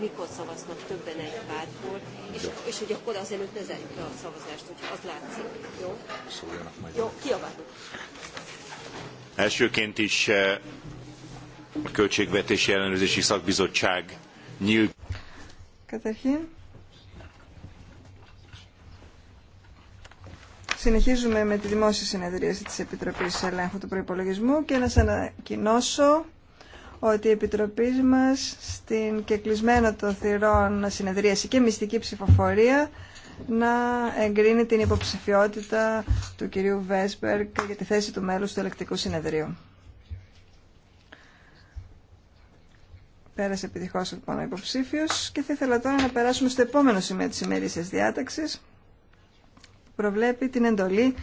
mikor szavaznak többen egy pártból, és, és hogy akkor azelőtt ne zárjuk le a szavazást, hogyha az látszik. Jó? Jó, kiabálunk. Elsőként is a Költségvetési Ellenőrzési Szakbizottság nyílt. Καταρχήν, συνεχίζουμε με τη δημόσια συνεδρίαση της Επιτροπής Ελέγχου του Προϋπολογισμού και να σας ανακοινώσω ότι η Επιτροπή μας στην κεκλεισμένο των θυρών συνεδρίαση και μυστική ψηφοφορία να εγκρίνει την υποψηφιότητα του κυρίου Βέσπερκ για τη θέση του μέλους του Ελεκτικού Συνεδρίου. Πέρασε επιτυχώς λοιπόν ο υποψήφιο. και θα ήθελα τώρα να περάσουμε στο επόμενο σημείο τη ημερήσια διάταξης προβλέπει την εντολή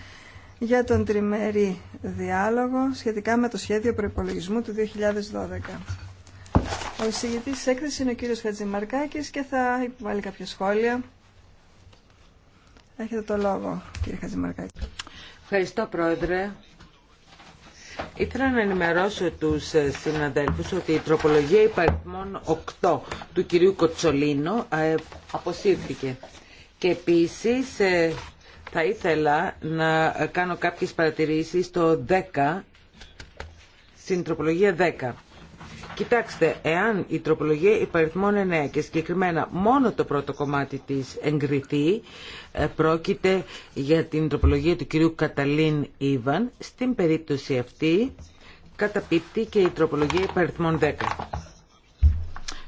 για τον τριμερή διάλογο σχετικά με το σχέδιο προπολογισμού του 2012. Ο εισηγητής τη έκθεση είναι ο κύριο Χατζημαρκάκης και θα υποβάλει κάποια σχόλια. Έχετε το λόγο, κύριε Χατζημαρκάκη. Ευχαριστώ, Πρόεδρε. Ήθελα να ενημερώσω τους συναδέλφους ότι η τροπολογία υπαριθμών 8 του κυρίου Κοτσολίνο ε, αποσύρθηκε. Και επίσης ε, θα ήθελα να κάνω κάποιες παρατηρήσεις στο 10, στην τροπολογία 10. Κοιτάξτε, εάν η τροπολογία υπαριθμών 9 και συγκεκριμένα μόνο το πρώτο κομμάτι της εγκριθεί, ε, πρόκειται για την τροπολογία του κυρίου Καταλίν Ήβαν. Στην περίπτωση αυτή καταπίπτει και η τροπολογία υπαριθμών 10.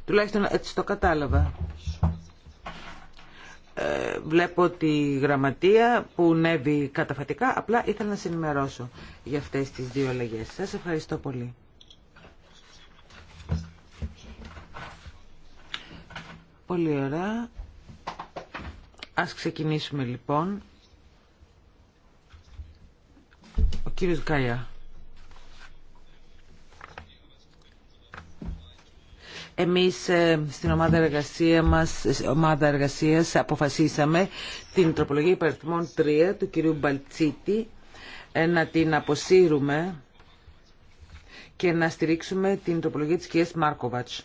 Τουλάχιστον έτσι το κατάλαβα. Ε, βλέπω τη γραμματεία που νεύει καταφατικά. Απλά ήθελα να σε για αυτές τις δύο αλλαγές. Σας ευχαριστώ πολύ. Πολύ ωραία. Ας ξεκινήσουμε λοιπόν. Ο κύριος καία Εμείς ε, στην ομάδα, εργασία μας, ε, ομάδα εργασίας αποφασίσαμε την τροπολογία υπαριθμών 3 του κυρίου Μπαλτσίτη ε, να την αποσύρουμε και να στηρίξουμε την τροπολογία της κυρίας Μάρκοβατς.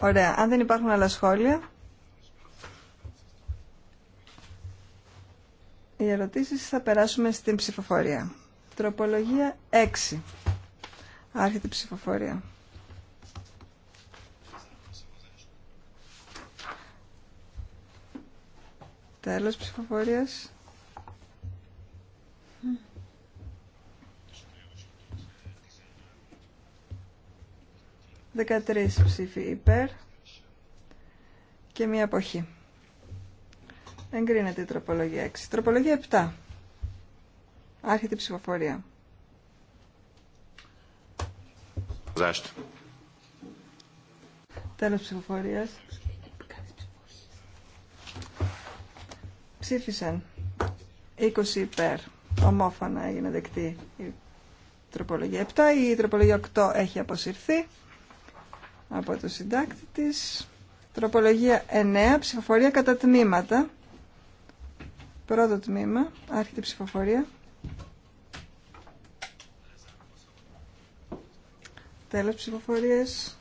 Ωραία. Αν δεν υπάρχουν άλλα σχόλια... Οι ερωτήσεις θα περάσουμε στην ψηφοφορία. Τροπολογία 6. Άρχεται η ψηφοφορία. Τέλος ψηφοφορίας. 13 ψήφοι υπέρ και μία αποχή. Εγκρίνεται η τροπολογία 6. Τροπολογία 7. Άρχεται η ψηφοφορία. Ζάστε. Τέλος ψηφοφορίας. Ψήφισαν 20 υπέρ. Ομόφωνα έγινε δεκτή η τροπολογία 7. Η τροπολογία 8 έχει αποσυρθεί από το συντάκτη της. Τροπολογία 9, ψηφοφορία κατά τμήματα. Πρώτο τμήμα, άρχεται ψηφοφορία. Τέλος ψηφοφορίες.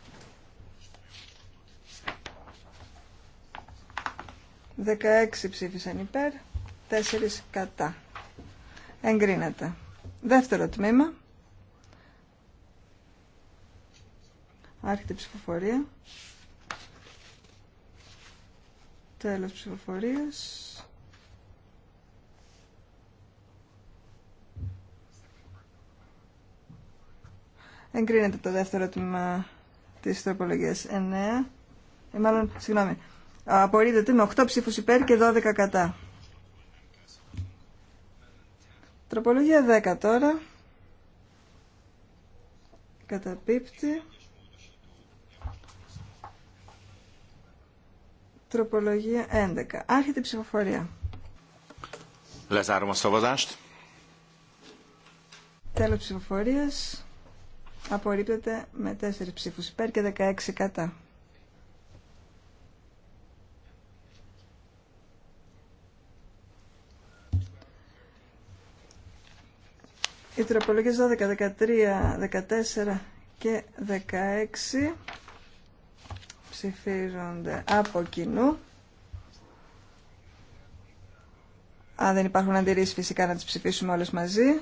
16 ψήφισαν υπέρ, 4 κατά. Εγκρίνεται. Δεύτερο τμήμα. Άρχεται η ψηφοφορία. Τέλος ψηφοφορίας. Εγκρίνεται το δεύτερο τμήμα της τροπολογίας 9. Ε, μάλλον, συγγνώμη, απορρίδεται με 8 ψήφους υπέρ και 12 κατά. Τροπολογία 10 τώρα. Καταπίπτει. Τροπολογία 11. Άρχεται η ψηφοφορία. στο βοδάστ. Τέλος ψηφοφορίας. Απορρίπτεται με 4 ψήφους υπέρ και 16 κατά. Οι τροπολογίες 12, 13, 14 και 16 ψηφίζονται από κοινού. Αν δεν υπάρχουν αντιρρήσεις φυσικά να τις ψηφίσουμε όλες μαζί.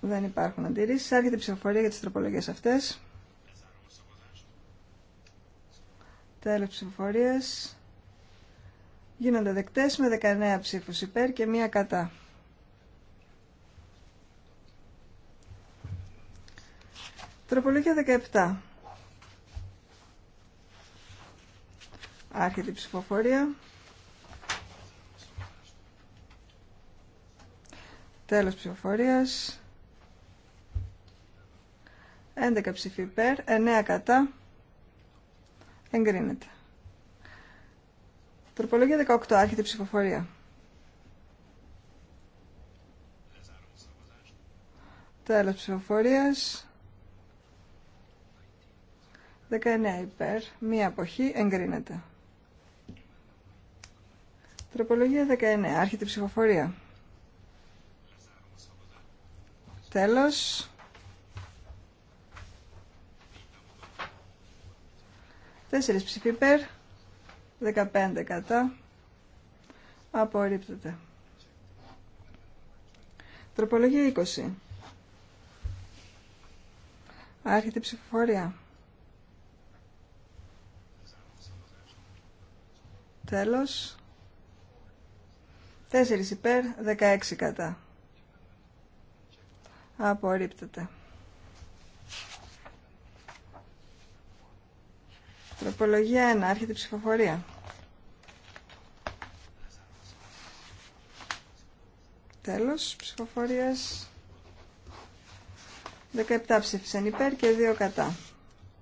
Δεν υπάρχουν αντιρρήσεις. Άρχεται η ψηφοφορία για τις τροπολογίες αυτές. Τέλος ψηφοφορίας. Γίνονται δεκτές με 19 ψήφους υπέρ και μία κατά. Τροπολογία 17. Άρχεται ψηφοφορία. Τέλος ψηφοφορίας. 11 ψηφί υπέρ, 9 κατά. Εγκρίνεται. Τροπολογία 18. Άρχεται ψηφοφορία. Τέλος ψηφοφορίας. 19 υπέρ, μία αποχή, εγκρίνεται. Τροπολογία 19, άρχεται η ψηφοφορία. Τέλος. Τέσσερις ψηφί υπέρ, 15 κατά, απορρίπτεται. Τροπολογία 20. Άρχεται η ψηφοφορία. Τέλος. 4 υπέρ, 16 κατά. Απορρίπτεται. Τροπολογία 1. Άρχεται η ψηφοφορία. Τέλος ψηφοφορίας. 17 ψήφισαν υπέρ και 2 κατά.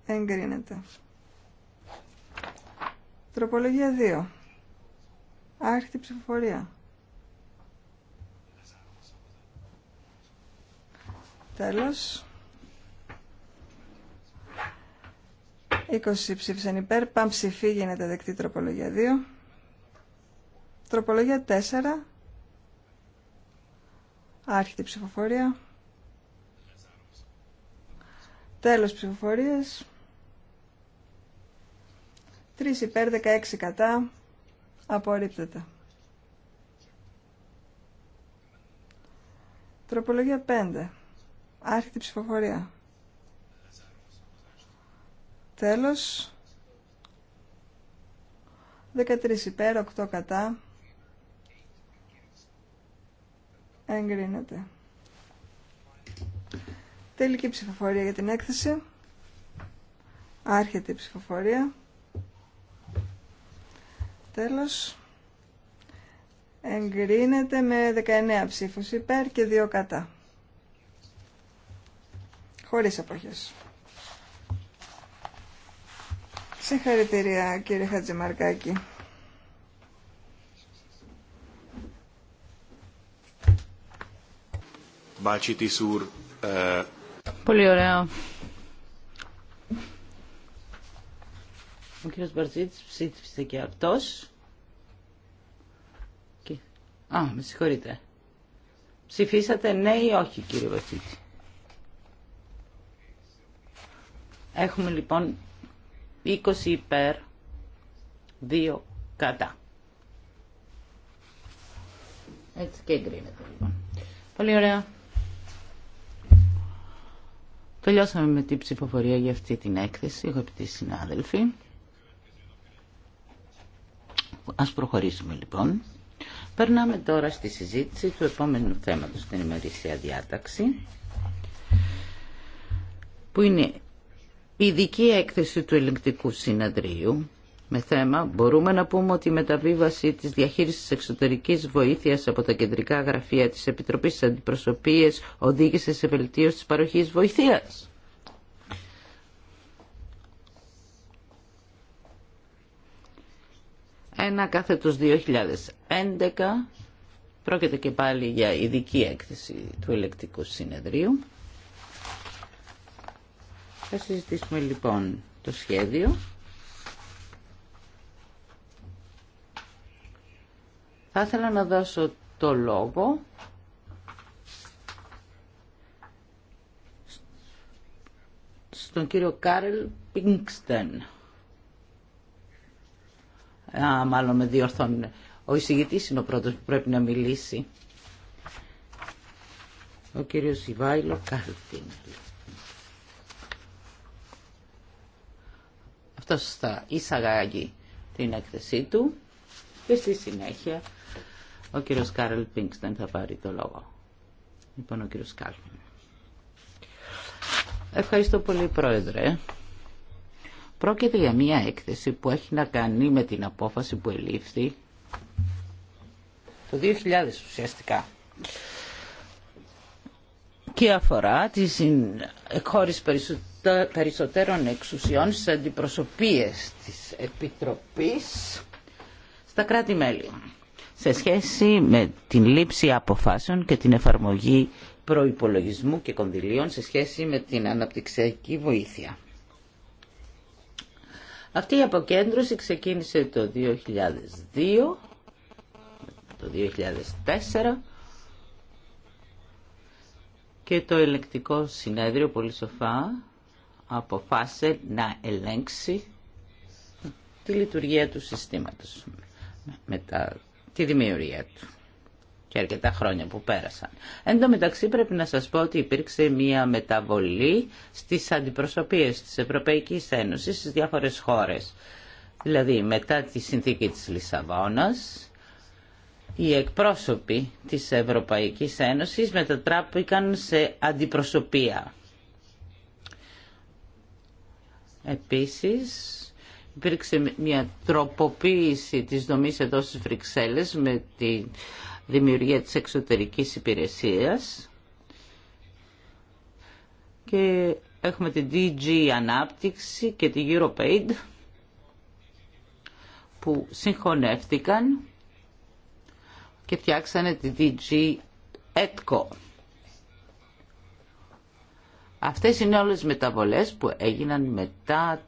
Εγκρίνεται. Τροπολογία 2. Άρχιτη ψηφοφορία. Τέλος. 20 ψήφισαν υπέρ, παν ψηφί γίνεται δεκτή τροπολογία 2. Τροπολογία 4. Άρχιτη ψηφοφορία. Τέλος ψηφοφορίας. 3 υπέρ, 16 κατά. Απορρίπτεται. Τροπολογία 5. Άρχιτη ψηφοφορία. Τέλος. 13 υπέρ, 8 κατά. Εγκρίνεται. Τελική ψηφοφορία για την έκθεση. Άρχεται η ψηφοφορία. Τέλος, εγκρίνεται με 19 ψήφους υπέρ και 2 κατά. Χωρίς αποχές. Συγχαρητήρια κύριε Χατζημαρκάκη. Ε, Πολύ ωραία. Ο κύριος Μπαρτζίτης ψήφισε και αυτός. Και... Α, με συγχωρείτε. Ψηφίσατε ναι ή όχι κύριε Μπαρτζίτη. Έχουμε λοιπόν 20 υπέρ, 2 κατά. Έτσι και εγκρίνεται λοιπόν. Πολύ ωραία. Τελειώσαμε με την ψηφοφορία για αυτή την έκθεση, τη συνάδελφοι. Ας προχωρήσουμε λοιπόν. Περνάμε τώρα στη συζήτηση του επόμενου θέματος στην ημερήσια διάταξη που είναι η ειδική έκθεση του ελεγκτικού συναντρίου με θέμα μπορούμε να πούμε ότι η μεταβίβαση της διαχείρισης εξωτερικής βοήθειας από τα κεντρικά γραφεία της Επιτροπής Αντιπροσωπείες οδήγησε σε βελτίωση της παροχής βοηθείας. 1 κάθετος 2011 πρόκειται και πάλι για ειδική έκθεση του ελεκτικού συνεδρίου. Θα συζητήσουμε λοιπόν το σχέδιο. Θα ήθελα να δώσω το λόγο στον κύριο Κάρελ Πίνξτεν. Α, μάλλον με διορθώνουν. Ο εισηγητής είναι ο πρώτος που πρέπει να μιλήσει. Ο κύριος Ιβάιλο Κάρτιν. Αυτός θα εισαγάγει την έκθεσή του και στη συνέχεια ο κύριος Κάρελ Πίνξτεν θα πάρει το λόγο. Λοιπόν, ο κύριος Ευχαριστώ πολύ, Πρόεδρε. Πρόκειται για μια έκθεση που έχει να κάνει με την απόφαση που ελήφθη το 2000 ουσιαστικά και αφορά τη χώρες περισσότερων εξουσιών στις αντιπροσωπείες της Επιτροπής στα κράτη-μέλη σε σχέση με την λήψη αποφάσεων και την εφαρμογή προϋπολογισμού και κονδυλίων σε σχέση με την αναπτυξιακή βοήθεια. Αυτή η αποκέντρωση ξεκίνησε το 2002, το 2004 και το ελεκτικό συνέδριο πολύ σοφά αποφάσισε να ελέγξει τη λειτουργία του συστήματος μετά τη δημιουργία του και αρκετά χρόνια που πέρασαν. Εν τω μεταξύ πρέπει να σας πω ότι υπήρξε μια μεταβολή στις αντιπροσωπίες της Ευρωπαϊκής Ένωσης στις διάφορες χώρες. Δηλαδή μετά τη συνθήκη της Λισαβόνας, οι εκπρόσωποι της Ευρωπαϊκής Ένωσης μετατράπηκαν σε αντιπροσωπεία. Επίσης, υπήρξε μια τροποποίηση της δομής εδώ στις Βρυξέλλες με την δημιουργία της εξωτερικής υπηρεσίας και έχουμε την DG Ανάπτυξη και την EuroPaid που συγχωνεύτηκαν και φτιάξανε τη DG ETCO. Αυτές είναι όλες οι μεταβολές που έγιναν μετά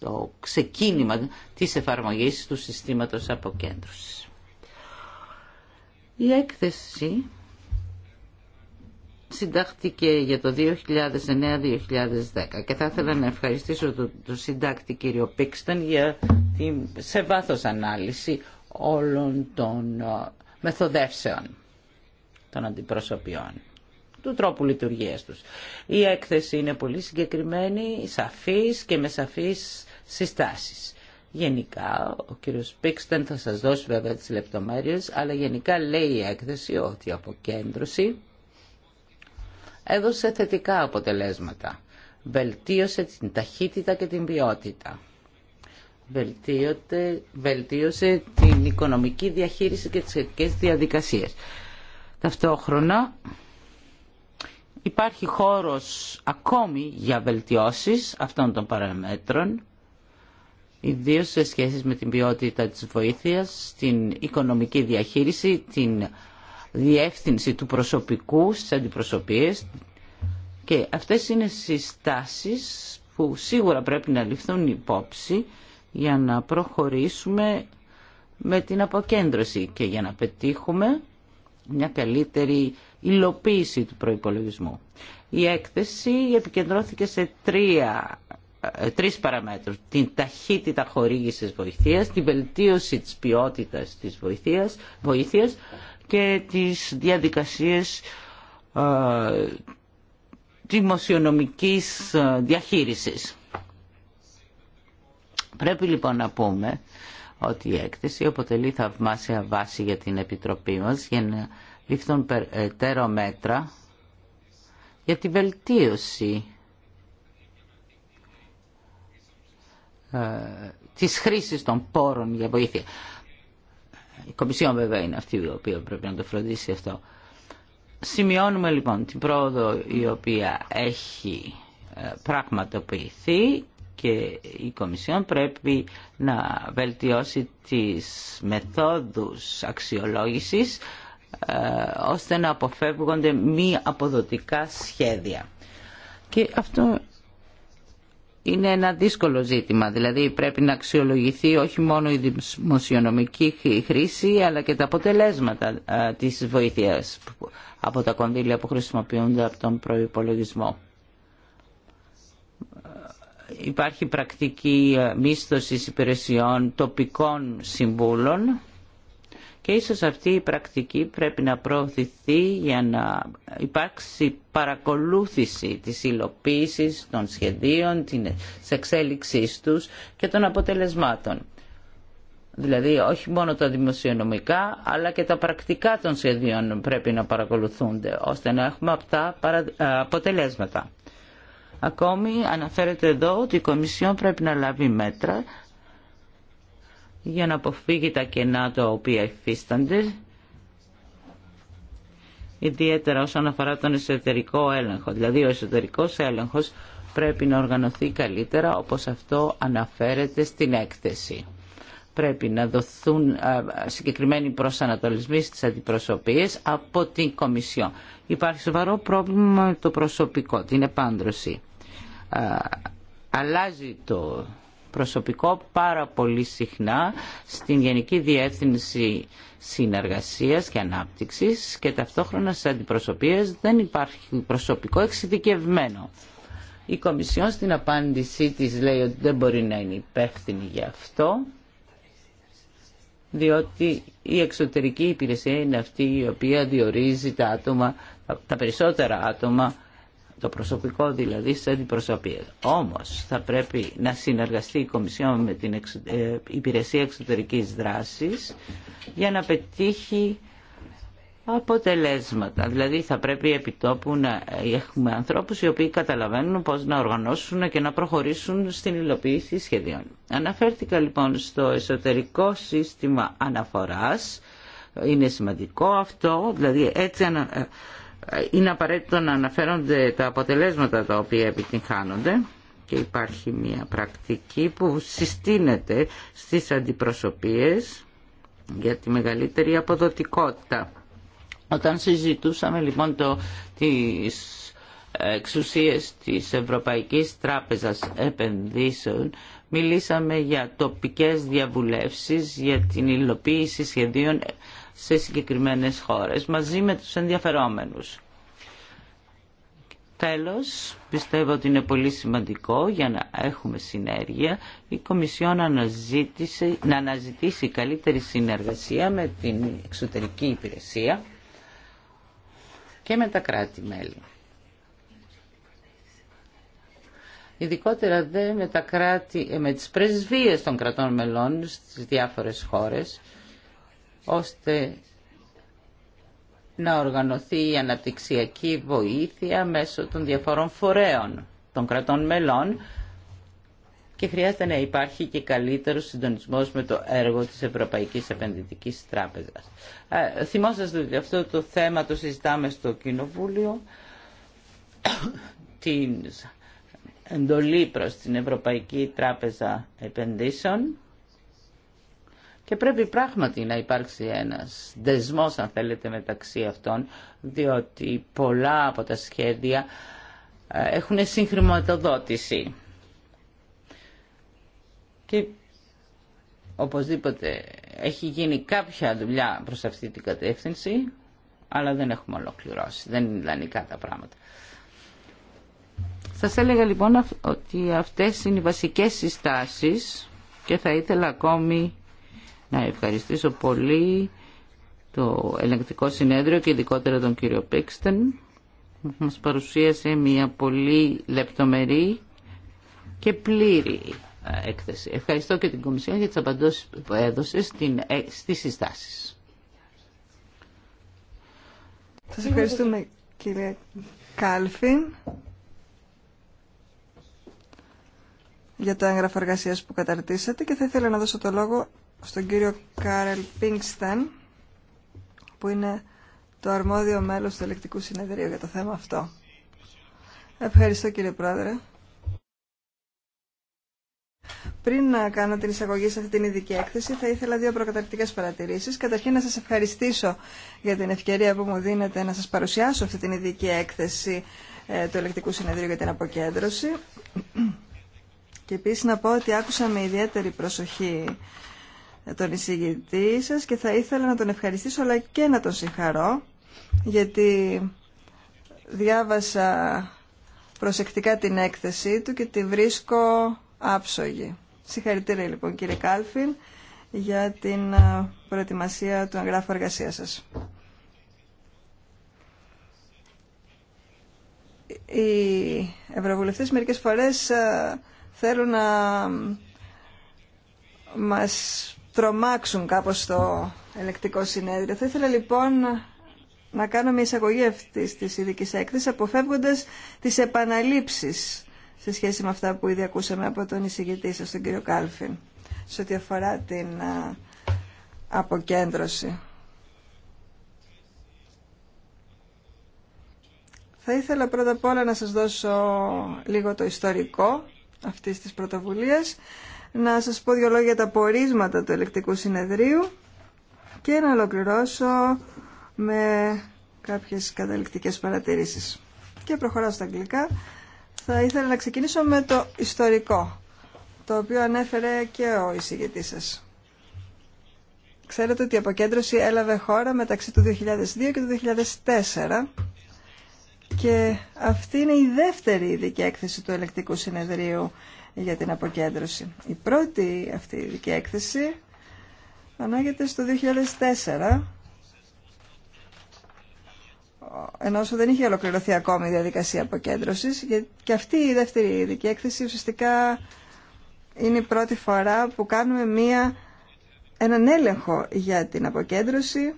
το ξεκίνημα της εφαρμογής του συστήματος αποκέντρωσης. Η έκθεση συντάχθηκε για το 2009-2010 και θα ήθελα να ευχαριστήσω τον το συντάκτη κύριο Πίξτον για τη, σε βάθος ανάλυση όλων των μεθοδεύσεων των αντιπροσωπιών του τρόπου λειτουργίας τους. Η έκθεση είναι πολύ συγκεκριμένη, σαφής και με σαφείς συστάσεις. Γενικά, ο κύριος Πίξτεν θα σας δώσει βέβαια τις λεπτομέρειες, αλλά γενικά λέει η έκθεση ότι η αποκέντρωση έδωσε θετικά αποτελέσματα. Βελτίωσε την ταχύτητα και την ποιότητα. Βελτίωτε, βελτίωσε την οικονομική διαχείριση και τις σχετικές διαδικασίες. Ταυτόχρονα υπάρχει χώρος ακόμη για βελτιώσεις αυτών των παραμέτρων ιδίως σε σχέση με την ποιότητα της βοήθειας, την οικονομική διαχείριση, την διεύθυνση του προσωπικού στις αντιπροσωπείες και αυτές είναι συστάσεις που σίγουρα πρέπει να ληφθούν υπόψη για να προχωρήσουμε με την αποκέντρωση και για να πετύχουμε μια καλύτερη υλοποίηση του προϋπολογισμού. Η έκθεση επικεντρώθηκε σε τρία ε, τρεις παραμέτρους. Την ταχύτητα χορήγησης βοηθείας, την βελτίωση της ποιότητας της βοηθείας, βοήθειας και τις διαδικασίες δημοσιονομική ε, δημοσιονομικής ε, διαχείρισης. Πρέπει λοιπόν να πούμε ότι η έκθεση αποτελεί θαυμάσια βάση για την Επιτροπή μας για να ληφθούν περαιτέρω μέτρα για τη βελτίωση Ε, της χρήσης των πόρων για βοήθεια. Η Κομισιόν βέβαια είναι αυτή η οποία πρέπει να το φροντίσει αυτό. Σημειώνουμε λοιπόν την πρόοδο η οποία έχει ε, πραγματοποιηθεί και η Κομισιόν πρέπει να βελτιώσει τις μεθόδους αξιολόγησης ε, ώστε να αποφεύγονται μη αποδοτικά σχέδια. Και αυτό είναι ένα δύσκολο ζήτημα. Δηλαδή πρέπει να αξιολογηθεί όχι μόνο η δημοσιονομική χρήση αλλά και τα αποτελέσματα της βοήθειας από τα κονδύλια που χρησιμοποιούνται από τον προϋπολογισμό. Ε, υπάρχει πρακτική ε, μίσθωσης υπηρεσιών τοπικών συμβούλων και ίσως αυτή η πρακτική πρέπει να προωθηθεί για να υπάρξει παρακολούθηση της υλοποίησης των σχεδίων, της εξέλιξή τους και των αποτελεσμάτων. Δηλαδή όχι μόνο τα δημοσιονομικά αλλά και τα πρακτικά των σχεδίων πρέπει να παρακολουθούνται ώστε να έχουμε αυτά ε, αποτελέσματα. Ακόμη αναφέρεται εδώ ότι η Κομισιόν πρέπει να λάβει μέτρα για να αποφύγει τα κενά τα οποία υφίστανται, ιδιαίτερα όσον αφορά τον εσωτερικό έλεγχο. Δηλαδή ο εσωτερικός έλεγχος πρέπει να οργανωθεί καλύτερα όπως αυτό αναφέρεται στην έκθεση. Πρέπει να δοθούν συγκεκριμένοι προσανατολισμοί στις αντιπροσωπείες από την Κομισιόν. Υπάρχει σοβαρό πρόβλημα με το προσωπικό, την επάντρωση. Αλλάζει το προσωπικό πάρα πολύ συχνά στην Γενική Διεύθυνση Συνεργασίας και Ανάπτυξης και ταυτόχρονα σε αντιπροσωπείες δεν υπάρχει προσωπικό εξειδικευμένο. Η Κομισιόν στην απάντησή της λέει ότι δεν μπορεί να είναι υπεύθυνη γι' αυτό διότι η εξωτερική υπηρεσία είναι αυτή η οποία διορίζει τα άτομα, τα περισσότερα άτομα το προσωπικό δηλαδή σε αντιπροσωπεία. Όμως θα πρέπει να συνεργαστεί η Κομισιόν με την ε, Υπηρεσία Εξωτερικής Δράσης για να πετύχει αποτελέσματα. Δηλαδή θα πρέπει επιτόπου να έχουμε ανθρώπους οι οποίοι καταλαβαίνουν πώς να οργανώσουν και να προχωρήσουν στην υλοποίηση σχεδίων. Αναφέρθηκα λοιπόν στο εσωτερικό σύστημα αναφοράς. Είναι σημαντικό αυτό, δηλαδή έτσι είναι απαραίτητο να αναφέρονται τα αποτελέσματα τα οποία επιτυγχάνονται και υπάρχει μια πρακτική που συστήνεται στις αντιπροσωπείες για τη μεγαλύτερη αποδοτικότητα. Όταν συζητούσαμε λοιπόν το, τις εξουσίες της Ευρωπαϊκής Τράπεζας Επενδύσεων μιλήσαμε για τοπικές διαβουλεύσεις για την υλοποίηση σχεδίων σε συγκεκριμένες χώρες μαζί με τους ενδιαφερόμενους. Τέλος, πιστεύω ότι είναι πολύ σημαντικό για να έχουμε συνέργεια η Κομισιόν να αναζητήσει καλύτερη συνεργασία με την εξωτερική υπηρεσία και με τα κράτη-μέλη. Ειδικότερα δε με, τα κράτη, ε, με τις πρεσβείες των κρατών μελών στις διάφορες χώρες ώστε να οργανωθεί η αναπτυξιακή βοήθεια μέσω των διαφορών φορέων των κρατών μελών και χρειάζεται να υπάρχει και καλύτερος συντονισμός με το έργο της Ευρωπαϊκής Επενδυτικής Τράπεζας. Ε, θυμόσαστε ότι αυτό το θέμα το συζητάμε στο Κοινοβούλιο, την εντολή προς την Ευρωπαϊκή Τράπεζα Επενδύσεων και πρέπει πράγματι να υπάρξει ένας δεσμός, αν θέλετε, μεταξύ αυτών, διότι πολλά από τα σχέδια ε, έχουν συγχρηματοδότηση. Και οπωσδήποτε έχει γίνει κάποια δουλειά προς αυτή την κατεύθυνση, αλλά δεν έχουμε ολοκληρώσει, δεν είναι ιδανικά τα πράγματα. Σας έλεγα λοιπόν ότι αυτές είναι οι βασικές συστάσεις και θα ήθελα ακόμη να ευχαριστήσω πολύ το ελεγκτικό συνέδριο και ειδικότερα τον κύριο Πίξτεν που μας παρουσίασε μια πολύ λεπτομερή και πλήρη έκθεση. Ευχαριστώ και την Κομισιόν για τις απαντώσεις που έδωσε ε, στις συστάσεις. Σας ευχαριστούμε κύριε Κάλφιν για το έγγραφο εργασίας που καταρτήσατε και θα ήθελα να δώσω το λόγο στον κύριο Κάρελ Πίνξταν, που είναι το αρμόδιο μέλος του Ελεκτικού Συνεδρίου για το θέμα αυτό. Ευχαριστώ κύριε Πρόεδρε. Πριν να κάνω την εισαγωγή σε αυτή την ειδική έκθεση, θα ήθελα δύο προκαταρκτικές παρατηρήσεις. Καταρχήν να σας ευχαριστήσω για την ευκαιρία που μου δίνετε να σας παρουσιάσω αυτή την ειδική έκθεση ε, του Ελεκτικού Συνεδρίου για την Αποκέντρωση. Και επίσης να πω ότι άκουσα με ιδιαίτερη προσοχή τον εισηγητή σας και θα ήθελα να τον ευχαριστήσω αλλά και να τον συγχαρώ γιατί διάβασα προσεκτικά την έκθεσή του και τη βρίσκω άψογη. Συγχαρητήρια λοιπόν κύριε Κάλφιν για την ε, προετοιμασία του εγγράφου εργασία σας. Οι ευρωβουλευτές μερικές φορές ε, θέλουν να μας τρομάξουν κάπως το ελεκτικό συνέδριο. Θα ήθελα λοιπόν να κάνω μια εισαγωγή αυτή τη ειδική έκθεση, αποφεύγοντα τι επαναλήψει σε σχέση με αυτά που ήδη ακούσαμε από τον εισηγητή σα, τον κύριο Κάλφιν, σε ό,τι αφορά την αποκέντρωση. Θα ήθελα πρώτα απ' όλα να σας δώσω λίγο το ιστορικό αυτής της πρωτοβουλίας να σας πω δύο λόγια τα πορίσματα του ελεκτικού συνεδρίου και να ολοκληρώσω με κάποιες καταληκτικές παρατηρήσεις. Και προχωράω στα αγγλικά. Θα ήθελα να ξεκινήσω με το ιστορικό, το οποίο ανέφερε και ο εισηγητής σας. Ξέρετε ότι η αποκέντρωση έλαβε χώρα μεταξύ του 2002 και του 2004 και αυτή είναι η δεύτερη ειδική έκθεση του ελεκτικού συνεδρίου για την αποκέντρωση. Η πρώτη αυτή ειδική έκθεση ανάγεται στο 2004 ενώ δεν είχε ολοκληρωθεί ακόμη η διαδικασία αποκέντρωσης και αυτή η δεύτερη ειδική έκθεση ουσιαστικά είναι η πρώτη φορά που κάνουμε μία, έναν έλεγχο για την αποκέντρωση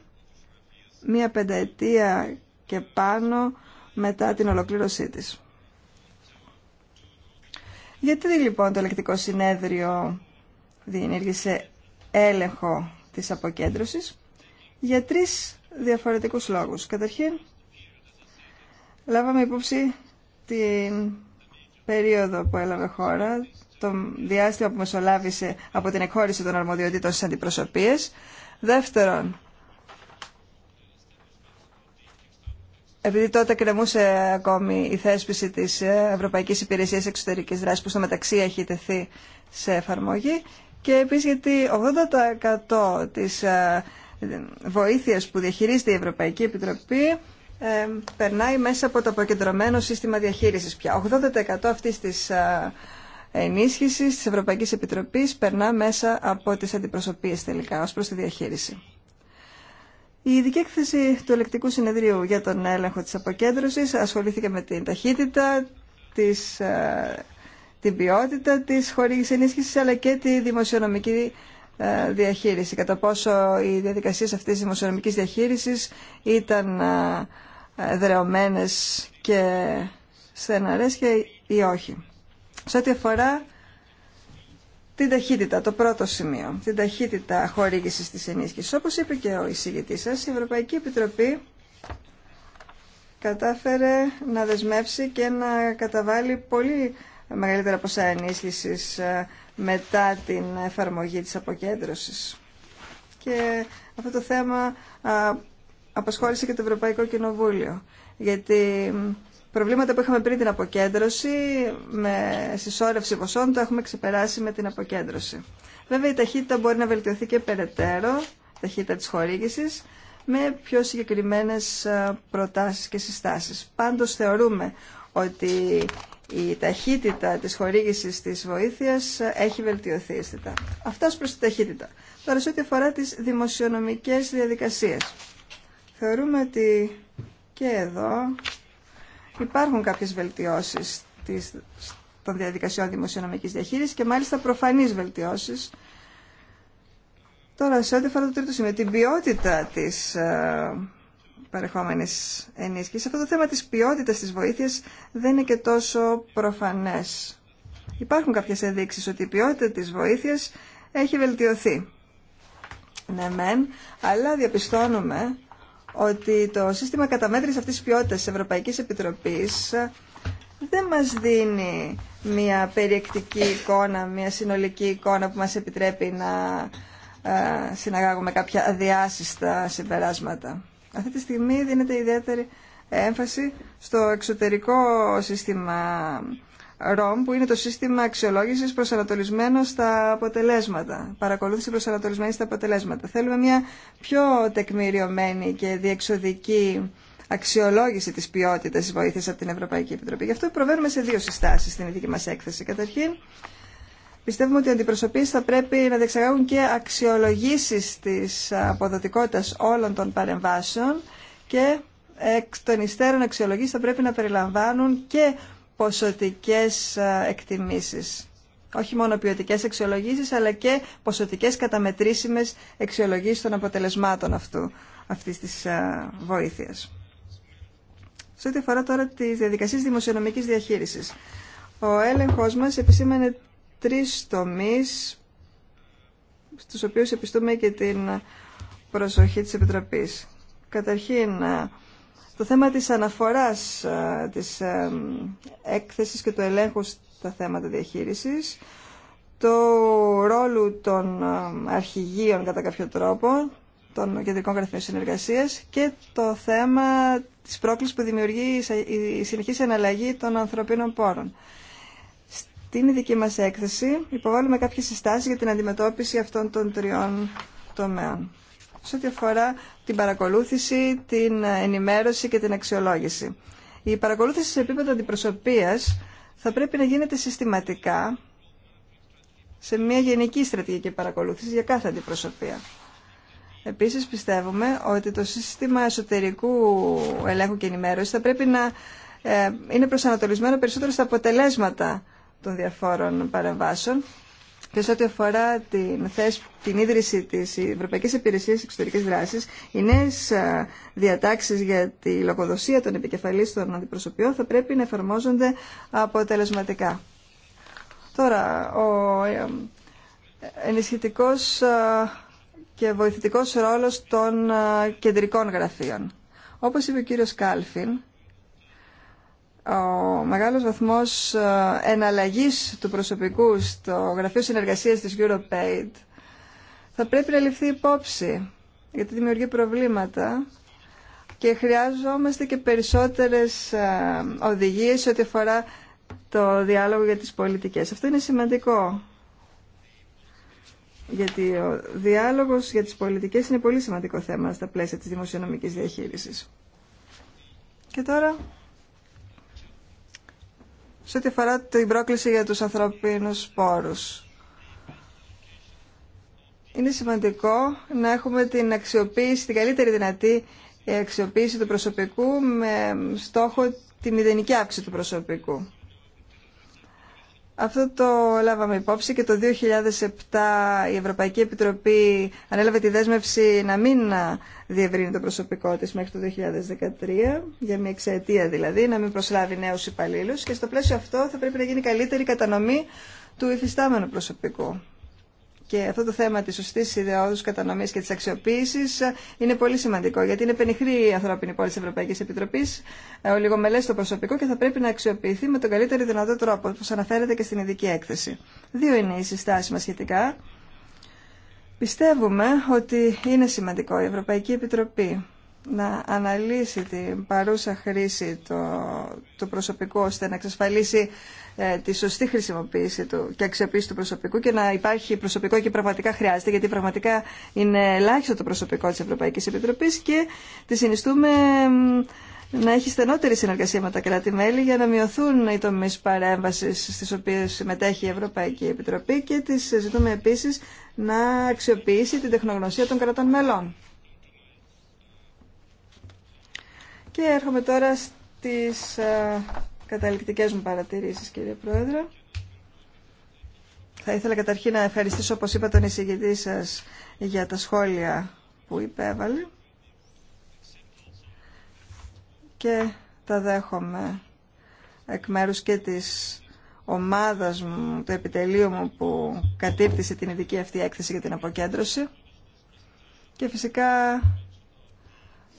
μία πενταετία και πάνω μετά την ολοκλήρωσή της. Γιατί λοιπόν το ελεκτικό συνέδριο διενήργησε έλεγχο της αποκέντρωσης για τρεις διαφορετικούς λόγους. Καταρχήν, λάβαμε υπόψη την περίοδο που έλαβε χώρα, το διάστημα που μεσολάβησε από την εκχώρηση των αρμοδιοτήτων στις αντιπροσωπείες. Δεύτερον, Επειδή τότε κρεμούσε ακόμη η θέσπιση της Ευρωπαϊκής Υπηρεσίας Εξωτερικής Δράσης που στο μεταξύ έχει τεθεί σε εφαρμογή και επίσης γιατί 80% της ε, βοήθειας που διαχειρίζεται η Ευρωπαϊκή Επιτροπή ε, περνάει μέσα από το αποκεντρωμένο σύστημα διαχείρισης πια. 80% αυτής της ε, ενίσχυσης της Ευρωπαϊκής Επιτροπής περνά μέσα από τις αντιπροσωπείες τελικά ως προς τη διαχείριση. Η ειδική έκθεση του Ελεκτικού Συνεδρίου για τον έλεγχο της αποκέντρωσης ασχολήθηκε με την ταχύτητα, της, ε, την ποιότητα της χορήγησης ενίσχυσης αλλά και τη δημοσιονομική ε, διαχείριση. Κατά πόσο οι διαδικασίες αυτής της δημοσιονομικής διαχείρισης ήταν ε, δρεωμένες και στεναρές και ή όχι. Σε αφορά την ταχύτητα, το πρώτο σημείο, την ταχύτητα χορήγηση τη ενίσχυση. Όπως είπε και ο εισηγητή σα, η Ευρωπαϊκή Επιτροπή κατάφερε να δεσμεύσει και να καταβάλει πολύ μεγαλύτερα ποσά ενίσχυση ε, μετά την εφαρμογή της αποκέντρωσης. Και αυτό το θέμα ε, απασχόλησε και το Ευρωπαϊκό Κοινοβούλιο, γιατί προβλήματα που είχαμε πριν την αποκέντρωση με συσσόρευση ποσών το έχουμε ξεπεράσει με την αποκέντρωση. Βέβαια η ταχύτητα μπορεί να βελτιωθεί και περαιτέρω, ταχύτητα της χορήγησης, με πιο συγκεκριμένες ε, προτάσεις και συστάσεις. Πάντως θεωρούμε ότι η ταχύτητα της χορήγησης της βοήθειας ε, έχει βελτιωθεί αισθητά. Αυτά ως προς τη ταχύτητα. Τώρα σε ό,τι αφορά τις δημοσιονομικές διαδικασίες. Θεωρούμε ότι και εδώ Υπάρχουν κάποιες βελτιώσεις των διαδικασιών δημοσιονομικής διαχείρισης και μάλιστα προφανείς βελτιώσεις. Τώρα, σε ό,τι αφορά το τρίτο σημείο, την ποιότητα της ε, παρεχόμενης ενίσχυσης, αυτό το θέμα της ποιότητας της βοήθειας δεν είναι και τόσο προφανές. Υπάρχουν κάποιες ενδείξεις ότι η ποιότητα της βοήθειας έχει βελτιωθεί. Ναι μεν, αλλά διαπιστώνουμε ότι το σύστημα καταμέτρησης αυτής της ποιότητας της Ευρωπαϊκής Επιτροπής δεν μας δίνει μια περιεκτική εικόνα, μια συνολική εικόνα που μας επιτρέπει να ε, συναγάγουμε κάποια αδιάσυστα συμπεράσματα. Αυτή τη στιγμή δίνεται ιδιαίτερη έμφαση στο εξωτερικό σύστημα ROM, που είναι το σύστημα αξιολόγησης προσανατολισμένο στα αποτελέσματα, παρακολούθηση προσανατολισμένη στα αποτελέσματα. Θέλουμε μια πιο τεκμηριωμένη και διεξοδική αξιολόγηση της ποιότητας της βοήθειας από την Ευρωπαϊκή Επιτροπή. Γι' αυτό προβαίνουμε σε δύο συστάσεις στην ειδική μας έκθεση. Καταρχήν, πιστεύουμε ότι οι αντιπροσωπείς θα πρέπει να διεξαγάγουν και αξιολογήσεις της αποδοτικότητας όλων των παρεμβάσεων και εκ των υστέρων αξιολογήσεις θα πρέπει να περιλαμβάνουν και ποσοτικές ε, εκτιμήσεις. Όχι μόνο ποιοτικές αξιολογήσεις, αλλά και ποσοτικές καταμετρήσιμες αξιολογήσεις των αποτελεσμάτων αυτού, αυτής της ε, βοήθειας. Σε ό,τι αφορά τώρα τις διαδικασίες δημοσιονομικής διαχείρισης. Ο έλεγχος μας επισήμανε τρεις τομείς, στους οποίους επιστούμε και την προσοχή της Επιτροπής. Καταρχήν, ε, το θέμα της αναφοράς ε, της ε, έκθεσης και του ελέγχου στα θέματα διαχείρισης, το ρόλο των ε, αρχηγείων κατά κάποιο τρόπο, των κεντρικών γραφείων συνεργασία και το θέμα της πρόκλησης που δημιουργεί η συνεχής εναλλαγή των ανθρωπίνων πόρων. Στην δική μας έκθεση υποβάλλουμε κάποιες συστάσεις για την αντιμετώπιση αυτών των τριών τομέων σε ό,τι αφορά την παρακολούθηση, την ενημέρωση και την αξιολόγηση. Η παρακολούθηση σε επίπεδο αντιπροσωπείας θα πρέπει να γίνεται συστηματικά σε μια γενική στρατηγική παρακολούθηση για κάθε αντιπροσωπεία. Επίσης πιστεύουμε ότι το σύστημα εσωτερικού ελέγχου και ενημέρωσης θα πρέπει να ε, είναι προσανατολισμένο περισσότερο στα αποτελέσματα των διαφόρων παρεμβάσεων και σε ό,τι αφορά την, την ίδρυση τη Ευρωπαϊκή Υπηρεσία Εξωτερική Δράση, οι νέε διατάξεις για τη λογοδοσία των επικεφαλή των αντιπροσωπιών θα πρέπει να εφαρμόζονται αποτελεσματικά. Τώρα, ο ε, ε, ενισχυτικό και βοηθητικός ρόλος των κεντρικών γραφείων. Όπως είπε ο κύριο Κάλφιν, ο μεγάλος βαθμός ε, εναλλαγής του προσωπικού στο Γραφείο Συνεργασίας της EuroPaid θα πρέπει να ληφθεί υπόψη γιατί δημιουργεί προβλήματα και χρειάζομαστε και περισσότερες ε, οδηγίες ό,τι αφορά το διάλογο για τις πολιτικές. Αυτό είναι σημαντικό. Γιατί ο διάλογος για τις πολιτικές είναι πολύ σημαντικό θέμα στα πλαίσια της δημοσιονομικής διαχείρισης. Και τώρα σε ό,τι αφορά την πρόκληση για τους ανθρωπίνους πόρους. Είναι σημαντικό να έχουμε την αξιοποίηση, την καλύτερη δυνατή αξιοποίηση του προσωπικού με στόχο την μηδενική αύξηση του προσωπικού. Αυτό το λάβαμε υπόψη και το 2007 η Ευρωπαϊκή Επιτροπή ανέλαβε τη δέσμευση να μην διευρύνει το προσωπικό της μέχρι το 2013, για μια εξαιτία δηλαδή, να μην προσλάβει νέους υπαλλήλους και στο πλαίσιο αυτό θα πρέπει να γίνει καλύτερη κατανομή του υφιστάμενου προσωπικού. Και αυτό το θέμα τη σωστή ιδεώδου κατανομής και τη αξιοποίηση είναι πολύ σημαντικό, γιατί είναι πενιχρή η ανθρώπινη πόλη της Ευρωπαϊκής Επιτροπής, ε, λιγομελές στο προσωπικό και θα πρέπει να αξιοποιηθεί με τον καλύτερο δυνατό τρόπο, όπως αναφέρεται και στην ειδική έκθεση. Δύο είναι οι συστάσει μα σχετικά. Πιστεύουμε ότι είναι σημαντικό η Ευρωπαϊκή Επιτροπή να αναλύσει την παρούσα χρήση του το προσωπικού ώστε να εξασφαλίσει ε, τη σωστή χρησιμοποίηση του και αξιοποίηση του προσωπικού και να υπάρχει προσωπικό και πραγματικά χρειάζεται γιατί πραγματικά είναι ελάχιστο το προσωπικό της Ευρωπαϊκής Επιτροπής και τη συνιστούμε να έχει στενότερη συνεργασία με τα κράτη-μέλη για να μειωθούν οι τομεί παρέμβαση στι οποίε συμμετέχει η Ευρωπαϊκή Επιτροπή και τη ζητούμε επίση να αξιοποιήσει την τεχνογνωσία των κρατών μελών. Και έρχομαι τώρα στις ε, καταληκτικές μου παρατηρήσεις, κύριε Πρόεδρε. Θα ήθελα καταρχήν να ευχαριστήσω, όπως είπα, τον εισηγητή σας για τα σχόλια που υπέβαλε και τα δέχομαι εκ μέρους και της ομάδας μου, το επιτελείο μου που κατήρτισε την ειδική αυτή έκθεση για την αποκέντρωση και φυσικά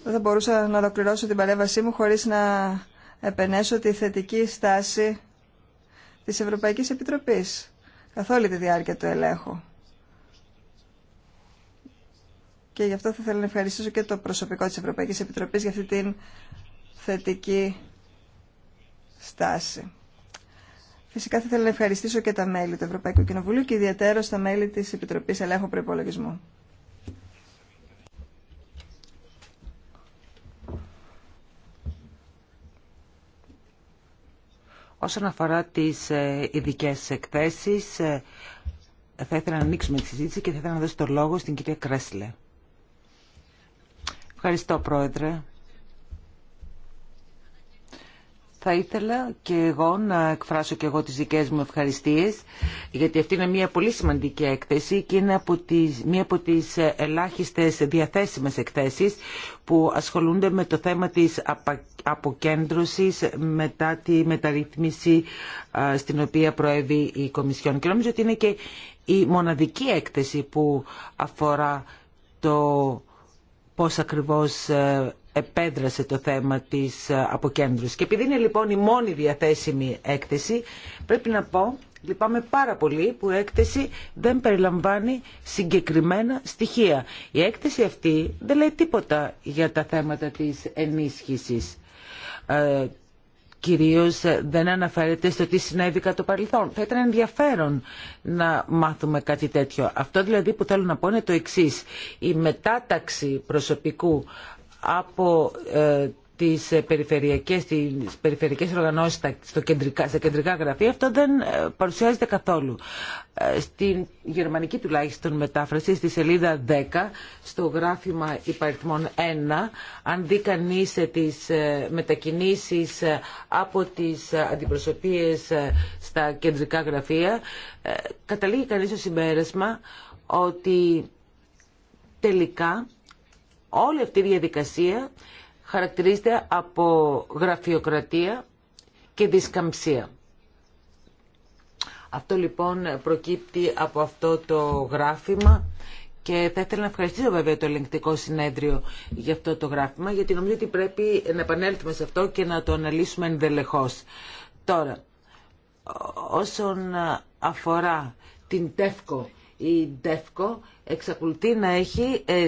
δεν θα μπορούσα να ολοκληρώσω την παρέμβασή μου χωρίς να επενέσω τη θετική στάση της Ευρωπαϊκής Επιτροπής καθ' όλη τη διάρκεια του ελέγχου. Και γι' αυτό θα ήθελα να ευχαριστήσω και το προσωπικό της Ευρωπαϊκής Επιτροπής για αυτή την θετική στάση. Φυσικά θα ήθελα να ευχαριστήσω και τα μέλη του Ευρωπαϊκού Κοινοβουλίου και ιδιαίτερα τα μέλη της Επιτροπής Ελέγχου Προϋπολογισμού. Όσον αφορά τις ε, ειδικέ εκθέσεις, ε, θα ήθελα να ανοίξουμε τη συζήτηση και θα ήθελα να δώσω το λόγο στην κυρία Κρέσλε. Ευχαριστώ, Πρόεδρε. Θα ήθελα και εγώ να εκφράσω και εγώ τις δικές μου ευχαριστίες γιατί αυτή είναι μια πολύ σημαντική έκθεση και είναι από τις, μια από τις ελάχιστες διαθέσιμες εκθέσεις που ασχολούνται με το θέμα της αποκέντρωσης μετά τη μεταρρύθμιση στην οποία προέβη η Κομισιόν. Και νομίζω ότι είναι και η μοναδική έκθεση που αφορά το πώς ακριβώς ε, επέδρασε το θέμα της ε, αποκέντρωσης. Και επειδή είναι λοιπόν η μόνη διαθέσιμη έκθεση, πρέπει να πω, λυπάμαι πάρα πολύ που η έκθεση δεν περιλαμβάνει συγκεκριμένα στοιχεία. Η έκθεση αυτή δεν λέει τίποτα για τα θέματα της ενίσχυσης. Ε, κυρίως ε, δεν αναφέρεται στο τι συνέβη κατά το παρελθόν. Θα ήταν ενδιαφέρον να μάθουμε κάτι τέτοιο. Αυτό δηλαδή που θέλω να πω είναι το εξής. Η μετάταξη προσωπικού από ε, τις περιφερειακές, τις περιφερειακές οργανώσεις στο κεντρικά, στα κεντρικά γραφεία αυτό δεν ε, παρουσιάζεται καθόλου. Ε, στην γερμανική τουλάχιστον μετάφραση, στη σελίδα 10, στο γράφημα υπαριθμών 1, αν δει κανεί τις μετακινήσεις από τις αντιπροσωπείες στα κεντρικά γραφεία, καταλήγει κανείς το συμπέρασμα ότι τελικά όλη αυτή η διαδικασία χαρακτηρίζεται από γραφειοκρατία και δισκαμψία. Αυτό λοιπόν προκύπτει από αυτό το γράφημα και θα ήθελα να ευχαριστήσω βέβαια το ελεγκτικό συνέδριο για αυτό το γράφημα γιατί νομίζω ότι πρέπει να επανέλθουμε σε αυτό και να το αναλύσουμε ενδελεχώς. Τώρα, όσον αφορά την ΤΕΦΚΟ, η ΤΕΦΚΟ εξακολουθεί να έχει 2.500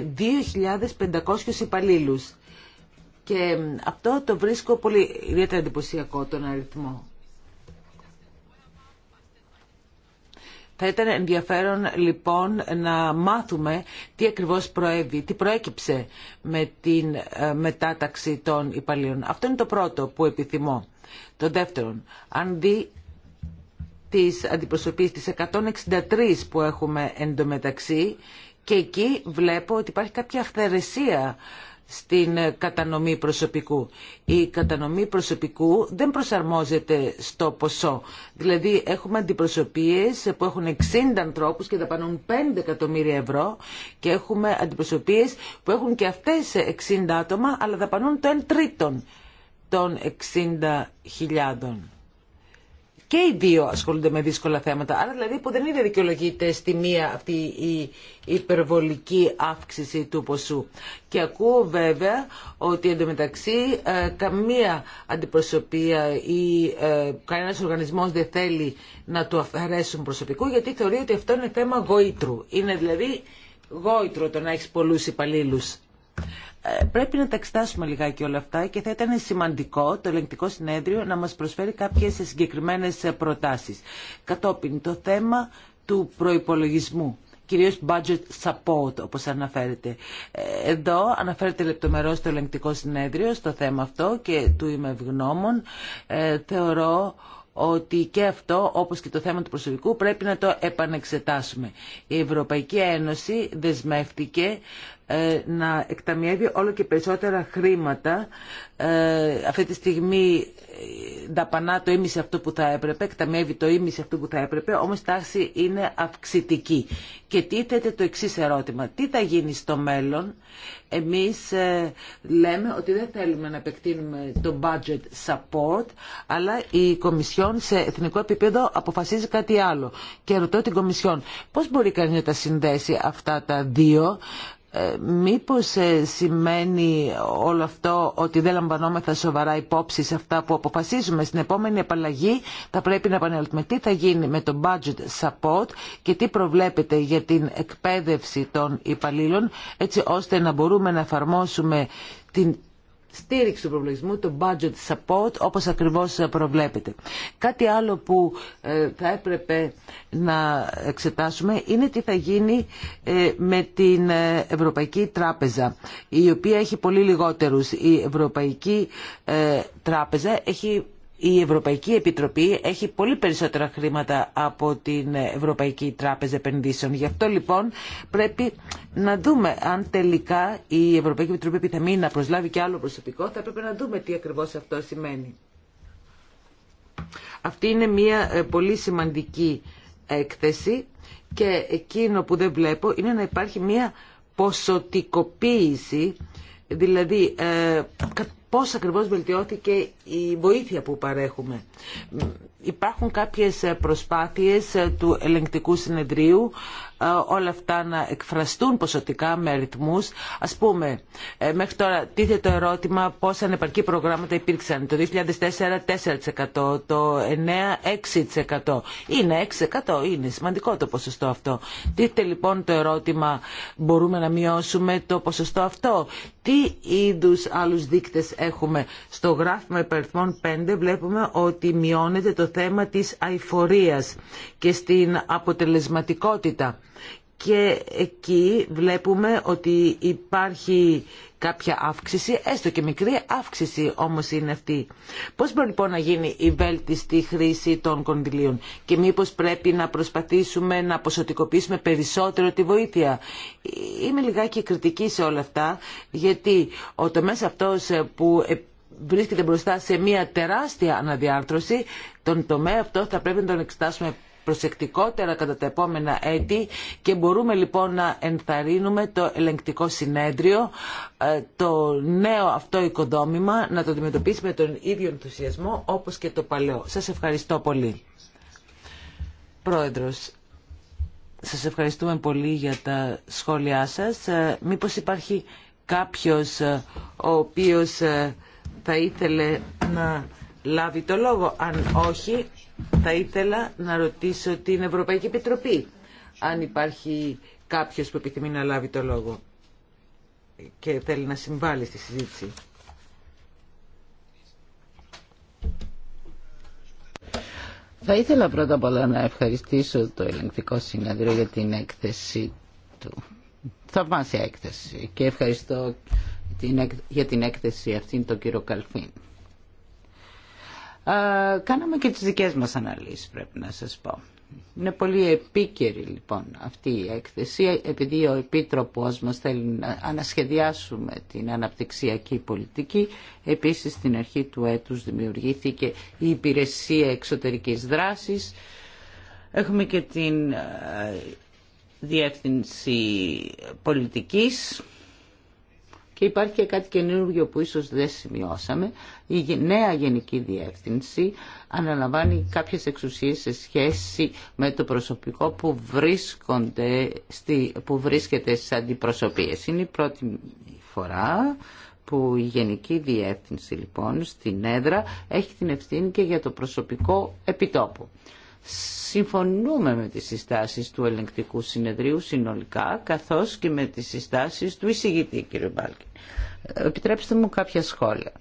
ε, υπαλλήλους. Και αυτό το βρίσκω πολύ ιδιαίτερα εντυπωσιακό τον αριθμό. Θα ήταν ενδιαφέρον λοιπόν να μάθουμε τι ακριβώς προέβη, τι προέκυψε με την ε, μετάταξη των υπαλλήλων. Αυτό είναι το πρώτο που επιθυμώ. Το δεύτερον, αν δει της αντιπροσωπής τις 163 που έχουμε εντωμεταξύ και εκεί βλέπω ότι υπάρχει κάποια αυθαιρεσία στην κατανομή προσωπικού. Η κατανομή προσωπικού δεν προσαρμόζεται στο ποσό. Δηλαδή έχουμε αντιπροσωπείες που έχουν 60 ανθρώπους και δαπανούν 5 εκατομμύρια ευρώ και έχουμε αντιπροσωπείες που έχουν και αυτές 60 άτομα αλλά δαπανούν το 1 τρίτον των 60.000 και οι δύο ασχολούνται με δύσκολα θέματα. Άρα δηλαδή που δεν είναι δικαιολογείται στη μία αυτή η υπερβολική αύξηση του ποσού. Και ακούω βέβαια ότι εντωμεταξύ ε, καμία αντιπροσωπεία ή ε, κανένας οργανισμός δεν θέλει να του αφαιρέσουν προσωπικού γιατί θεωρεί ότι αυτό είναι θέμα γοήτρου. Είναι δηλαδή γόητρο το να έχει πολλούς υπαλλήλους. Ε, πρέπει να τα εξετάσουμε λιγάκι όλα αυτά και θα ήταν σημαντικό το ελεγκτικό συνέδριο να μας προσφέρει κάποιες συγκεκριμένες προτάσεις. Κατόπιν το θέμα του προϋπολογισμού κυρίως budget support όπως αναφέρεται. Ε, εδώ αναφέρεται λεπτομερώς το ελεγκτικό συνέδριο στο θέμα αυτό και του είμαι ευγνώμων. Ε, θεωρώ ότι και αυτό, όπως και το θέμα του προσωπικού, πρέπει να το επανεξετάσουμε. Η Ευρωπαϊκή Ένωση δεσμεύτηκε ε, να εκταμιεύει όλο και περισσότερα χρήματα. Ε, αυτή τη στιγμή ε, δαπανά το ίμιση αυτό που θα έπρεπε, εκταμιεύει το ίμιση αυτό που θα έπρεπε, όμως η τάση είναι αυξητική. Και τίθεται το εξής ερώτημα. Τι θα γίνει στο μέλλον. Εμείς λέμε ότι δεν θέλουμε να επεκτείνουμε το budget support, αλλά η Κομισιόν σε εθνικό επίπεδο αποφασίζει κάτι άλλο. Και ρωτώ την Κομισιόν πώς μπορεί κανείς να τα συνδέσει αυτά τα δύο ε, μήπως ε, σημαίνει όλο αυτό ότι δεν λαμβανόμεθα σοβαρά υπόψη σε αυτά που αποφασίζουμε. Στην επόμενη επαλλαγή θα πρέπει να επανέλθουμε τι θα γίνει με το budget support και τι προβλέπετε για την εκπαίδευση των υπαλλήλων έτσι ώστε να μπορούμε να εφαρμόσουμε την στήριξη του προβλογισμού, το budget support, όπως ακριβώς προβλέπετε. Κάτι άλλο που ε, θα έπρεπε να εξετάσουμε είναι τι θα γίνει ε, με την ε, Ευρωπαϊκή Τράπεζα, η οποία έχει πολύ λιγότερους. Η Ευρωπαϊκή Τράπεζα έχει η Ευρωπαϊκή Επιτροπή έχει πολύ περισσότερα χρήματα από την Ευρωπαϊκή Τράπεζα Επενδύσεων. Γι' αυτό λοιπόν πρέπει να δούμε αν τελικά η Ευρωπαϊκή Επιτροπή επιθυμεί να προσλάβει και άλλο προσωπικό. Θα πρέπει να δούμε τι ακριβώς αυτό σημαίνει. Αυτή είναι μια ε, πολύ σημαντική έκθεση και εκείνο που δεν βλέπω είναι να υπάρχει μια ποσοτικοποίηση Δηλαδή, ε, πώς ακριβώς βελτιώθηκε η βοήθεια που παρέχουμε. Υπάρχουν κάποιες προσπάθειες ε, του ελεγκτικού συνεδρίου ε, όλα αυτά να εκφραστούν ποσοτικά με αριθμούς. Ας πούμε, ε, μέχρι τώρα τίθεται το ερώτημα πόσα ανεπαρκή προγράμματα υπήρξαν. Το 2004 4%, το 2009 6%. Είναι 6%, είναι σημαντικό το ποσοστό αυτό. Τίθεται λοιπόν το ερώτημα μπορούμε να μειώσουμε το ποσοστό αυτό. Τι είδους άλλους δείκτες έχουμε. Στο γράφημα υπερθμών 5 βλέπουμε ότι μειώνεται το θέμα της αηφορίας και στην αποτελεσματικότητα και εκεί βλέπουμε ότι υπάρχει κάποια αύξηση, έστω και μικρή αύξηση όμως είναι αυτή. Πώς μπορεί λοιπόν να γίνει η βέλτιστη χρήση των κονδυλίων και μήπως πρέπει να προσπαθήσουμε να ποσοτικοποιήσουμε περισσότερο τη βοήθεια. Είμαι λιγάκι κριτική σε όλα αυτά γιατί ο τομέας αυτός που ε, βρίσκεται μπροστά σε μια τεράστια αναδιάρθρωση, τον τομέα αυτό θα πρέπει να τον εξετάσουμε προσεκτικότερα κατά τα επόμενα έτη και μπορούμε λοιπόν να ενθαρρύνουμε το ελεγκτικό συνέδριο ε, το νέο αυτό οικοδόμημα να το αντιμετωπίσει με τον ίδιο ενθουσιασμό όπως και το παλαιό. Σας ευχαριστώ πολύ. Πρόεδρος, σας ευχαριστούμε πολύ για τα σχόλιά σας. Ε, μήπως υπάρχει κάποιος ε, ο οποίος θα ήθελε να λάβει το λόγο. Αν όχι, θα ήθελα να ρωτήσω την Ευρωπαϊκή Επιτροπή αν υπάρχει κάποιος που επιθυμεί να λάβει το λόγο και θέλει να συμβάλλει στη συζήτηση. Θα ήθελα πρώτα απ' όλα να ευχαριστήσω το ελεγκτικό συνέδριο για την έκθεση του. Θαυμάσια έκθεση και ευχαριστώ για την έκθεση αυτήν τον κύριο Καλφίν. Ε, κάναμε και τις δικές μας αναλύσεις πρέπει να σας πω. Είναι πολύ επίκαιρη λοιπόν αυτή η έκθεση επειδή ο Επίτροπος μας θέλει να ανασχεδιάσουμε την αναπτυξιακή πολιτική. Επίσης στην αρχή του έτους δημιουργήθηκε η Υπηρεσία Εξωτερικής Δράσης. Έχουμε και την ε, Διεύθυνση Πολιτικής και υπάρχει και κάτι καινούργιο που ίσως δεν σημειώσαμε. Η νέα Γενική Διεύθυνση αναλαμβάνει κάποιες εξουσίες σε σχέση με το προσωπικό που, βρίσκονται στη, που βρίσκεται στις αντιπροσωπείες. Είναι η πρώτη φορά που η Γενική Διεύθυνση λοιπόν στην έδρα έχει την ευθύνη και για το προσωπικό επιτόπου συμφωνούμε με τις συστάσεις του ελεγκτικού συνεδρίου συνολικά καθώς και με τις συστάσεις του εισηγητή κύριε Μπάλκη. Ε, επιτρέψτε μου κάποια σχόλια.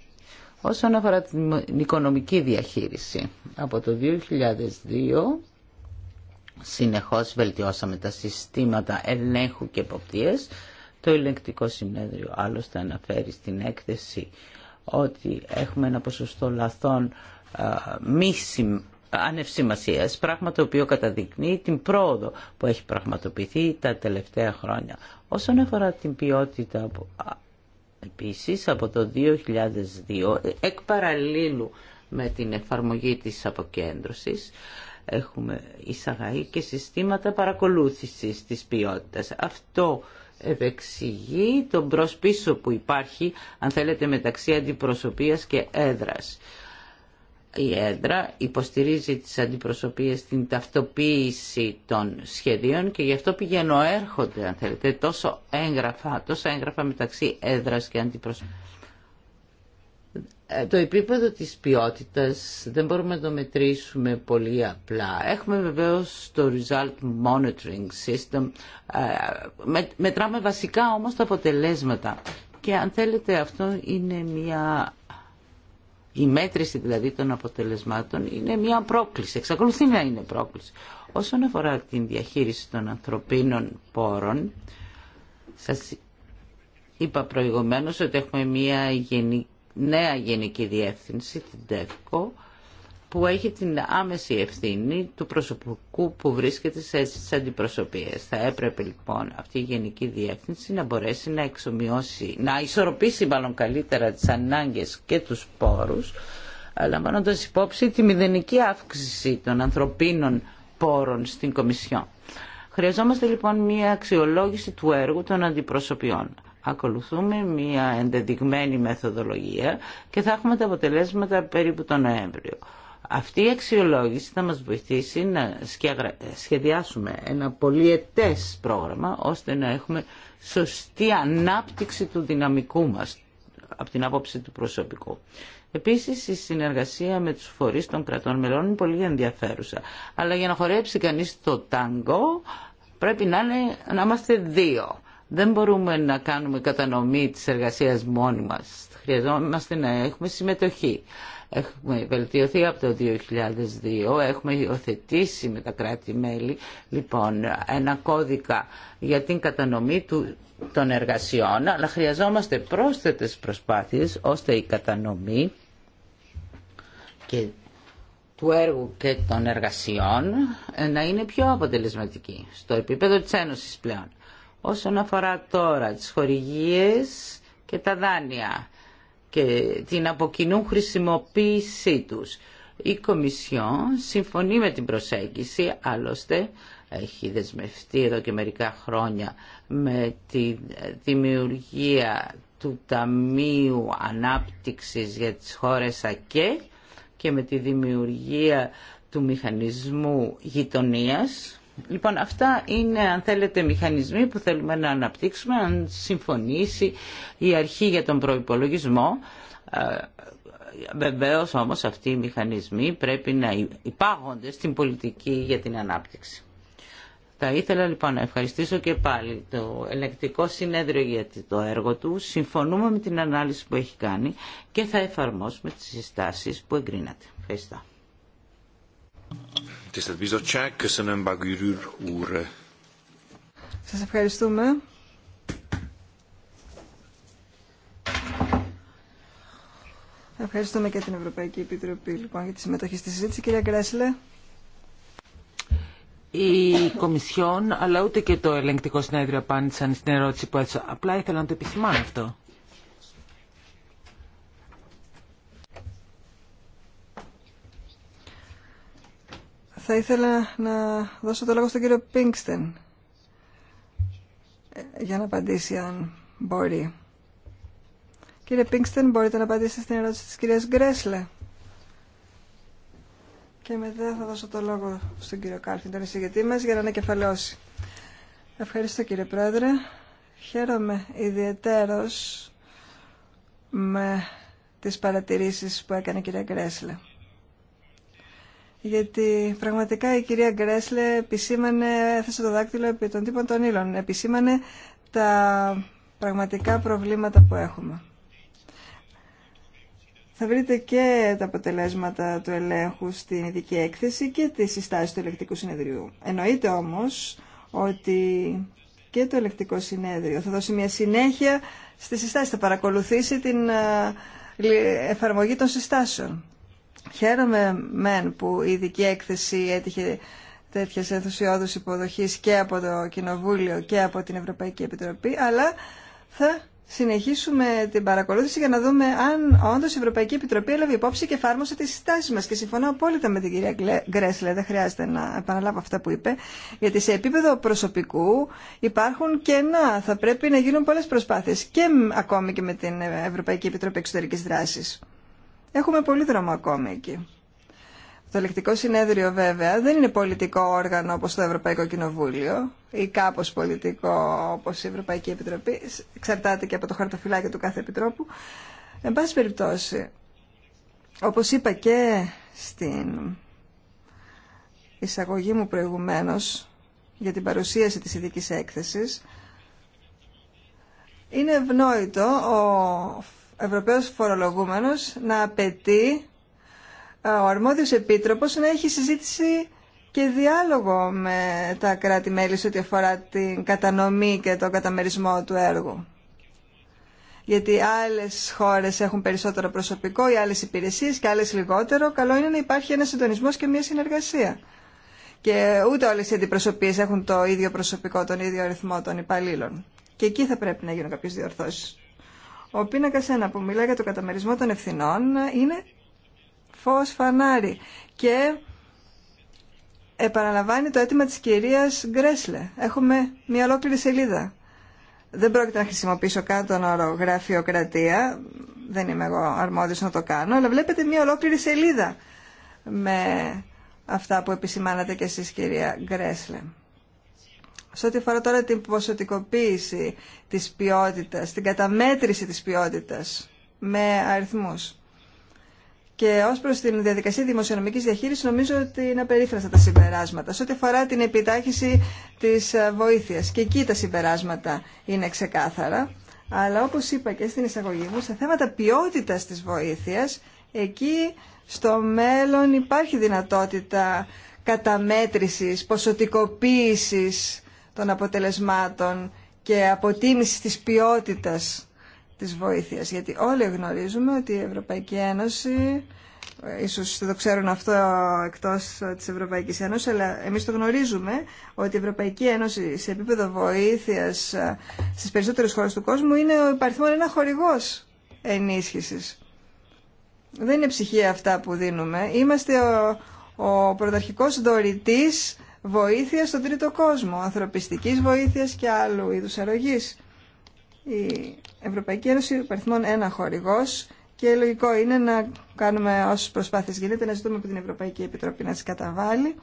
Όσον αφορά την οικονομική διαχείριση, από το 2002 συνεχώς βελτιώσαμε τα συστήματα ελέγχου και εποπτείας. Το ελεγκτικό συνέδριο άλλωστε αναφέρει στην έκθεση ότι έχουμε ένα ποσοστό λαθών μη ανευσημασίας, πράγμα το οποίο καταδεικνύει την πρόοδο που έχει πραγματοποιηθεί τα τελευταία χρόνια. Όσον αφορά την ποιότητα επίσης από το 2002, εκ παραλλήλου με την εφαρμογή της αποκέντρωσης, έχουμε εισαγαεί και συστήματα παρακολούθησης της ποιότητας. Αυτό ευεξηγεί τον προς πίσω που υπάρχει, αν θέλετε, μεταξύ αντιπροσωπείας και έδρας η έδρα υποστηρίζει τις αντιπροσωπείες στην ταυτοποίηση των σχεδίων και γι' αυτό πηγαίνω έρχονται αν θέλετε τόσο έγγραφα, τόσο έγγραφα μεταξύ έδρας και αντιπροσωπείας. Ε, το επίπεδο της ποιότητας δεν μπορούμε να το μετρήσουμε πολύ απλά. Έχουμε βεβαίως το Result Monitoring System. Ε, μετράμε βασικά όμως τα αποτελέσματα. Και αν θέλετε αυτό είναι μια η μέτρηση δηλαδή των αποτελεσμάτων είναι μια πρόκληση, εξακολουθεί να είναι πρόκληση. Όσον αφορά την διαχείριση των ανθρωπίνων πόρων, σας είπα προηγουμένως ότι έχουμε μια νέα γενική διεύθυνση, την ΤΕΦΚΟ, που έχει την άμεση ευθύνη του προσωπικού που βρίσκεται σε αντιπροσωπείες. Θα έπρεπε λοιπόν αυτή η Γενική Διεύθυνση να μπορέσει να εξομοιώσει, να ισορροπήσει μάλλον καλύτερα τις ανάγκες και τους πόρους, ε, λαμβάνοντα υπόψη τη μηδενική αύξηση των ανθρωπίνων πόρων στην Κομισιόν. Χρειαζόμαστε λοιπόν μία αξιολόγηση του έργου των αντιπροσωπιών. Ακολουθούμε μία ενδεδειγμένη μεθοδολογία και θα έχουμε τα αποτελέσματα περίπου τον Νοέμβριο. Αυτή η αξιολόγηση θα μας βοηθήσει να σχεδιάσουμε ένα πολυετές πρόγραμμα ώστε να έχουμε σωστή ανάπτυξη του δυναμικού μας από την άποψη του προσωπικού. Επίσης η συνεργασία με τους φορείς των κρατών μελών είναι πολύ ενδιαφέρουσα. Αλλά για να χορέψει κανείς το τάγκο πρέπει να, είναι, να είμαστε δύο. Δεν μπορούμε να κάνουμε κατανομή της εργασίας μόνοι μας. Χρειαζόμαστε να έχουμε συμμετοχή. Έχουμε βελτιωθεί από το 2002, έχουμε υιοθετήσει με τα κράτη-μέλη λοιπόν, ένα κώδικα για την κατανομή του, των εργασιών, αλλά χρειαζόμαστε πρόσθετες προσπάθειες ώστε η κατανομή και του έργου και των εργασιών ε, να είναι πιο αποτελεσματική στο επίπεδο της Ένωσης πλέον. Όσον αφορά τώρα τις χορηγίες και τα δάνεια, και την αποκοινού χρησιμοποίησή τους. Η Κομισιόν συμφωνεί με την προσέγγιση, άλλωστε έχει δεσμευτεί εδώ και μερικά χρόνια με τη δημιουργία του Ταμείου Ανάπτυξης για τις χώρες ΑΚΕ και με τη δημιουργία του Μηχανισμού Γειτονίας Λοιπόν, αυτά είναι, αν θέλετε, μηχανισμοί που θέλουμε να αναπτύξουμε, αν συμφωνήσει η αρχή για τον προϋπολογισμό. Ε, Βεβαίω όμως αυτοί οι μηχανισμοί πρέπει να υπάγονται στην πολιτική για την ανάπτυξη. Θα ήθελα λοιπόν να ευχαριστήσω και πάλι το ελεκτικό συνέδριο για το έργο του. Συμφωνούμε με την ανάλυση που έχει κάνει και θα εφαρμόσουμε τις συστάσεις που εγκρίνατε. Ευχαριστώ. Σας ευχαριστούμε. Ευχαριστούμε και την Ευρωπαϊκή Επιτροπή λοιπόν, για τη συμμετοχή στη συζήτηση. Κυρία Γκρέσλε. Η Κομισιόν αλλά ούτε και το ελεγκτικό συνέδριο απάντησαν στην ερώτηση που έτσι Απλά ήθελα να το επισημάνω αυτό. θα ήθελα να δώσω το λόγο στον κύριο Πίνξτεν ε, για να απαντήσει αν μπορεί. Κύριε Πίνξτεν, μπορείτε να απαντήσετε στην ερώτηση της κυρίας Γκρέσλε. Και μετά θα δώσω το λόγο στον κύριο Κάλφιν, τον εισηγητή μας, για να ανακεφαλώσει. Ευχαριστώ κύριε Πρόεδρε. Χαίρομαι ιδιαίτερος με τις παρατηρήσεις που έκανε η κυρία Γκρέσλε γιατί πραγματικά η κυρία Γκρέσλε επισήμανε, έθεσε το δάκτυλο επί των τύπων των ήλων, επισήμανε τα πραγματικά προβλήματα που έχουμε. Θα βρείτε και τα αποτελέσματα του ελέγχου στην ειδική έκθεση και τις συστάσεις του ελεκτικού συνεδριού. Εννοείται όμως ότι και το ελεκτικό συνέδριο θα δώσει μια συνέχεια στις συστάσεις, θα παρακολουθήσει την ε, εφαρμογή των συστάσεων. Χαίρομαι μεν που η ειδική έκθεση έτυχε τέτοια ενθουσιώδους υποδοχής και από το Κοινοβούλιο και από την Ευρωπαϊκή Επιτροπή, αλλά θα συνεχίσουμε την παρακολούθηση για να δούμε αν όντως η Ευρωπαϊκή Επιτροπή έλαβε υπόψη και εφάρμοσε τις συστάσεις μας. Και συμφωνώ απόλυτα με την κυρία Γκρέσλε, δεν χρειάζεται να επαναλάβω αυτά που είπε, γιατί σε επίπεδο προσωπικού υπάρχουν κενά, θα πρέπει να γίνουν πολλές προσπάθειες και ακόμη και με την Ευρωπαϊκή Επιτροπή Εξωτερικής Δράσης. Έχουμε πολύ δρόμο ακόμη εκεί. Το ελεκτικό συνέδριο βέβαια δεν είναι πολιτικό όργανο όπως το Ευρωπαϊκό Κοινοβούλιο ή κάπως πολιτικό όπως η Ευρωπαϊκή Επιτροπή, εξαρτάται και από το χαρτοφυλάκιο του κάθε επιτρόπου. Εν πάση περιπτώσει, όπως είπα και στην εισαγωγή μου προηγουμένως για την παρουσίαση της ειδική έκθεσης, είναι ευνόητο ο Ευρωπαίος φορολογούμενος να απαιτεί ε, ο αρμόδιος επίτροπος να έχει συζήτηση και διάλογο με τα κράτη-μέλη σε ό,τι αφορά την κατανομή και τον καταμερισμό του έργου. Γιατί άλλες χώρες έχουν περισσότερο προσωπικό ή άλλες υπηρεσίες και άλλες λιγότερο. Καλό είναι να υπάρχει ένα συντονισμός και μια συνεργασία. Και ούτε όλες οι αντιπροσωπείες έχουν το ίδιο προσωπικό, τον ίδιο αριθμό των υπαλλήλων. Και εκεί θα πρέπει να γίνουν κάποιες διορθώσεις. Ο πίνακα 1 που μιλάει για το καταμερισμό των ευθυνών είναι φω φανάρι και επαναλαμβάνει το αίτημα τη κυρία Γκρέσλε. Έχουμε μια ολόκληρη σελίδα. Δεν πρόκειται να χρησιμοποιήσω καν τον όρο γραφειοκρατία, δεν είμαι εγώ αρμόδιο να το κάνω, αλλά βλέπετε μια ολόκληρη σελίδα με αυτά που επισημάνατε και εσείς κυρία Γκρέσλε. Σε ό,τι αφορά τώρα την ποσοτικοποίηση της ποιότητας, την καταμέτρηση της ποιότητας με αριθμούς. Και ω προ την διαδικασία δημοσιονομική διαχείριση, νομίζω ότι είναι απερίφραστα τα συμπεράσματα. Σε ό,τι αφορά την επιτάχυση τη βοήθεια. Και εκεί τα συμπεράσματα είναι ξεκάθαρα. Αλλά όπω είπα και στην εισαγωγή μου, στα θέματα ποιότητα τη βοήθεια, εκεί στο μέλλον υπάρχει δυνατότητα καταμέτρησης, ποσοτικοποίησης των αποτελεσμάτων και αποτίμηση της ποιότητας της βοήθειας. Γιατί όλοι γνωρίζουμε ότι η Ευρωπαϊκή Ένωση, ε, ίσως το ξέρουν αυτό εκτός της Ευρωπαϊκής Ένωσης, αλλά εμείς το γνωρίζουμε ότι η Ευρωπαϊκή Ένωση σε επίπεδο βοήθειας ε, στις περισσότερες χώρες του κόσμου είναι ο υπαριθμόν ένα χορηγός ενίσχυσης. Δεν είναι ψυχία αυτά που δίνουμε. Είμαστε ο, ο πρωταρχικός δωρητής βοήθεια στον τρίτο κόσμο, ανθρωπιστικής βοήθειας και άλλου είδους αρρωγής. Η Ευρωπαϊκή Ένωση υπαριθμών ένα χορηγός και λογικό είναι να κάνουμε όσες προσπάθειες γίνεται, να ζητούμε από την Ευρωπαϊκή Επιτροπή να τις καταβάλει.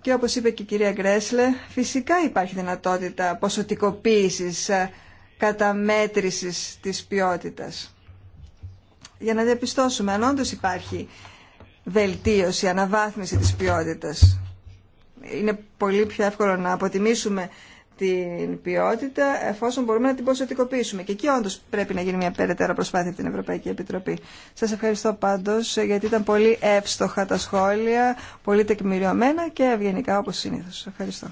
Και όπως είπε και η κυρία Γκρέσλε, φυσικά υπάρχει δυνατότητα ποσοτικοποίησης, ε, καταμέτρησης της ποιότητας. Για να διαπιστώσουμε αν όντως υπάρχει βελτίωση, αναβάθμιση της ποιότητας είναι πολύ πιο εύκολο να αποτιμήσουμε την ποιότητα εφόσον μπορούμε να την ποσοτικοποιήσουμε. Και εκεί όντω πρέπει να γίνει μια περαιτέρω προσπάθεια από την Ευρωπαϊκή Επιτροπή. Σα ευχαριστώ πάντω γιατί ήταν πολύ εύστοχα τα σχόλια, πολύ τεκμηριωμένα και ευγενικά όπω συνήθω. Ευχαριστώ.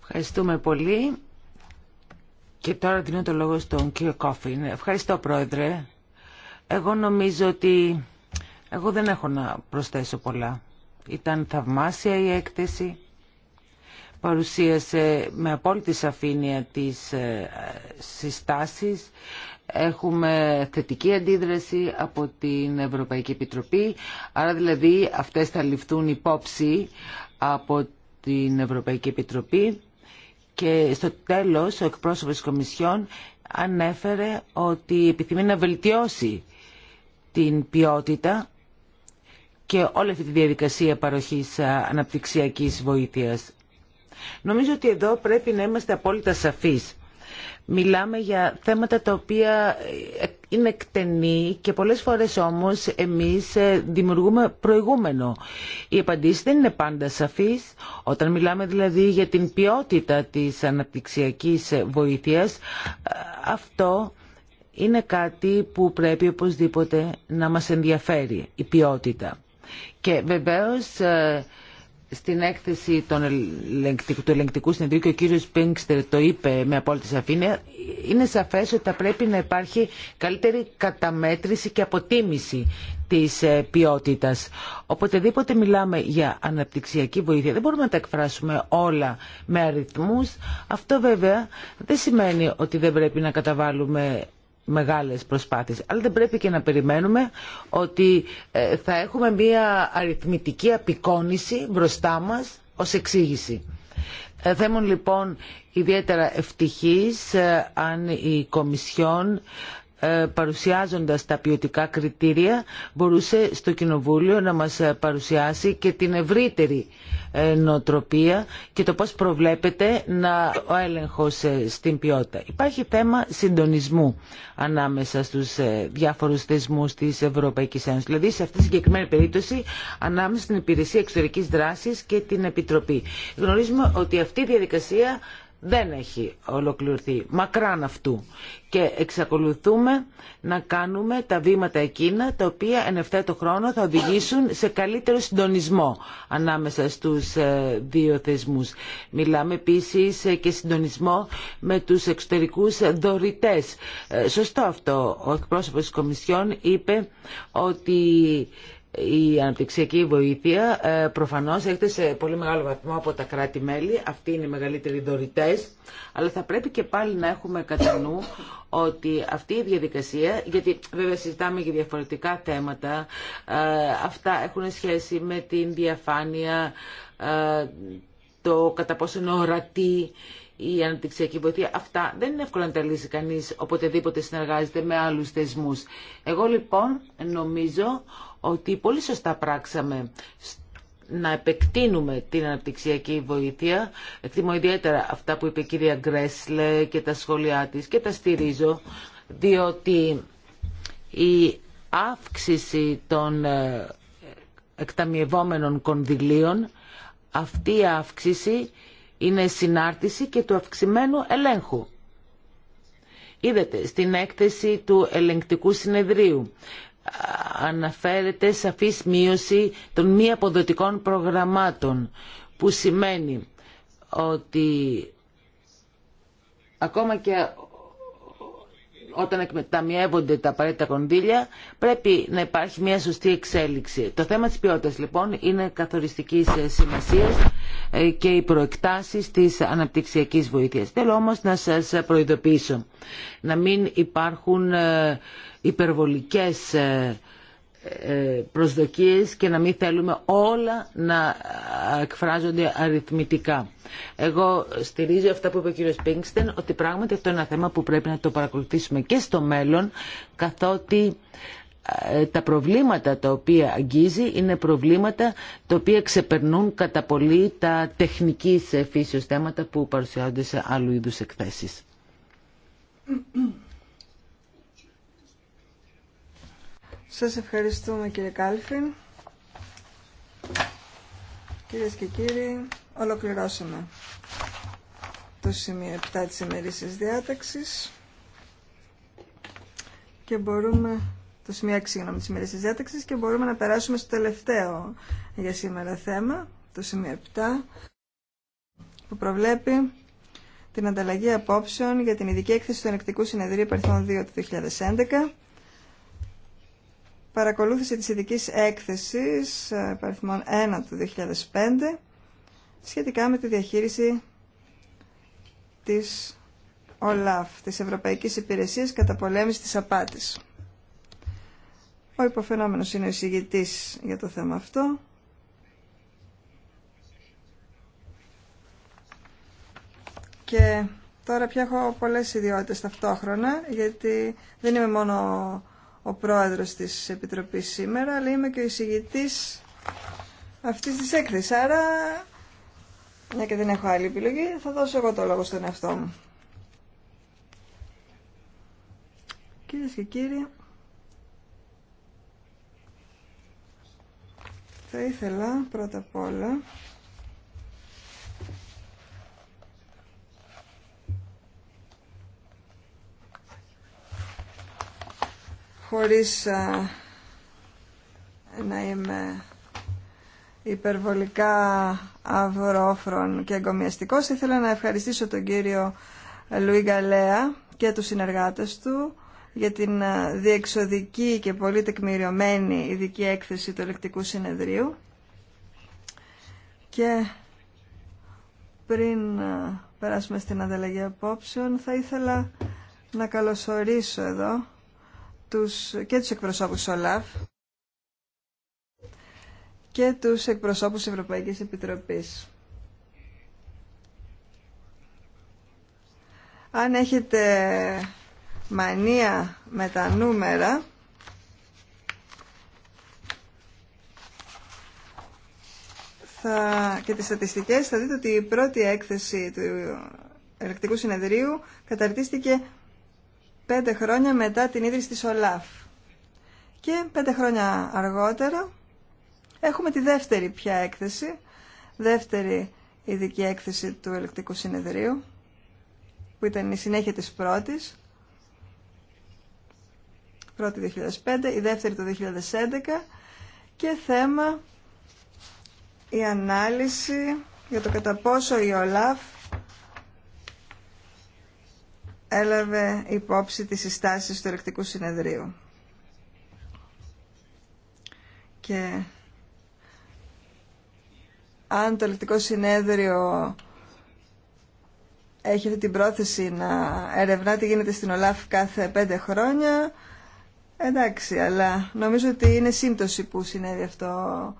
Ευχαριστούμε πολύ. Και τώρα δίνω το λόγο στον κύριο Κόφιν. Ευχαριστώ, Πρόεδρε. Εγώ νομίζω ότι εγώ δεν έχω να προσθέσω πολλά. Ήταν θαυμάσια η έκθεση. Παρουσίασε με απόλυτη σαφήνεια τις ε, συστάσεις. Έχουμε θετική αντίδραση από την Ευρωπαϊκή Επιτροπή. Άρα δηλαδή αυτές θα ληφθούν υπόψη από την Ευρωπαϊκή Επιτροπή. Και στο τέλος ο εκπρόσωπος της Κομισιόν ανέφερε ότι επιθυμεί να βελτιώσει την ποιότητα και όλη αυτή τη διαδικασία παροχής αναπτυξιακής βοήθειας. Νομίζω ότι εδώ πρέπει να είμαστε απόλυτα σαφείς. Μιλάμε για θέματα τα οποία ε, είναι εκτενή και πολλές φορές όμως εμείς ε, δημιουργούμε προηγούμενο. Οι απαντήσει δεν είναι πάντα σαφείς. Όταν μιλάμε δηλαδή για την ποιότητα της αναπτυξιακής ε, βοήθειας, αυτό είναι κάτι που πρέπει οπωσδήποτε να μας ενδιαφέρει, η ποιότητα. Και βεβαίως ε, στην έκθεση του ελεγκτικού συνεδρίου και ο κύριο Πίνξτερ το είπε με απόλυτη σαφήνεια, είναι σαφέ ότι θα πρέπει να υπάρχει καλύτερη καταμέτρηση και αποτίμηση της ε, ποιότητας. Οποτεδήποτε μιλάμε για αναπτυξιακή βοήθεια, δεν μπορούμε να τα εκφράσουμε όλα με αριθμούς. Αυτό βέβαια δεν σημαίνει ότι δεν πρέπει να καταβάλουμε μεγάλες προσπάθειες. Αλλά δεν πρέπει και να περιμένουμε ότι ε, θα έχουμε μία αριθμητική απεικόνηση μπροστά μας ως εξήγηση. Ε, θα ήμουν λοιπόν ιδιαίτερα ευτυχής ε, αν η Κομισιόν ε, παρουσιάζοντας τα ποιοτικά κριτήρια μπορούσε στο Κοινοβούλιο να μας ε, παρουσιάσει και την ευρύτερη ε, νοοτροπία και το πώς προβλέπεται να ο έλεγχος στην ποιότητα. Υπάρχει θέμα συντονισμού ανάμεσα στους διάφορους θεσμούς της Ευρωπαϊκής Ένωσης. Δηλαδή σε αυτή τη συγκεκριμένη περίπτωση ανάμεσα στην Υπηρεσία Εξωτερικής Δράσης και την Επιτροπή. Γνωρίζουμε ότι αυτή η διαδικασία δεν έχει ολοκληρωθεί μακράν αυτού και εξακολουθούμε να κάνουμε τα βήματα εκείνα τα οποία εν ευθέτω χρόνο θα οδηγήσουν σε καλύτερο συντονισμό ανάμεσα στους ε, δύο θεσμούς. Μιλάμε επίσης ε, και συντονισμό με τους εξωτερικούς δωρητές. Ε, σωστό αυτό. Ο εκπρόσωπος της Κομισιόν είπε ότι η αναπτυξιακή βοήθεια ε, προφανώς έρχεται σε πολύ μεγάλο βαθμό από τα κράτη-μέλη, αυτοί είναι οι μεγαλύτεροι δωρητές, αλλά θα πρέπει και πάλι να έχουμε κατά νου ότι αυτή η διαδικασία, γιατί βέβαια συζητάμε για διαφορετικά θέματα, ε, αυτά έχουν σχέση με την διαφάνεια, ε, το κατά πόσο είναι ορατή η αναπτυξιακή βοήθεια. Αυτά δεν είναι εύκολο να τα λύσει κανείς οποτεδήποτε συνεργάζεται με άλλους θεσμούς. Εγώ λοιπόν νομίζω ότι πολύ σωστά πράξαμε να επεκτείνουμε την αναπτυξιακή βοήθεια. Εκτιμώ ιδιαίτερα αυτά που είπε η κυρία Γκρέσλε και τα σχόλιά της και τα στηρίζω, διότι η αύξηση των ε, εκταμιευόμενων κονδυλίων, αυτή η αύξηση είναι συνάρτηση και του αυξημένου ελέγχου. Είδατε, στην έκθεση του ελεγκτικού συνεδρίου αναφέρεται σαφής μείωση των μη αποδοτικών προγραμμάτων που σημαίνει ότι ακόμα και όταν εκμεταμιεύονται τα απαραίτητα κονδύλια πρέπει να υπάρχει μια σωστή εξέλιξη. Το θέμα της ποιότητας λοιπόν είναι καθοριστικής ε, σημασίας ε, και οι προεκτάσεις της αναπτυξιακής βοήθειας. Θέλω όμως να σας προειδοποιήσω να μην υπάρχουν ε, υπερβολικές ε, προσδοκίες και να μην θέλουμε όλα να εκφράζονται αριθμητικά. Εγώ στηρίζω αυτά που είπε ο κ. Πίνξτεν ότι πράγματι αυτό είναι ένα θέμα που πρέπει να το παρακολουθήσουμε και στο μέλλον καθότι ε, τα προβλήματα τα οποία αγγίζει είναι προβλήματα τα οποία ξεπερνούν κατά πολύ τα τεχνική φύσεως θέματα που παρουσιάζονται σε άλλου είδους εκθέσεις. Σας ευχαριστούμε κύριε Κάλφιν. Κυρίε και κύριοι, ολοκληρώσαμε το σημείο 7 της ημερήσης διάταξης και μπορούμε το σημείο 6 συγγνώμη, της ημερήσης διάταξης και μπορούμε να περάσουμε στο τελευταίο για σήμερα θέμα, το σημείο 7 που προβλέπει την ανταλλαγή απόψεων για την ειδική έκθεση του Ενεκτικού Συνεδρίου Περθών 2 του 2011 παρακολούθηση της ειδική έκθεσης ε, παριθμών 1 του 2005 σχετικά με τη διαχείριση της ΟΛΑΦ, της Ευρωπαϊκής Υπηρεσίας Καταπολέμησης της Απάτης. Ο υποφαινόμενος είναι ο εισηγητής για το θέμα αυτό. Και τώρα πια έχω πολλές ιδιότητες ταυτόχρονα, γιατί δεν είμαι μόνο ο πρόεδρος της Επιτροπής σήμερα, αλλά είμαι και ο εισηγητής αυτής της έκθεσης. Άρα, μια και δεν έχω άλλη επιλογή, θα δώσω εγώ το λόγο στον εαυτό μου. Κυρίε και κύριοι, θα ήθελα πρώτα απ' όλα χωρίς να είμαι υπερβολικά αυρόφρον και εγκομιαστικός, ήθελα να ευχαριστήσω τον κύριο Λουί Γκαλέα και τους συνεργάτες του για την διεξοδική και πολύ τεκμηριωμένη ειδική έκθεση του ελεκτικού συνεδρίου και πριν περάσουμε στην ανταλλαγή απόψεων θα ήθελα να καλωσορίσω εδώ τους, και τους εκπροσώπους της και τους εκπροσώπους της Ευρωπαϊκής Επιτροπής. Αν έχετε μανία με τα νούμερα, θα, και τις στατιστικές, θα δείτε ότι η πρώτη έκθεση του ελεκτικού συνεδρίου καταρτίστηκε πέντε χρόνια μετά την ίδρυση της ΟΛΑΦ. Και πέντε χρόνια αργότερα έχουμε τη δεύτερη πια έκθεση, δεύτερη ειδική έκθεση του Ελεκτικού Συνεδρίου, που ήταν η συνέχεια της πρώτης, πρώτη 2005, η δεύτερη το 2011 και θέμα η ανάλυση για το κατά πόσο η ΟΛΑΦ έλαβε υπόψη τις συστάσεις του Ελεκτικού Συνεδρίου. Και αν το Ελεκτικό Συνέδριο έχει αυτή την πρόθεση να ερευνά τι γίνεται στην ΟΛΑΦ κάθε πέντε χρόνια, εντάξει, αλλά νομίζω ότι είναι σύμπτωση που συνέβη αυτό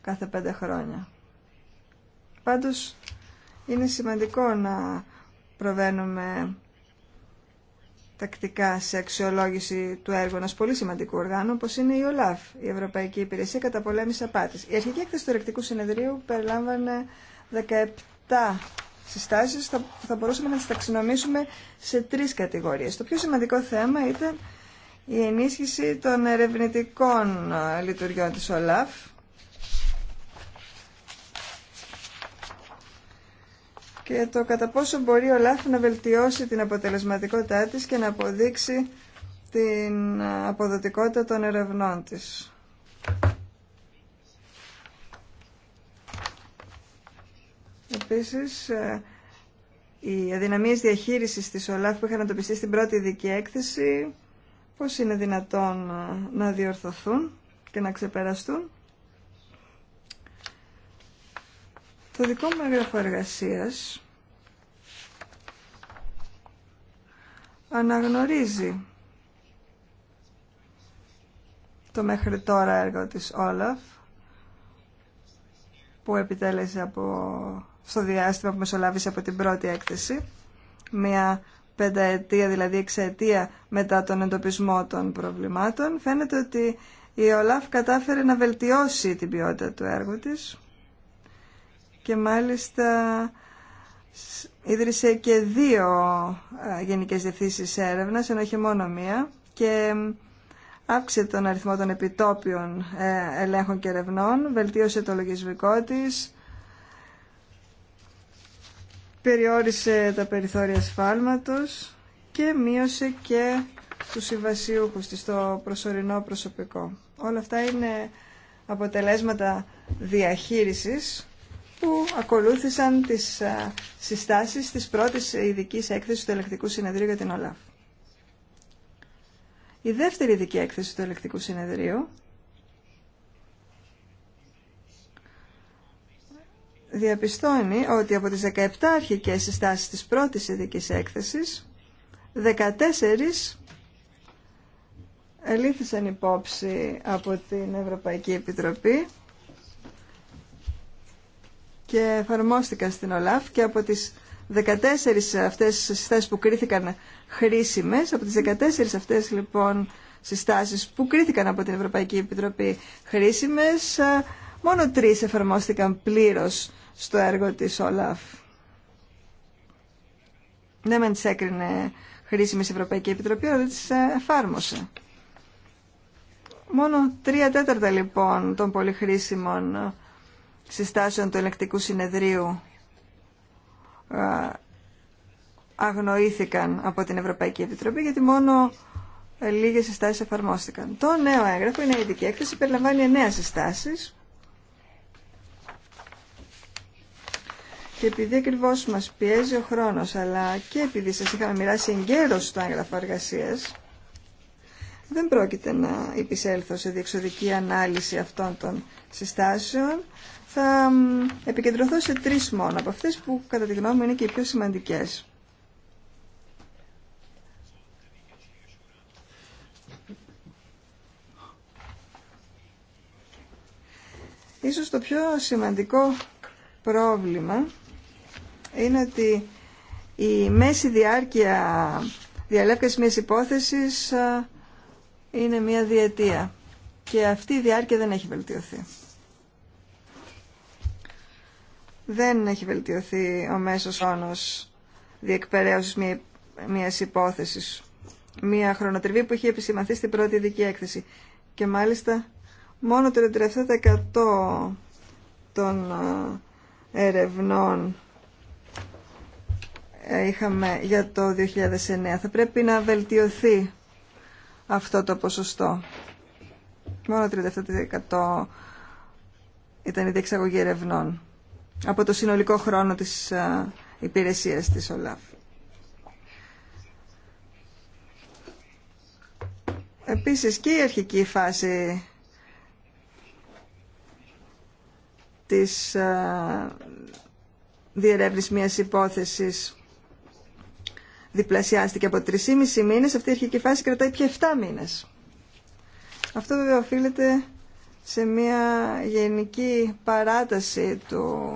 κάθε πέντε χρόνια. Πάντως, είναι σημαντικό να προβαίνουμε τακτικά σε αξιολόγηση του έργου ενό πολύ σημαντικού οργάνου, όπω είναι η ΟΛΑΦ, η Ευρωπαϊκή Υπηρεσία Κατά Πολέμη Απάτη. Η αρχική έκθεση του ερεκτικού Συνεδρίου περιλάμβανε 17 συστάσει που θα μπορούσαμε να τι ταξινομήσουμε σε τρει κατηγορίε. Το πιο σημαντικό θέμα ήταν η ενίσχυση των ερευνητικών λειτουργιών τη ΟΛΑΦ και το κατά πόσο μπορεί ο ΛΑΦ να βελτιώσει την αποτελεσματικότητά της και να αποδείξει την αποδοτικότητα των ερευνών της. Επίσης, ε, οι αδυναμίες διαχείρισης της ΟΛΑΦ που είχαν αντοπιστεί στην πρώτη ειδική έκθεση, πώς είναι δυνατόν ε, να διορθωθούν και να ξεπεραστούν. Το δικό μου έγγραφο εργασία αναγνωρίζει το μέχρι τώρα έργο της Όλαφ που επιτέλεσε από, στο διάστημα που μεσολάβησε από την πρώτη έκθεση μια πενταετία, δηλαδή εξαετία μετά τον εντοπισμό των προβλημάτων φαίνεται ότι η ΟΛΑΦ κατάφερε να βελτιώσει την ποιότητα του έργου της και μάλιστα ίδρυσε και δύο ε, γενικές διευθύνσεις έρευνας, ενώ είχε μόνο μία και αύξησε τον αριθμό των επιτόπιων ε, ελέγχων και ερευνών, βελτίωσε το λογισμικό της, περιόρισε τα περιθώρια σφάλματος και μείωσε και του συμβασιούχους της στο προσωρινό προσωπικό. Όλα αυτά είναι αποτελέσματα διαχείρισης που ακολούθησαν τις ε, συστάσεις της πρώτης ειδική έκθεσης του Ελεκτικού Συνεδρίου για την ΟΛΑΦ. Η δεύτερη ειδική έκθεση του Ελεκτικού Συνεδρίου διαπιστώνει ότι από τις 17 αρχικές συστάσεις της πρώτης ειδικής έκθεσης, 14 ελήφθησαν υπόψη από την Ευρωπαϊκή Επιτροπή και εφαρμόστηκαν στην ΟΛΑΦ και από τις 14 αυτές συστάσεις που κρίθηκαν χρήσιμες, από τις 14 αυτές λοιπόν συστάσεις που κρίθηκαν από την Ευρωπαϊκή Επιτροπή χρήσιμες, μόνο τρεις εφαρμόστηκαν πλήρως στο έργο της ΟΛΑΦ. Δεν ναι, μεν τις έκρινε χρήσιμες η Ευρωπαϊκή Επιτροπή, αλλά τις εφάρμοσε. Μόνο τρία τέταρτα λοιπόν των πολύ χρήσιμων συστάσεων του ελεκτικού συνεδρίου ε, αγνοήθηκαν από την Ευρωπαϊκή Επιτροπή γιατί μόνο ε, λίγες συστάσεις εφαρμόστηκαν. Το νέο έγγραφο είναι η ειδική έκθεση, περιλαμβάνει εννέα συστάσεις και επειδή ακριβώ μας πιέζει ο χρόνος αλλά και επειδή σας είχαμε μοιράσει εγκαίρως το έγγραφο εργασία. δεν πρόκειται να υπησέλθω σε διεξοδική ανάλυση αυτών των συστάσεων θα επικεντρωθώ σε τρεις μόνο από αυτές που κατά τη γνώμη μου είναι και οι πιο σημαντικές. Ίσως το πιο σημαντικό πρόβλημα είναι ότι η μέση διάρκεια διαλέπκες μιας υπόθεσης είναι μια διετία και αυτή η διάρκεια δεν έχει βελτιωθεί δεν έχει βελτιωθεί ο μέσος όνος διεκπαιρέωσης μια, μιας υπόθεσης. Μια χρονοτριβή που είχε επισημανθεί στην πρώτη ειδική έκθεση. Και μάλιστα μόνο το 37% των ε, ερευνών ε, είχαμε για το 2009. Θα πρέπει να βελτιωθεί αυτό το ποσοστό. Μόνο 37% ήταν η διεξαγωγή ερευνών από το συνολικό χρόνο της ε, υπηρεσίας της ΟΛΑΦ. Επίσης και η αρχική φάση της ε, διερεύνησης μιας υπόθεσης διπλασιάστηκε από 3,5 μήνες. Αυτή η αρχική φάση κρατάει πια 7 μήνες. Αυτό βέβαια οφείλεται σε μια γενική παράταση του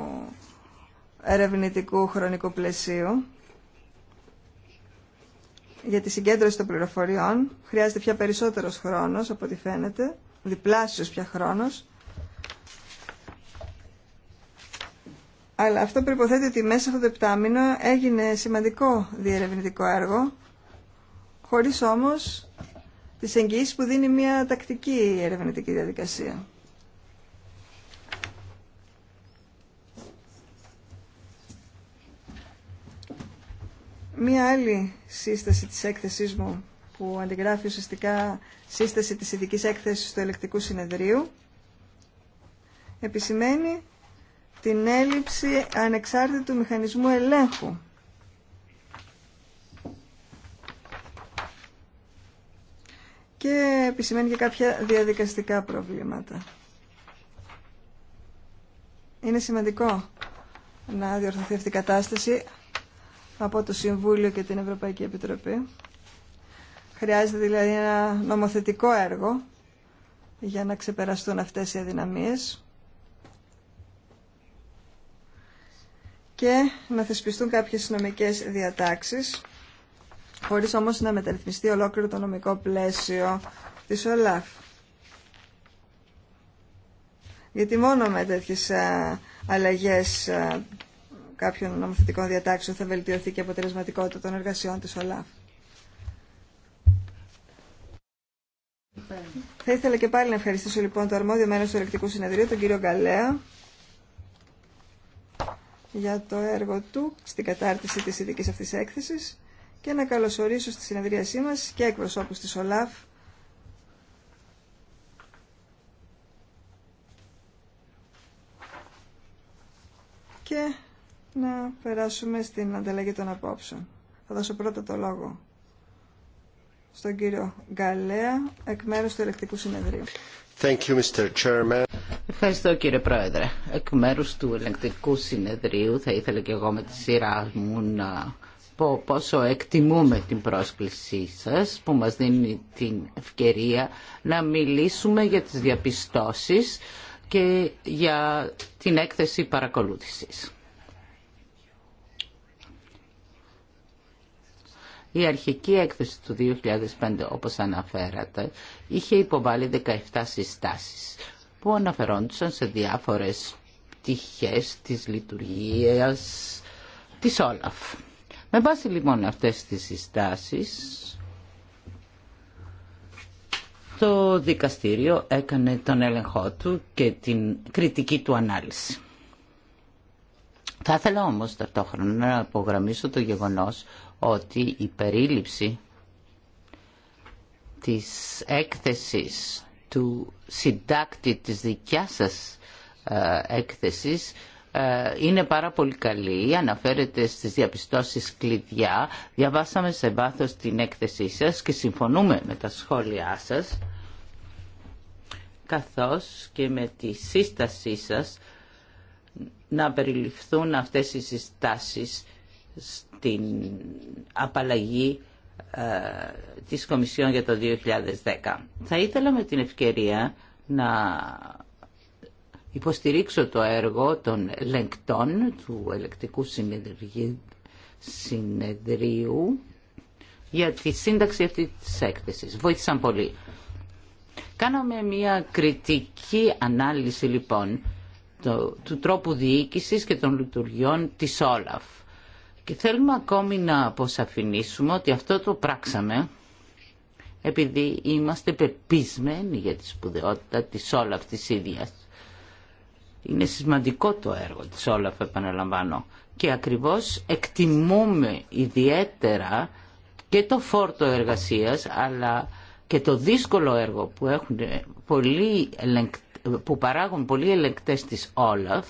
ερευνητικού χρονικού πλαισίου για τη συγκέντρωση των πληροφοριών. Χρειάζεται πια περισσότερος χρόνος από ό,τι φαίνεται, διπλάσιος πια χρόνος. Αλλά αυτό προϋποθέτει ότι μέσα αυτό το επτάμινο έγινε σημαντικό διερευνητικό έργο, χωρίς όμως τις εγγυήσει που δίνει μια τακτική ερευνητική διαδικασία. Μία άλλη σύσταση της έκθεσής μου που αντιγράφει ουσιαστικά σύσταση της ειδικής έκθεσης του ελεκτικού συνεδρίου επισημαίνει την έλλειψη ανεξάρτητου μηχανισμού ελέγχου και επισημαίνει και κάποια διαδικαστικά προβλήματα. Είναι σημαντικό να διορθωθεί αυτή η κατάσταση από το Συμβούλιο και την Ευρωπαϊκή Επιτροπή. Χρειάζεται δηλαδή ένα νομοθετικό έργο για να ξεπεραστούν αυτές οι αδυναμίες και να θεσπιστούν κάποιες νομικές διατάξεις χωρίς όμως να μεταρρυθμιστεί ολόκληρο το νομικό πλαίσιο της ΟΛΑΦ. Γιατί μόνο με τέτοιες ε, αλλαγές ε, κάποιων νομοθετικών διατάξεων θα βελτιωθεί και η αποτελεσματικότητα των εργασιών της ΟΛΑΦ. Θα ήθελα και πάλι να ευχαριστήσω λοιπόν το αρμόδιο μέρος του Ελεκτικού Συνεδρίου, τον κύριο Γκαλέα, για το έργο του στην κατάρτιση της ειδικής αυτής έκθεσης και να καλωσορίσω στη συνεδρίασή μας και εκπροσώπους της ΟΛΑΦ και να περάσουμε στην ανταλλαγή των απόψεων. Θα δώσω πρώτα το λόγο στον κύριο Γκαλέα, εκ μέρους του Ελεκτικού Συνεδρίου. Thank you, Mr. Chairman. Ευχαριστώ κύριε Πρόεδρε. Εκ μέρους του Ελεκτικού Συνεδρίου θα ήθελα και εγώ με τη σειρά μου να πω πόσο εκτιμούμε την πρόσκλησή σας που μας δίνει την ευκαιρία να μιλήσουμε για τις διαπιστώσεις και για την έκθεση παρακολούθησης. Η αρχική έκθεση του 2005, όπως αναφέρατε, είχε υποβάλει 17 συστάσεις που αναφερόντουσαν σε διάφορες πτυχές της λειτουργίας της Όλαφ. Με βάση λοιπόν αυτές τις συστάσεις, το δικαστήριο έκανε τον έλεγχό του και την κριτική του ανάλυση. Θα ήθελα όμως ταυτόχρονα να απογραμμίσω το γεγονός ότι η περίληψη της έκθεσης του συντάκτη της δικιάς σας ε, έκθεσης ε, είναι πάρα πολύ καλή, αναφέρεται στις διαπιστώσεις κλειδιά. Διαβάσαμε σε βάθος την έκθεσή σας και συμφωνούμε με τα σχόλιά σας, καθώς και με τη σύστασή σας να περιληφθούν αυτές οι συστάσεις στην απαλλαγή ε, της Κομισιόν για το 2010. Θα ήθελα με την ευκαιρία να υποστηρίξω το έργο των ελεγκτών του ελεκτικού συνεδρίου για τη σύνταξη αυτή της έκθεσης. Βοήθησαν πολύ. Κάναμε μια κριτική ανάλυση λοιπόν του τρόπου διοίκησης και των λειτουργιών της Όλαφ. Και θέλουμε ακόμη να αποσαφηνίσουμε ότι αυτό το πράξαμε επειδή είμαστε πεπισμένοι για τη σπουδαιότητα της Όλαφ της ίδιας είναι σημαντικό το έργο της Όλαφ, επαναλαμβάνω. Και ακριβώς εκτιμούμε ιδιαίτερα και το φόρτο εργασίας, αλλά και το δύσκολο έργο που, έχουν πολύ που παράγουν πολλοί ελεγκτές της Όλαφ,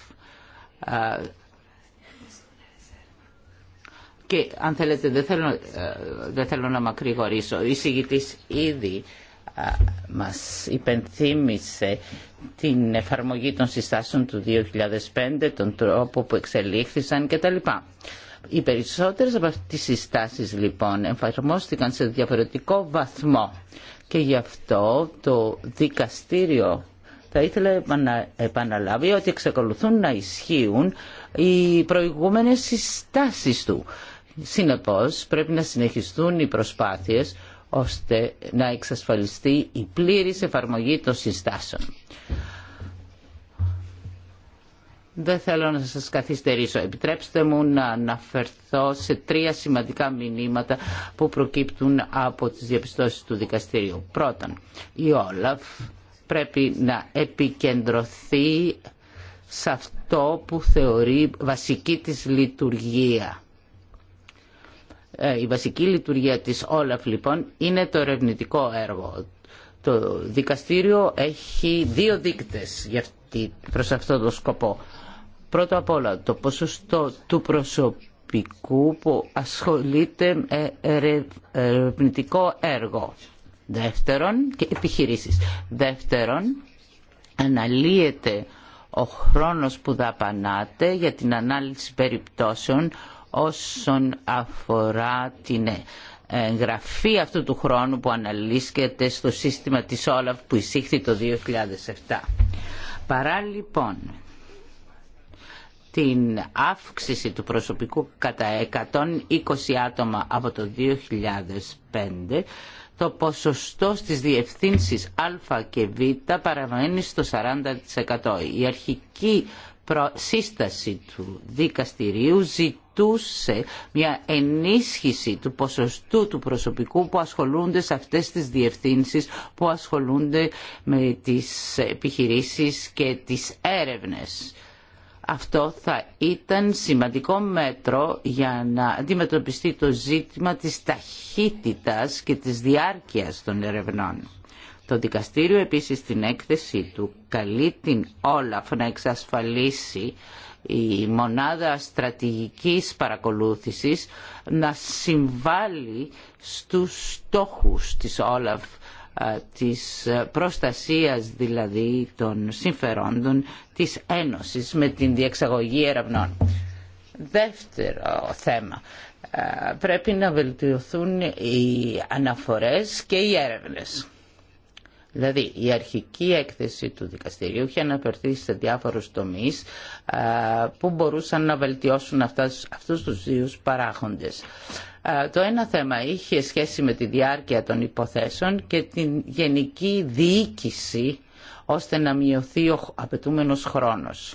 και αν θέλετε δεν θέλω, ε, να μακρηγορήσω, η συγκητής ήδη μας υπενθύμησε την εφαρμογή των συστάσεων του 2005, τον τρόπο που εξελίχθησαν κτλ. Οι περισσότερες από αυτές τις συστάσεις λοιπόν εφαρμόστηκαν σε διαφορετικό βαθμό και γι' αυτό το δικαστήριο θα ήθελε να επαναλάβει ότι εξακολουθούν να ισχύουν οι προηγούμενες συστάσεις του. Συνεπώς πρέπει να συνεχιστούν οι προσπάθειες ώστε να εξασφαλιστεί η πλήρης εφαρμογή των συστάσεων. Δεν θέλω να σας καθυστερήσω. Επιτρέψτε μου να αναφερθώ σε τρία σημαντικά μηνύματα που προκύπτουν από τις διαπιστώσεις του δικαστηρίου. Πρώτον, η Όλαφ πρέπει να επικεντρωθεί σε αυτό που θεωρεί βασική της λειτουργία ε, η βασική λειτουργία της Όλαφ λοιπόν είναι το ερευνητικό έργο. Το δικαστήριο έχει δύο δείκτες για προς αυτό το σκοπό. Πρώτο απ' όλα το ποσοστό του προσωπικού που ασχολείται με ερευνητικό έργο. Δεύτερον, και επιχειρήσεις. Δεύτερον, αναλύεται ο χρόνος που δαπανάται για την ανάλυση περιπτώσεων όσον αφορά την γραφή αυτού του χρόνου που αναλύσκεται στο σύστημα της Όλαφ που εισήχθη το 2007. Παρά λοιπόν την αύξηση του προσωπικού κατά 120 άτομα από το 2005, το ποσοστό στις διευθύνσεις Α και Β παραμένει στο 40%. Η αρχική σύσταση του δικαστηρίου ζητεί σε μια ενίσχυση του ποσοστού του προσωπικού που ασχολούνται σε αυτές τις διευθύνσεις που ασχολούνται με τις επιχειρήσεις και τις έρευνες. Αυτό θα ήταν σημαντικό μέτρο για να αντιμετωπιστεί το ζήτημα της ταχύτητας και της διάρκειας των ερευνών. Το δικαστήριο επίσης στην έκθεση του καλεί την Όλαφ να εξασφαλίσει η μονάδα στρατηγικής παρακολούθησης να συμβάλλει στους στόχους της Όλαφ της προστασίας δηλαδή των συμφερόντων της Ένωσης με την διεξαγωγή ερευνών. Δεύτερο θέμα. Πρέπει να βελτιωθούν οι αναφορές και οι έρευνες Δηλαδή η αρχική έκθεση του δικαστηρίου είχε αναφερθεί σε διάφορους τομείς που μπορούσαν να βελτιώσουν αυτούς τους δύο παράγοντες. Το ένα θέμα είχε σχέση με τη διάρκεια των υποθέσεων και την γενική διοίκηση ώστε να μειωθεί ο απαιτούμενος χρόνος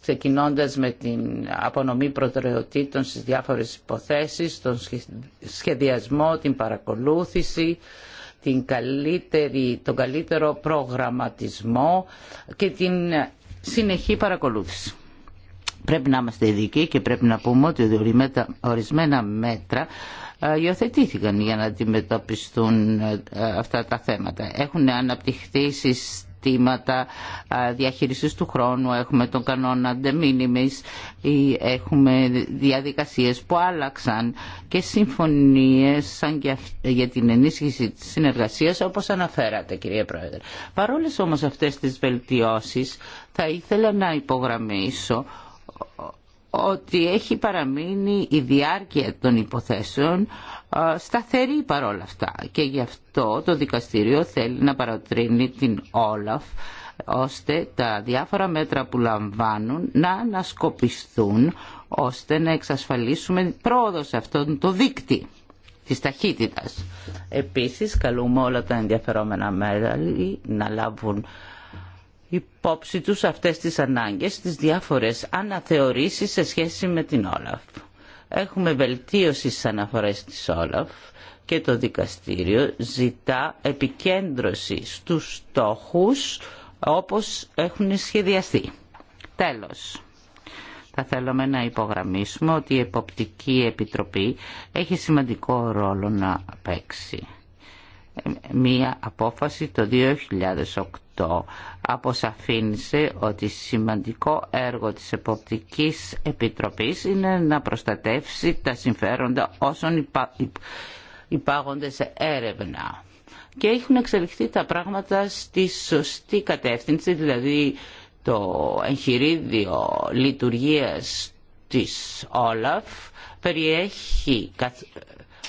ξεκινώντας με την απονομή προτεραιοτήτων στις διάφορες υποθέσεις, τον σχεδιασμό, την παρακολούθηση, την τον καλύτερο προγραμματισμό και την συνεχή παρακολούθηση. Πρέπει να είμαστε ειδικοί και πρέπει να πούμε ότι ορισμένα μέτρα ε, υιοθετήθηκαν για να αντιμετωπιστούν ε, αυτά τα θέματα. Έχουν αναπτυχθεί ζητήματα διαχείρισης του χρόνου, έχουμε τον κανόνα de minimis, έχουμε διαδικασίες που άλλαξαν και συμφωνίες σαν για την ενίσχυση της συνεργασίας όπως αναφέρατε κυρία Πρόεδρε. Παρόλες όμως αυτές τις βελτιώσεις θα ήθελα να υπογραμμίσω ότι έχει παραμείνει η διάρκεια των υποθέσεων σταθερή παρόλα αυτά και γι' αυτό το δικαστήριο θέλει να παρατρύνει την Όλαφ ώστε τα διάφορα μέτρα που λαμβάνουν να ανασκοπιστούν ώστε να εξασφαλίσουμε πρόοδο σε αυτόν το δίκτυ της ταχύτητας. Επίσης καλούμε όλα τα ενδιαφερόμενα μέρα να λάβουν υπόψη τους αυτές τις ανάγκες, τις διάφορες αναθεωρήσεις σε σχέση με την Όλαφ. Έχουμε βελτίωση στις αναφορές της Όλαφ και το δικαστήριο ζητά επικέντρωση στους στόχους όπως έχουν σχεδιαστεί. Τέλος. Θα θέλαμε να υπογραμμίσουμε ότι η Εποπτική Επιτροπή έχει σημαντικό ρόλο να παίξει μία απόφαση το 2008 αποσαφήνισε ότι σημαντικό έργο της Εποπτικής Επιτροπής είναι να προστατεύσει τα συμφέροντα όσων υπά... υπάγονται σε έρευνα. Και έχουν εξελιχθεί τα πράγματα στη σωστή κατεύθυνση, δηλαδή το εγχειρίδιο λειτουργίας της Όλαφ περιέχει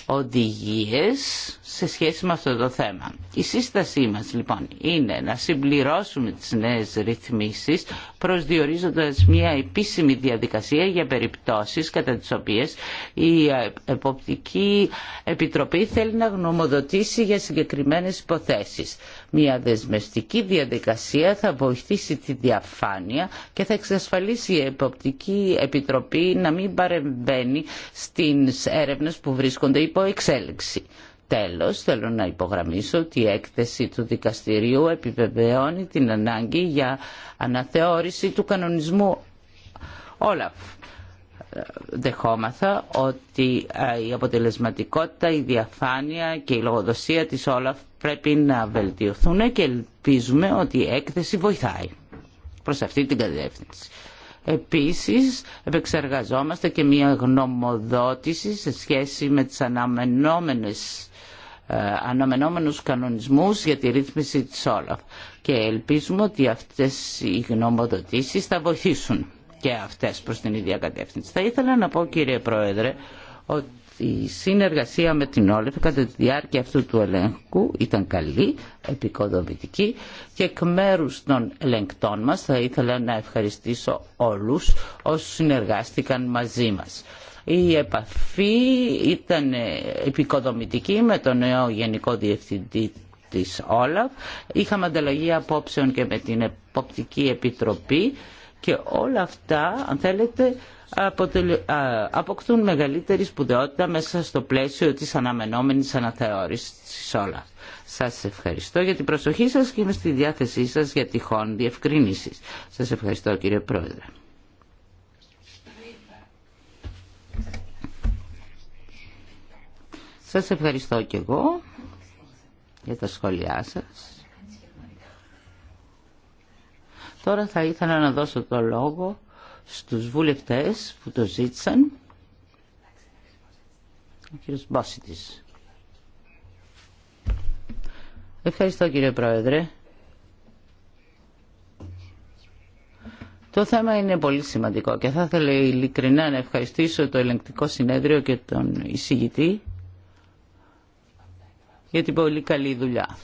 οδηγίες σε σχέση με αυτό το θέμα. Η σύστασή μας λοιπόν είναι να συμπληρώσουμε τις νέες ρυθμίσεις προσδιορίζοντας μια επίσημη διαδικασία για περιπτώσεις κατά τις οποίες η Εποπτική Επιτροπή θέλει να γνωμοδοτήσει για συγκεκριμένες υποθέσεις. Μια δεσμευτική διαδικασία θα βοηθήσει τη διαφάνεια και θα εξασφαλίσει η Εποπτική Επιτροπή να μην παρεμβαίνει στις έρευνες που βρίσκονται υπό εξέλιξη. Τέλος, θέλω να υπογραμμίσω ότι η έκθεση του δικαστηρίου επιβεβαιώνει την ανάγκη για αναθεώρηση του κανονισμού Όλαφ δεχόμαθα ότι ε, η αποτελεσματικότητα, η διαφάνεια και η λογοδοσία της Όλαφ πρέπει να βελτιωθούν και ελπίζουμε ότι η έκθεση βοηθάει προς αυτή την κατεύθυνση. Επίσης, επεξεργαζόμαστε και μια γνωμοδότηση σε σχέση με τις αναμενόμενες ε, αναμενόμενους κανονισμούς για τη ρύθμιση της Όλαφ και ελπίζουμε ότι αυτές οι γνωμοδοτήσεις θα βοηθήσουν και αυτές προς την ίδια κατεύθυνση. Θα ήθελα να πω κύριε Πρόεδρε ότι η συνεργασία με την Όλεφ κατά τη διάρκεια αυτού του ελέγχου ήταν καλή, επικοδομητική και εκ μέρου των ελεγκτών μας θα ήθελα να ευχαριστήσω όλους όσους συνεργάστηκαν μαζί μας. Η επαφή ήταν επικοδομητική με τον νέο Γενικό Διευθυντή της Όλαφ. Είχαμε ανταλλαγή απόψεων και με την Εποπτική Επιτροπή και όλα αυτά, αν θέλετε, αποκτούν μεγαλύτερη σπουδαιότητα μέσα στο πλαίσιο της αναμενόμενης αναθεώρησης όλα. Σας ευχαριστώ για την προσοχή σας και είμαι στη διάθεσή σας για τυχόν διευκρινήσεις. Σας ευχαριστώ κύριε Πρόεδρε. Σας ευχαριστώ και εγώ για τα σχόλιά σας. Τώρα θα ήθελα να δώσω το λόγο στους βουλευτές που το ζήτησαν. Ο κύριος Μπόσιτης. Ευχαριστώ κύριε Πρόεδρε. Το θέμα είναι πολύ σημαντικό και θα ήθελα ειλικρινά να ευχαριστήσω το ελεγκτικό συνέδριο και τον εισηγητή για την πολύ καλή δουλειά.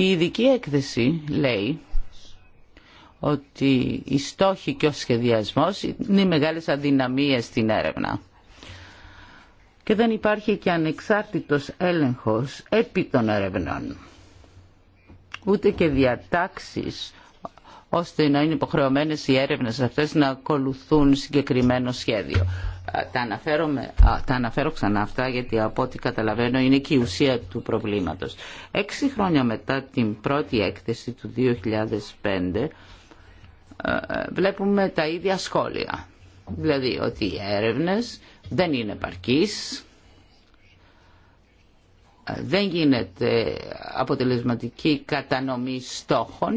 Η ειδική έκθεση λέει ότι οι στόχοι και ο σχεδιασμός είναι οι μεγάλες αδυναμίες στην έρευνα. Και δεν υπάρχει και ανεξάρτητος έλεγχος επί των ερευνών. Ούτε και διατάξεις ώστε να είναι υποχρεωμένες οι έρευνες αυτές να ακολουθούν συγκεκριμένο σχέδιο. Τα αναφέρω, τα ξανά αυτά γιατί από ό,τι καταλαβαίνω είναι και η ουσία του προβλήματος. Έξι χρόνια μετά την πρώτη έκθεση του 2005 ε, βλέπουμε τα ίδια σχόλια. Δηλαδή ότι οι έρευνες δεν είναι παρκής, ε, δεν γίνεται αποτελεσματική κατανομή στόχων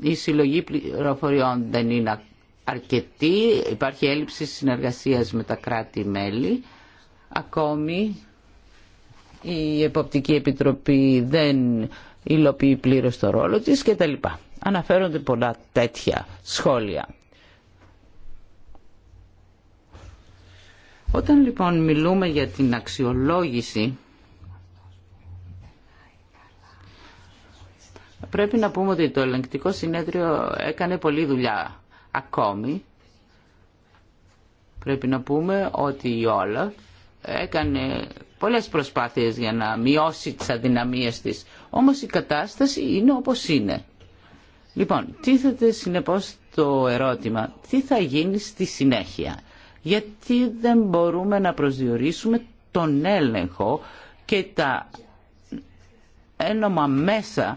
η συλλογή πληροφοριών δεν είναι αρκετή, υπάρχει έλλειψη συνεργασίας με τα κράτη-μέλη. Ακόμη η Εποπτική Επιτροπή δεν υλοποιεί πλήρως το ρόλο της κτλ. Αναφέρονται πολλά τέτοια σχόλια. Όταν λοιπόν μιλούμε για την αξιολόγηση Πρέπει να πούμε ότι το ελεγκτικό συνέδριο έκανε πολλή δουλειά ακόμη. Πρέπει να πούμε ότι η Όλαφ έκανε πολλές προσπάθειες για να μειώσει τις αδυναμίες της. Όμως η κατάσταση είναι όπως είναι. Λοιπόν, τίθεται συνεπώς το ερώτημα, τι θα γίνει στη συνέχεια. Γιατί δεν μπορούμε να προσδιορίσουμε τον έλεγχο και τα ένομα μέσα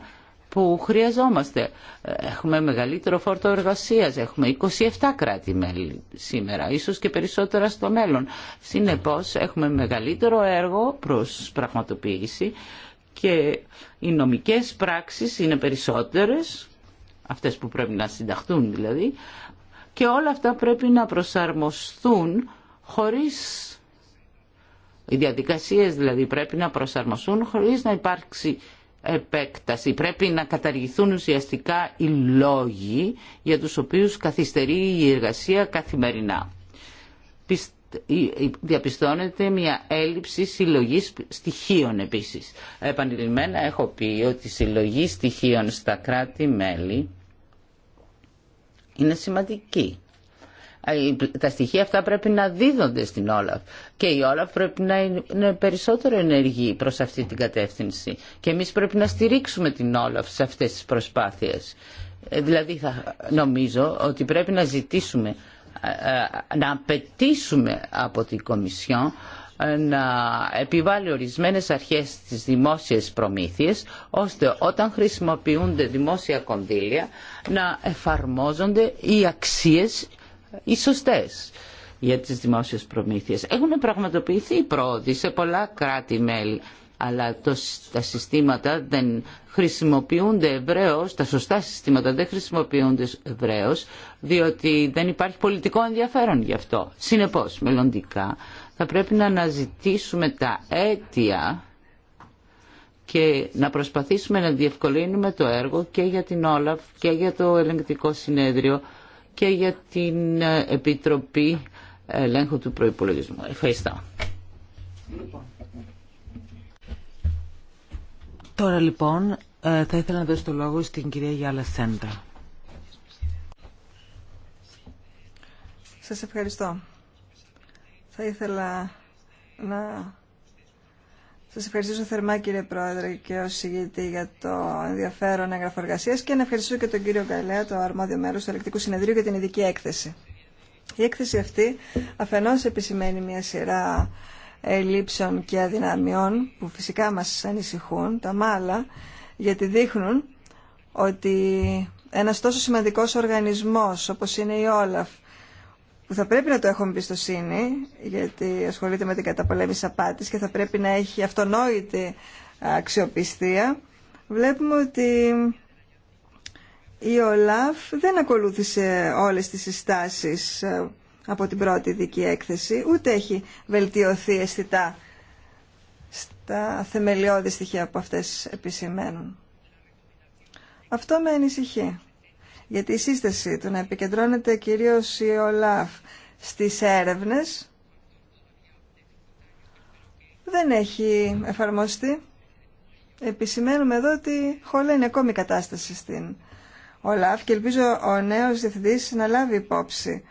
που χρειαζόμαστε. Έχουμε μεγαλύτερο φόρτο εργασίας, έχουμε 27 κράτη-μέλη σήμερα, ίσως και περισσότερα στο μέλλον. Συνεπώς έχουμε μεγαλύτερο έργο προς πραγματοποίηση και οι νομικές πράξεις είναι περισσότερες, αυτές που πρέπει να συνταχθούν δηλαδή, και όλα αυτά πρέπει να προσαρμοστούν χωρίς οι διαδικασίες δηλαδή πρέπει να προσαρμοστούν χωρίς να υπάρξει επέκταση. Πρέπει να καταργηθούν ουσιαστικά οι λόγοι για τους οποίους καθυστερεί η εργασία καθημερινά. Διαπιστώνεται μια έλλειψη συλλογής στοιχείων επίσης. Επανειλημμένα έχω πει ότι η συλλογή στοιχείων στα κράτη-μέλη είναι σημαντική τα στοιχεία αυτά πρέπει να δίδονται στην Όλαφ και η Όλαφ πρέπει να είναι περισσότερο ενεργή προς αυτή την κατεύθυνση και εμείς πρέπει να στηρίξουμε την Όλαφ σε αυτές τις προσπάθειες. Ε, δηλαδή θα νομίζω ότι πρέπει να ζητήσουμε, να απαιτήσουμε από την Κομισιόν ε, να επιβάλλει ορισμένες αρχές στις δημόσιες προμήθειες ώστε όταν χρησιμοποιούνται δημόσια κονδύλια να εφαρμόζονται οι αξίες οι σωστές για τις δημόσιες προμήθειες. Έχουν πραγματοποιηθεί πρόοδοι σε πολλά κράτη-μέλη, αλλά τα συστήματα δεν χρησιμοποιούνται ευρέω, τα σωστά συστήματα δεν χρησιμοποιούνται ευρέω, διότι δεν υπάρχει πολιτικό ενδιαφέρον γι' αυτό. Συνεπώς, μελλοντικά, θα πρέπει να αναζητήσουμε τα αίτια και να προσπαθήσουμε να διευκολύνουμε το έργο και για την Όλαφ και για το ελεγκτικό συνέδριο και για την ε, Επιτροπή Ελέγχου του Προϋπολογισμού. Ευχαριστώ. Τώρα λοιπόν ε, θα ήθελα να δώσω το λόγο στην κυρία Γιάλα Σέντα. Σας ευχαριστώ. Θα ήθελα να σας ευχαριστήσω θερμά κύριε Πρόεδρε και ως συγγητή για το ενδιαφέρον έγγραφο εργασία και να ευχαριστήσω και τον κύριο Γκαλέα, το αρμόδιο μέρος του Ελεκτικού Συνεδρίου για την ειδική έκθεση. Η έκθεση αυτή αφενός επισημαίνει μια σειρά ελλείψεων και αδυναμιών που φυσικά μας ανησυχούν, τα μάλα, γιατί δείχνουν ότι ένας τόσο σημαντικός οργανισμός όπως είναι η Όλαφ που θα πρέπει να το έχουμε εμπιστοσύνη, γιατί ασχολείται με την καταπολέμηση απάτη και θα πρέπει να έχει αυτονόητη αξιοπιστία, βλέπουμε ότι η ΟΛΑΦ δεν ακολούθησε όλες τις συστάσεις ε, από την πρώτη δική έκθεση, ούτε έχει βελτιωθεί αισθητά στα θεμελιώδη στοιχεία που αυτές επισημαίνουν. Αυτό με ανησυχεί. Γιατί η σύσταση του να επικεντρώνεται κυρίως η ΟΛΑΦ στις έρευνες δεν έχει εφαρμοστεί. Επισημαίνουμε εδώ ότι χωλαίνει ακόμη η κατάσταση στην ΟΛΑΦ και ελπίζω ο νέος διευθυντής να λάβει υπόψη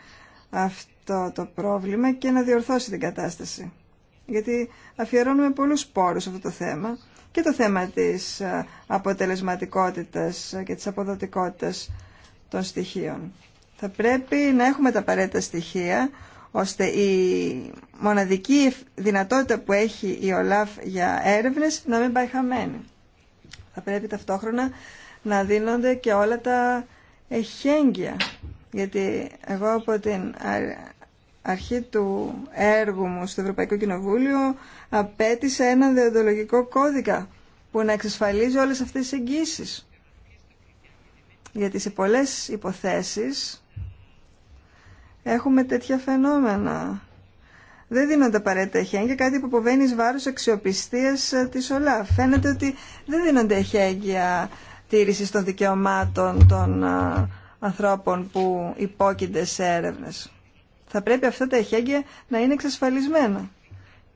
αυτό το πρόβλημα και να διορθώσει την κατάσταση. Γιατί αφιερώνουμε πολλούς πόρους σε αυτό το θέμα και το θέμα της αποτελεσματικότητας και της αποδοτικότητας των στοιχείων. Θα πρέπει να έχουμε τα απαραίτητα στοιχεία, ώστε η μοναδική δυνατότητα που έχει η ΟΛΑΦ για έρευνες να μην πάει χαμένη. Θα πρέπει ταυτόχρονα να δίνονται και όλα τα εχέγγυα. Γιατί εγώ από την αρχή του έργου μου στο Ευρωπαϊκό Κοινοβούλιο απέτησα ένα διοντολογικό κώδικα που να εξασφαλίζει όλες αυτές τις εγγύσεις. Γιατί σε πολλές υποθέσεις έχουμε τέτοια φαινόμενα. Δεν δίνονται απαραίτητα εχέγγυα, κάτι που αποβαίνει εις βάρος τη ε, της ΟΛΑ. Φαίνεται ότι δεν δίνονται εχέγγυα τήρηση των δικαιωμάτων των ε, ανθρώπων που υπόκεινται σε έρευνε. Θα πρέπει αυτά τα εχέγγυα να είναι εξασφαλισμένα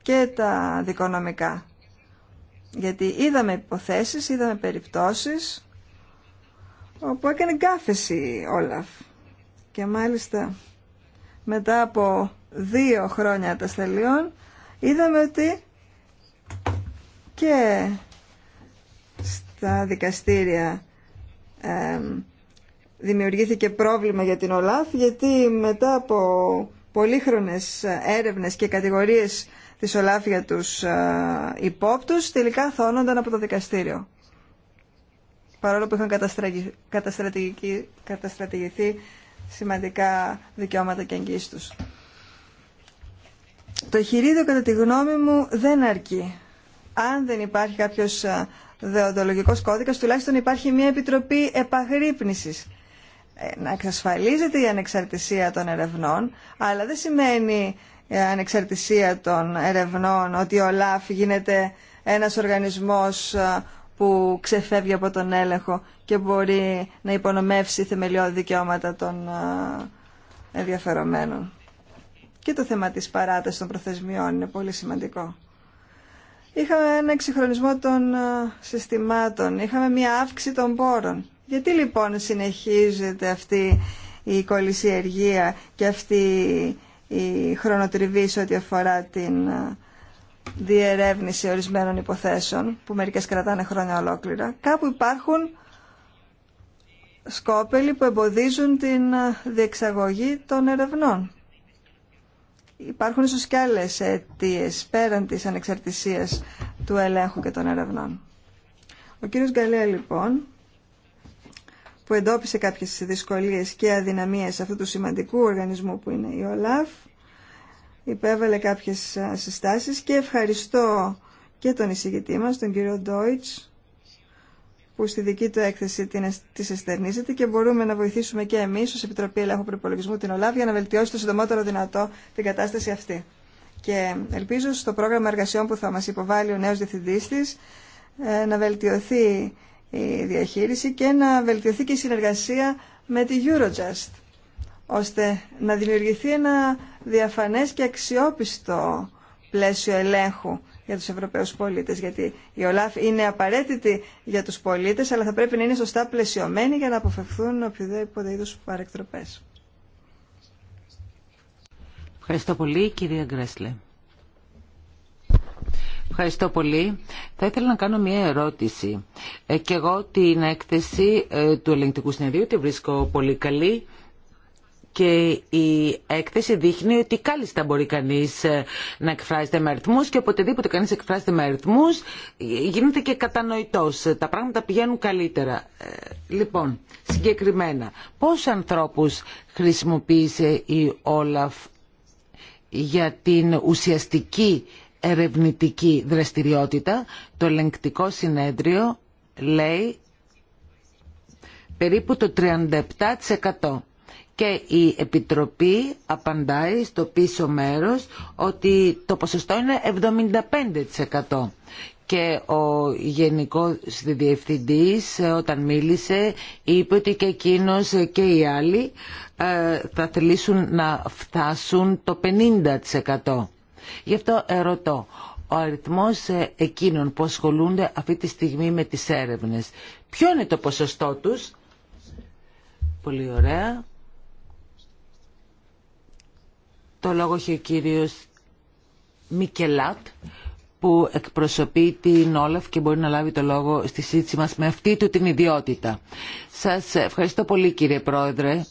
και τα δικονομικά. Γιατί είδαμε υποθέσει, είδαμε περιπτώσει όπου έκανε κάθεση Όλαφ. Και μάλιστα μετά από δύο χρόνια τα ατασταλιών είδαμε ότι και στα δικαστήρια δημιουργήθηκε πρόβλημα για την ΟΛΑΦ γιατί μετά από πολύχρονες έρευνες και κατηγορίες της ΟΛΑΦ για τους ε, υπόπτους τελικά θώνονταν από το δικαστήριο παρόλο που είχαν καταστρατηγηθεί σημαντικά δικαιώματα και εγγύης τους. Το χειρίδιο κατά τη γνώμη μου δεν αρκεί. Αν δεν υπάρχει κάποιος ε, δεοντολογικός κώδικας, τουλάχιστον υπάρχει μια επιτροπή επαγρύπνησης. Ε, να εξασφαλίζεται η ανεξαρτησία των ερευνών, αλλά δεν σημαίνει η ε, ανεξαρτησία των ερευνών ότι ο ΛΑΦ γίνεται ένας οργανισμός που ξεφεύγει από τον έλεγχο και μπορεί να υπονομεύσει θεμελιώδη δικαιώματα των ενδιαφερομένων. Και το θέμα της παράτασης των προθεσμιών είναι πολύ σημαντικό. Είχαμε ένα εξυγχρονισμό των συστημάτων, είχαμε μια αύξηση των πόρων. Γιατί λοιπόν συνεχίζεται αυτή η κολυσιεργία και αυτή η χρονοτριβή σε ό,τι αφορά την διερεύνηση ορισμένων υποθέσεων που μερικές κρατάνε χρόνια ολόκληρα, κάπου υπάρχουν σκόπελοι που εμποδίζουν την ε, διεξαγωγή των ερευνών. Υπάρχουν ίσως και άλλες αιτίε πέραν της ανεξαρτησίας του ελέγχου και των ερευνών. Ο κύριος Γκαλέα λοιπόν, που εντόπισε κάποιες δυσκολίες και αδυναμίες αυτού του σημαντικού οργανισμού που είναι η ΟΛΑΦ, υπέβαλε κάποιες ε, συστάσεις και ευχαριστώ και τον εισηγητή μας, τον κύριο Ντόιτς, που στη δική του έκθεση τη εστερνίζεται και μπορούμε να βοηθήσουμε και εμεί ω Επιτροπή Ελέγχου Προπολογισμού την ΟΛΑΒ για να βελτιώσει το συντομότερο δυνατό την κατάσταση αυτή. Και ελπίζω στο πρόγραμμα εργασιών που θα μα υποβάλει ο νέο διευθυντή τη ε, να βελτιωθεί η διαχείριση και να βελτιωθεί και η συνεργασία με τη Eurojust ώστε να δημιουργηθεί ένα διαφανές και αξιόπιστο πλαίσιο ελέγχου για τους Ευρωπαίους πολίτες, γιατί η ΟΛΑΦ είναι απαραίτητη για τους πολίτες, αλλά θα πρέπει να είναι σωστά πλαισιωμένη για να αποφευχθούν οποιοδήποτε είδους παρεκτροπές. Ευχαριστώ πολύ, κυρία Γκρέσλε. Ευχαριστώ πολύ. Θα ήθελα να κάνω μια ερώτηση. Ε, και εγώ την έκθεση ε, του Ελεγκτικού Συνεδρίου τη βρίσκω πολύ καλή και η έκθεση δείχνει ότι κάλλιστα μπορεί κανείς ε, να εκφράζεται με αριθμούς και οποτεδήποτε κανείς εκφράζεται με αριθμούς ε, γίνεται και κατανοητός. Τα πράγματα πηγαίνουν καλύτερα. Ε, λοιπόν, συγκεκριμένα, πόσους ανθρώπους χρησιμοποίησε η Όλαφ για την ουσιαστική ερευνητική δραστηριότητα, το ελεγκτικό συνέδριο λέει περίπου το 37% και η Επιτροπή απαντάει στο πίσω μέρος ότι το ποσοστό είναι 75% και ο Γενικός Διευθυντής ε, όταν μίλησε είπε ότι και εκείνος και οι άλλοι ε, θα θελήσουν να φτάσουν το 50%. Γι' αυτό ερωτώ, ο αριθμός ε, εκείνων που ασχολούνται αυτή τη στιγμή με τις έρευνες, ποιο είναι το ποσοστό τους? Πολύ ωραία. Το λόγο έχει ο κύριος Μικελάτ που εκπροσωπεί την Όλαφ και μπορεί να λάβει το λόγο στη σύντηση μας με αυτή του την ιδιότητα. Σας ευχαριστώ πολύ κύριε Πρόεδρε.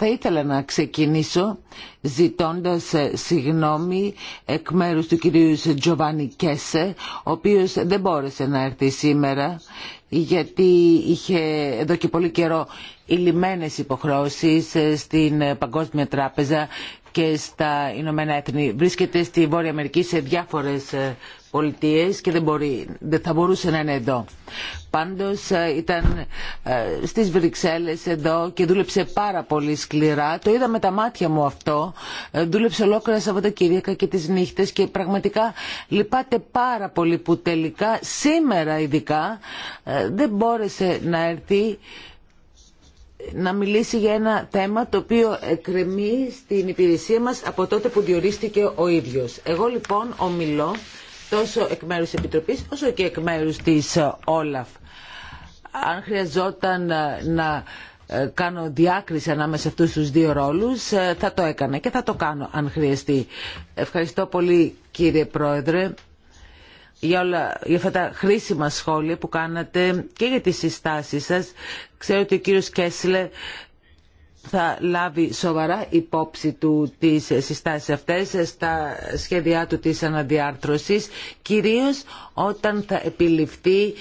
Θα ήθελα να ξεκινήσω ζητώντας συγγνώμη εκ μέρους του κυρίου Τζοβάνι Κέσε, ο οποίος δεν μπόρεσε να έρθει σήμερα γιατί είχε εδώ και πολύ καιρό ηλυμένες υποχρώσεις στην Παγκόσμια Τράπεζα και στα Ηνωμένα Έθνη. Βρίσκεται στη Βόρεια Αμερική σε διάφορες ε, πολιτείες και δεν, μπορεί, δεν θα μπορούσε να είναι εδώ. Πάντως ε, ήταν ε, στις Βρυξέλλες εδώ και δούλεψε πάρα πολύ σκληρά. Το είδα με τα μάτια μου αυτό. Δούλεψε ολόκληρα Σαββατοκύριακα και τις νύχτες και πραγματικά λυπάται πάρα πολύ που τελικά σήμερα ειδικά δεν μπόρεσε να έρθει να μιλήσει για ένα θέμα το οποίο εκκρεμεί στην υπηρεσία μας από τότε που διορίστηκε ο ίδιος. Εγώ λοιπόν ομιλώ τόσο εκ μέρους της Επιτροπής όσο και εκ μέρους της ε, Όλαφ. Αν χρειαζόταν ε, να ε, κάνω διάκριση ανάμεσα σε αυτούς τους δύο ρόλους θα το έκανα και θα το κάνω αν χρειαστεί. Ευχαριστώ πολύ κύριε Πρόεδρε για, όλα, για αυτά τα χρήσιμα σχόλια που κάνατε και για τις συστάσεις σας. Ξέρω ότι ο κύριος Κέσλε θα λάβει σοβαρά υπόψη του τις συστάσεις αυτές στα σχέδιά του της αναδιάρθρωσης, κυρίως όταν θα επιληφθεί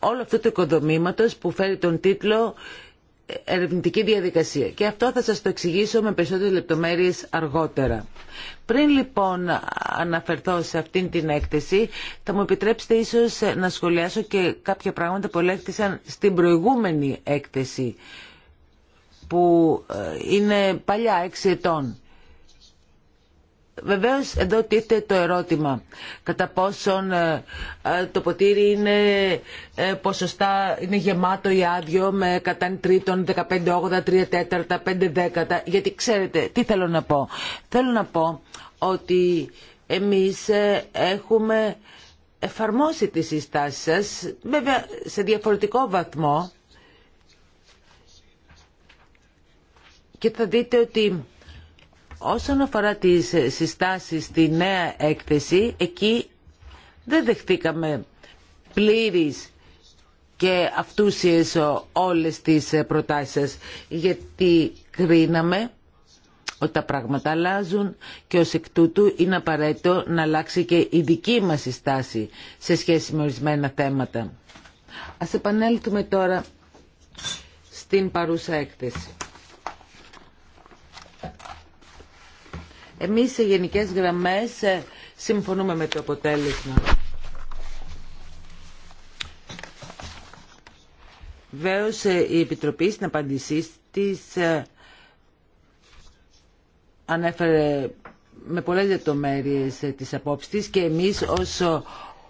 όλο αυτό το οικοδομήματος που φέρει τον τίτλο ερευνητική διαδικασία. Και αυτό θα σας το εξηγήσω με περισσότερες λεπτομέρειες αργότερα. Πριν λοιπόν αναφερθώ σε αυτήν την έκθεση, θα μου επιτρέψετε ίσως να σχολιάσω και κάποια πράγματα που ελέγχθησαν στην προηγούμενη έκθεση, που ε, είναι παλιά έξι ετών. Βεβαίω εδώ τίθεται το ερώτημα κατά πόσον ε, ε, το ποτήρι είναι ε, ποσοστά, είναι γεμάτο ή άδειο με κατά τρίτον, 15, 8, 3 5 Γιατί ξέρετε τι θέλω να πω. Θέλω να πω ότι εμείς έχουμε εφαρμόσει τις συστάσεις σα βέβαια σε διαφορετικό βαθμό και θα δείτε ότι Όσον αφορά τις συστάσεις στη νέα έκθεση, εκεί δεν δεχτήκαμε πλήρης και αυτούσιες όλες τις προτάσεις σας, γιατί κρίναμε ότι τα πράγματα αλλάζουν και ως εκ τούτου είναι απαραίτητο να αλλάξει και η δική μας συστάση σε σχέση με ορισμένα θέματα. Ας επανέλθουμε τώρα στην παρούσα έκθεση. Εμείς σε γενικές γραμμές ε, συμφωνούμε με το αποτέλεσμα. Βεβαίω ε, η Επιτροπή στην απάντησή της ε, ανέφερε με πολλές λεπτομέρειες τις απόψεις της και εμείς όσο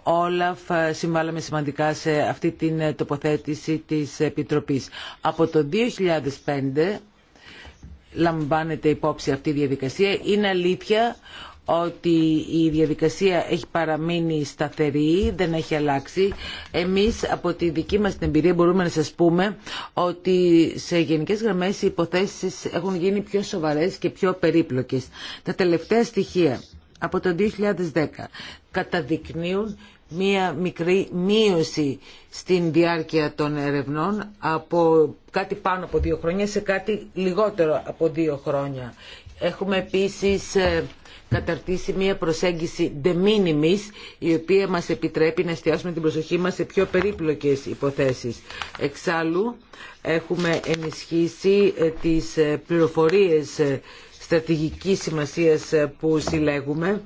Όλαφ συμβάλαμε σημαντικά σε αυτή την τοποθέτηση της Επιτροπής. Από το 2005 λαμβάνεται υπόψη αυτή η διαδικασία. Είναι αλήθεια ότι η διαδικασία έχει παραμείνει σταθερή, δεν έχει αλλάξει. Εμείς από τη δική μας την εμπειρία μπορούμε να σας πούμε ότι σε γενικές γραμμές οι υποθέσεις έχουν γίνει πιο σοβαρές και πιο περίπλοκες. Τα τελευταία στοιχεία από το 2010 καταδεικνύουν μία μικρή μείωση στην διάρκεια των ερευνών από κάτι πάνω από δύο χρόνια σε κάτι λιγότερο από δύο χρόνια. Έχουμε επίσης ε, καταρτήσει μία προσέγγιση de minimis, η οποία μας επιτρέπει να εστιάσουμε την προσοχή μας σε πιο περίπλοκες υποθέσεις. Εξάλλου, έχουμε ενισχύσει ε, τις ε, πληροφορίες στρατηγικής σημασίας που συλλέγουμε.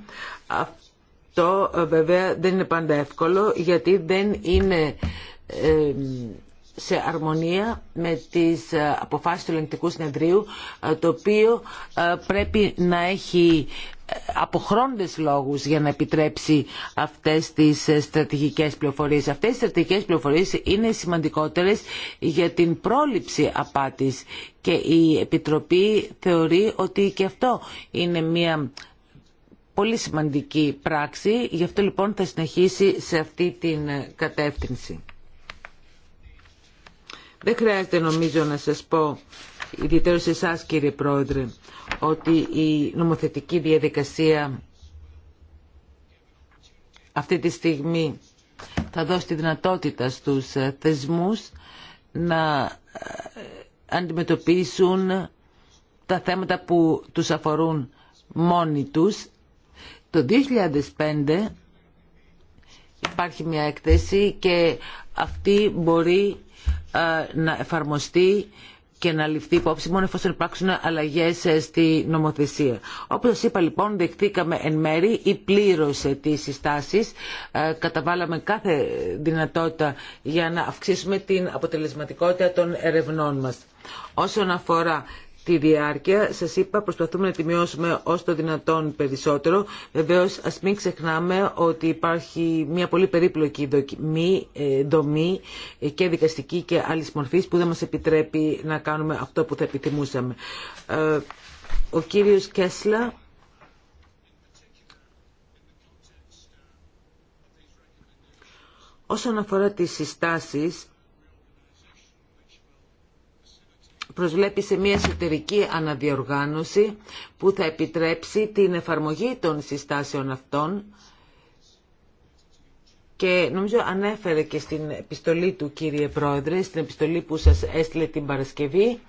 Το ε, βέβαια δεν είναι πάντα εύκολο γιατί δεν είναι ε, σε αρμονία με τις ε, αποφάσεις του ελεγκτικού συνεδρίου το οποίο πρέπει να έχει αποχρόντες λόγους για να επιτρέψει αυτές τις στρατηγικές πληροφορίες. Αυτές οι στρατηγικές πληροφορίες είναι σημαντικότερες για την πρόληψη απάτης και η Επιτροπή θεωρεί ότι και αυτό είναι μια πολύ σημαντική πράξη, γι' αυτό λοιπόν θα συνεχίσει σε αυτή την κατεύθυνση. Δεν χρειάζεται νομίζω να σας πω, ιδιαίτερα σε εσά κύριε Πρόεδρε, ότι η νομοθετική διαδικασία αυτή τη στιγμή θα δώσει τη δυνατότητα στους θεσμούς να ε, αντιμετωπίσουν τα θέματα που τους αφορούν μόνοι τους το 2005 υπάρχει μια έκθεση και αυτή μπορεί να εφαρμοστεί και να ληφθεί υπόψη μόνο εφόσον υπάρξουν αλλαγέ ε, στη νομοθεσία. Όπω σα είπα λοιπόν, δεχτήκαμε εν μέρη ή πλήρωση τι συστάσει. Ε, καταβάλαμε κάθε δυνατότητα για να αυξήσουμε την αποτελεσματικότητα των ερευνών μα. Όσον αφορά Στη διάρκεια, σας είπα, προσπαθούμε να τη μειώσουμε όσο το δυνατόν περισσότερο. Βεβαίω, ας μην ξεχνάμε ότι υπάρχει μια πολύ περίπλοκη δοκιμή, ε, δομή ε, και δικαστική και άλλη μορφή που δεν μας επιτρέπει να κάνουμε αυτό που θα επιθυμούσαμε. Ε, ο κύριος Κέσλα... Όσον αφορά τις συστάσεις προσβλέπει σε μια εσωτερική αναδιοργάνωση που θα επιτρέψει την εφαρμογή των συστάσεων αυτών και νομίζω ανέφερε και στην επιστολή του κύριε Πρόεδρε, στην επιστολή που σας έστειλε την Παρασκευή,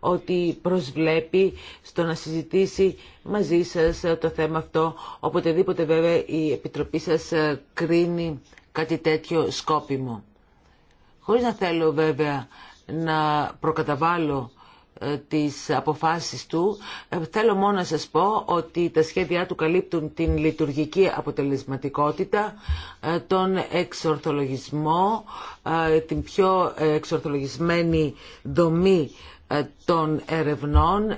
ότι προσβλέπει στο να συζητήσει μαζί σας το θέμα αυτό, οποτεδήποτε βέβαια η Επιτροπή σας κρίνει κάτι τέτοιο σκόπιμο. Χωρίς να θέλω βέβαια να προκαταβάλω ε, τις αποφάσεις του. Ε, θέλω μόνο να σας πω ότι τα σχέδιά του καλύπτουν την λειτουργική αποτελεσματικότητα, ε, τον εξορθολογισμό, την πιο εξορθολογισμένη δομή των ερευνών,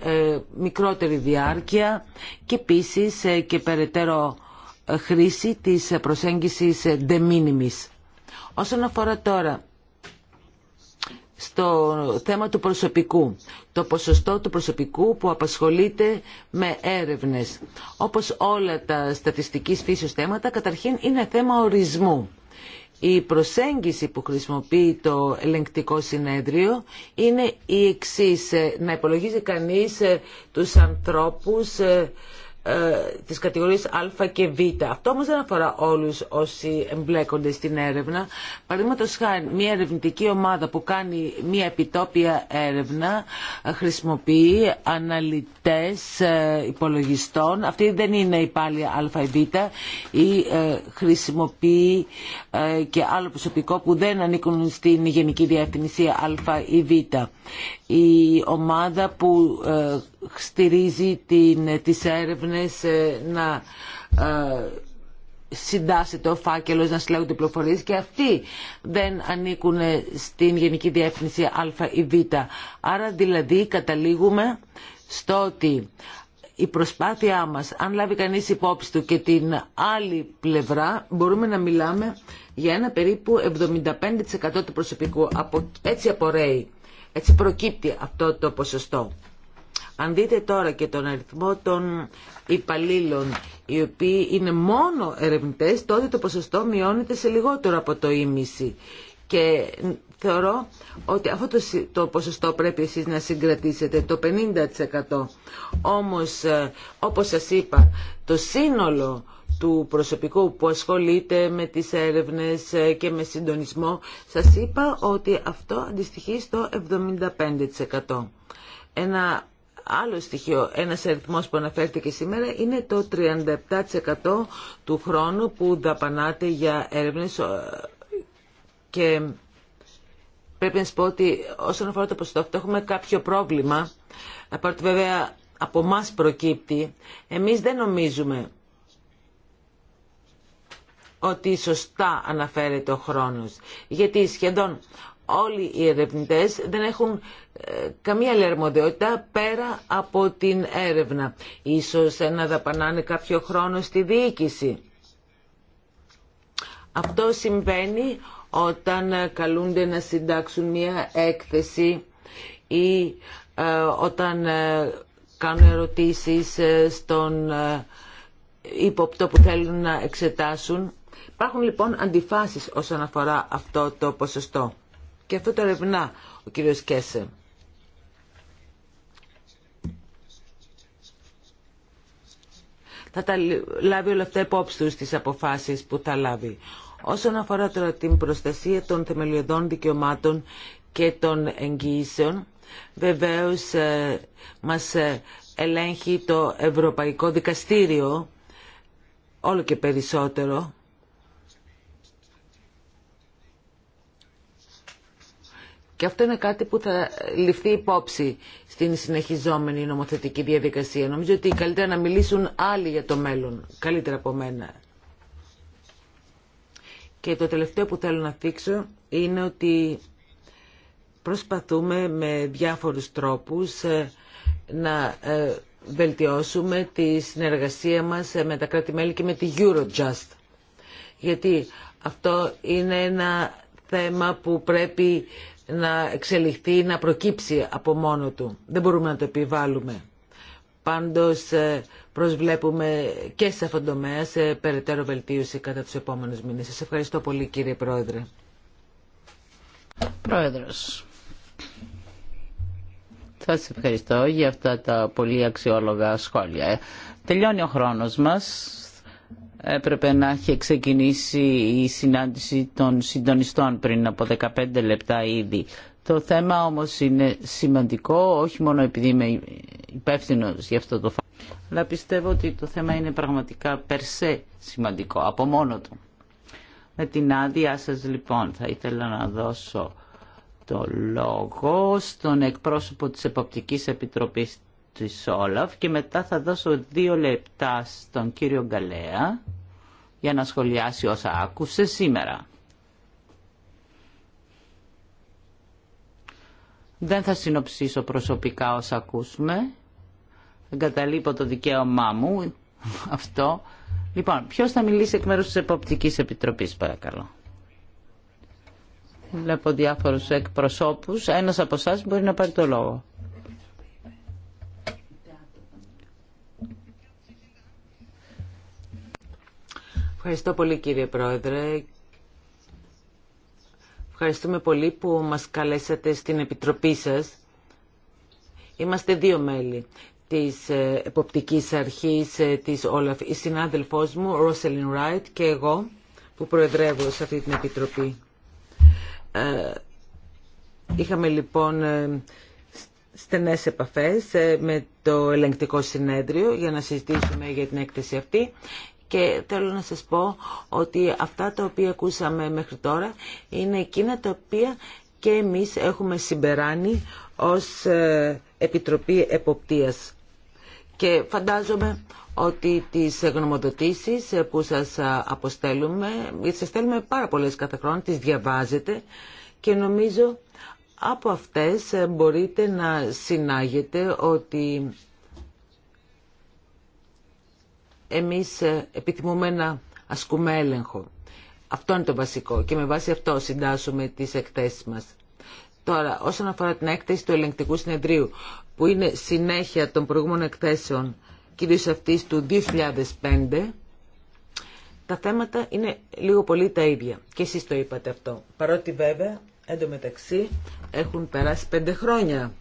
μικρότερη διάρκεια και επίσης και περαιτέρω χρήση της προσέγγισης de minimis. Όσον αφορά τώρα στο θέμα του προσωπικού, το ποσοστό του προσωπικού που απασχολείται με έρευνες. Όπως όλα τα στατιστικής φύσεως θέματα, καταρχήν είναι θέμα ορισμού. Η προσέγγιση που χρησιμοποιεί το ελεγκτικό συνέδριο είναι η εξής, ε, να υπολογίζει κανείς ε, τους ανθρώπους ε, ε, τις κατηγορίες Α και Β. Αυτό όμω δεν αφορά όλους όσοι εμπλέκονται στην έρευνα. Παραδείγματο χάρη, μια ερευνητική ομάδα που κάνει μια επιτόπια έρευνα ε, χρησιμοποιεί αναλυτές ε, υπολογιστών. Αυτή δεν είναι πάλι Α ή Β ή χρησιμοποιεί και άλλο προσωπικό που δεν ανήκουν στην Γενική Διευθυνσία Α ή Β η ομάδα που ε, στηρίζει την, τις έρευνες ε, να ε, συντάσσεται ο φάκελος να συλλέγονται πληροφορίες και αυτοί δεν ανήκουν στην Γενική Διεύθυνση Α ή Β. Άρα δηλαδή καταλήγουμε στο ότι η προσπάθειά μας, αν λάβει κανείς υπόψη του και την άλλη πλευρά, μπορούμε να μιλάμε για ένα περίπου 75% του προσωπικού. έτσι απορρέει έτσι προκύπτει αυτό το ποσοστό. Αν δείτε τώρα και τον αριθμό των υπαλλήλων οι οποίοι είναι μόνο ερευνητές, τότε το ποσοστό μειώνεται σε λιγότερο από το ίμιση. Και θεωρώ ότι αυτό το, ποσοστό πρέπει εσείς να συγκρατήσετε, το 50%. Όμως, ε, όπως σας είπα, το σύνολο του προσωπικού που ασχολείται με τις έρευνες και με συντονισμό, σας είπα ότι αυτό αντιστοιχεί στο 75%. Ένα άλλο στοιχείο, ένας αριθμός που αναφέρθηκε σήμερα είναι το 37% του χρόνου που δαπανάται για έρευνες ε, και πρέπει να σας πω ότι όσον αφορά το ποσοστό αυτό έχουμε κάποιο πρόβλημα, βέβαια από εμά προκύπτει, εμείς δεν νομίζουμε ότι σωστά αναφέρεται ο χρόνος. Γιατί σχεδόν όλοι οι ερευνητές δεν έχουν ε, καμία λερμοδιότητα πέρα από την έρευνα. Ίσως να δαπανάνε κάποιο χρόνο στη διοίκηση. Αυτό συμβαίνει όταν καλούνται να συντάξουν μία έκθεση ή ε, όταν ε, κάνουν ερωτήσεις στον ύποπτο που θέλουν να εξετάσουν. Υπάρχουν λοιπόν αντιφάσεις όσον αφορά αυτό το ποσοστό. Και αυτό το ερευνά ο κύριος Κέσε. Θα τα λάβει όλα αυτά υπόψη του στις αποφάσεις που θα λάβει. Όσον αφορά τώρα την προστασία των θεμελιωδών δικαιωμάτων και των εγγυήσεων, βεβαίως ε, μας ε, ελέγχει το Ευρωπαϊκό Δικαστήριο όλο και περισσότερο Και αυτό είναι κάτι που θα ληφθεί υπόψη στην συνεχιζόμενη νομοθετική διαδικασία. Νομίζω ότι καλύτερα να μιλήσουν άλλοι για το μέλλον, καλύτερα από μένα. Και το τελευταίο που θέλω να θίξω είναι ότι προσπαθούμε με διάφορους τρόπους ε, να ε, βελτιώσουμε τη συνεργασία μας ε, με τα κράτη-μέλη και με τη Eurojust. Γιατί αυτό είναι ένα θέμα που πρέπει να εξελιχθεί, να προκύψει από μόνο του. Δεν μπορούμε να το επιβάλλουμε. Πάντως ε, προσβλέπουμε και σε αυτόν τον τομέα σε περαιτέρω βελτίωση κατά τους επόμενους μήνες. Σας ευχαριστώ πολύ κύριε Πρόεδρε. Πρόεδρος, σας ευχαριστώ για αυτά τα πολύ αξιόλογα σχόλια. Ε, τελειώνει ο χρόνος μας έπρεπε να έχει ξεκινήσει η συνάντηση των συντονιστών πριν από 15 λεπτά ήδη. Το θέμα όμως είναι σημαντικό, όχι μόνο επειδή είμαι υπεύθυνο για αυτό το φάσμα, αλλά πιστεύω ότι το θέμα είναι πραγματικά περσέ σημαντικό, από μόνο του. Με την άδειά σας λοιπόν θα ήθελα να δώσω το λόγο στον εκπρόσωπο της Εποπτικής Επιτροπής της Όλαφ και μετά θα δώσω δύο λεπτά στον κύριο Γκαλέα για να σχολιάσει όσα άκουσε σήμερα. Δεν θα συνοψίσω προσωπικά όσα ακούσουμε. Εγκαταλείπω το δικαίωμά μου αυτό. Λοιπόν, ποιος θα μιλήσει εκ μέρους της Εποπτικής Επιτροπής, παρακαλώ. Βλέπω διάφορους εκπροσώπους. Ένας από εσά μπορεί να πάρει το λόγο. Ευχαριστώ πολύ κύριε Πρόεδρε. Ευχαριστούμε πολύ που μας καλέσατε στην Επιτροπή σας. Είμαστε δύο μέλη της ε, Εποπτικής Αρχής ε, της Όλαφ. Η συνάδελφός μου, Ρόσελιν Ράιτ και εγώ που προεδρεύω σε αυτή την Επιτροπή. Ε, είχαμε λοιπόν στενές επαφές με το ελεγκτικό συνέδριο για να συζητήσουμε για την έκθεση αυτή και θέλω να σας πω ότι αυτά τα οποία ακούσαμε μέχρι τώρα είναι εκείνα τα οποία και εμείς έχουμε συμπεράνει ως ε, Επιτροπή Εποπτείας. Και φαντάζομαι ότι τις γνωμοδοτήσεις που σας ε, αποστέλουμε, γιατί σας στέλνουμε πάρα πολλές κάθε χρόνο, τις διαβάζετε και νομίζω από αυτές ε, μπορείτε να συνάγετε ότι εμείς ε, επιθυμούμε να ασκούμε έλεγχο. Αυτό είναι το βασικό και με βάση αυτό συντάσσουμε τις εκθέσεις μας. Τώρα, όσον αφορά την έκθεση του ελεγκτικού συνεδρίου, που είναι συνέχεια των προηγούμενων εκθέσεων, κυρίως αυτής του 2005, τα θέματα είναι λίγο πολύ τα ίδια. Και εσείς το είπατε αυτό. Παρότι βέβαια, εντωμεταξύ, έχουν περάσει πέντε χρόνια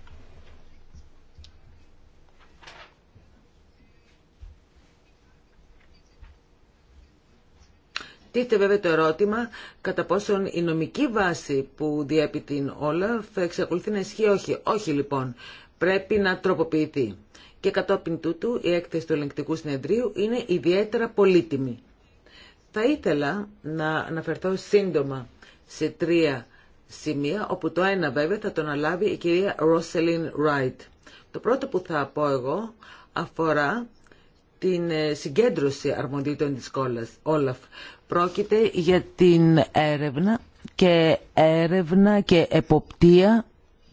Τίθεται βέβαια το ερώτημα κατά πόσον η νομική βάση που διέπει την Όλαφ εξακολουθεί να ισχύει όχι. Όχι λοιπόν, πρέπει να τροποποιηθεί. Και κατόπιν τούτου η έκθεση του ελεγκτικού συνεδρίου είναι ιδιαίτερα πολύτιμη. Θα ήθελα να αναφερθώ σύντομα σε τρία σημεία, όπου το ένα βέβαια θα τον αλάβει η κυρία Ρόσελιν Ράιτ. Το πρώτο που θα πω εγώ αφορά την ε, συγκέντρωση αρμοντήτων της Όλαφ. Πρόκειται για την έρευνα και έρευνα και εποπτεία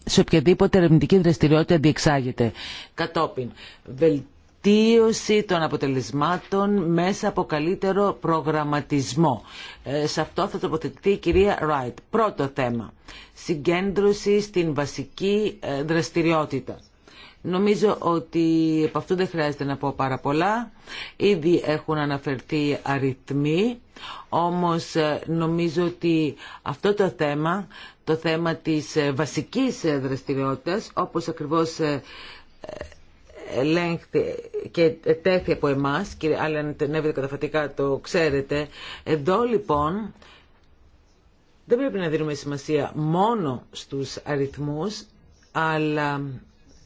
σε οποιαδήποτε ερευνητική δραστηριότητα διεξάγεται. Κατόπιν, βελτίωση των αποτελεσμάτων μέσα από καλύτερο προγραμματισμό. Ε, σε αυτό θα τοποθετηθεί η κυρία Ράιτ. Πρώτο θέμα, συγκέντρωση στην βασική ε, δραστηριότητα. Νομίζω ότι από αυτού δεν χρειάζεται να πω πάρα πολλά. Ήδη έχουν αναφερθεί αριθμοί, όμως ε, νομίζω ότι αυτό το θέμα, το θέμα της ε, βασικής ε, δραστηριότητας, όπως ακριβώς ελέγχθη και τέθη από εμάς, κύριε Άλεν Τενέβη καταφατικά το ξέρετε, εδώ λοιπόν δεν πρέπει να δίνουμε σημασία μόνο στους αριθμούς, αλλά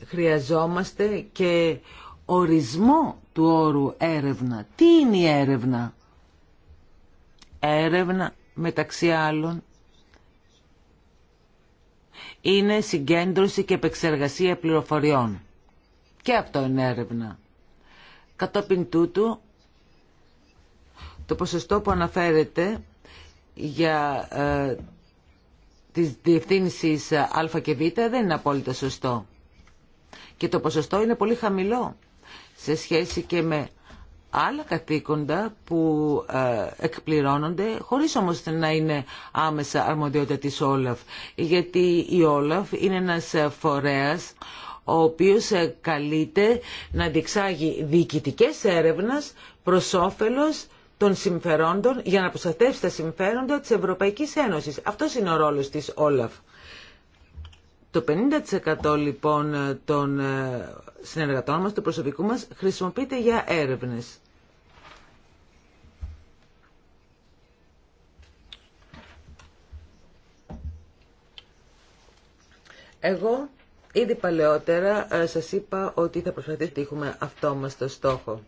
χρειαζόμαστε και ορισμό του όρου έρευνα. Τι είναι η έρευνα? Έρευνα μεταξύ άλλων είναι συγκέντρωση και επεξεργασία πληροφοριών. Και αυτό είναι έρευνα. Κατόπιν τούτου, το ποσοστό που αναφέρεται για ε, τις διευθύνσεις Α και Β δεν είναι απόλυτα σωστό και το ποσοστό είναι πολύ χαμηλό σε σχέση και με άλλα κατοίκοντα που ε, εκπληρώνονται χωρίς όμως να είναι άμεσα αρμοδιότητα της Όλαφ γιατί η Όλαφ είναι ένας φορέας ο οποίος ε, καλείται να διεξάγει διοικητικές έρευνας προς όφελος των συμφερόντων για να προστατεύσει τα συμφέροντα της Ευρωπαϊκής Ένωσης. Αυτός είναι ο ρόλος της Όλαφ. Το 50% λοιπόν των ε, συνεργατών μας, του προσωπικού μας, χρησιμοποιείται για έρευνες. Εγώ ήδη παλαιότερα ε, σας είπα ότι θα προσπαθήσουμε να αυτό μας το στόχο.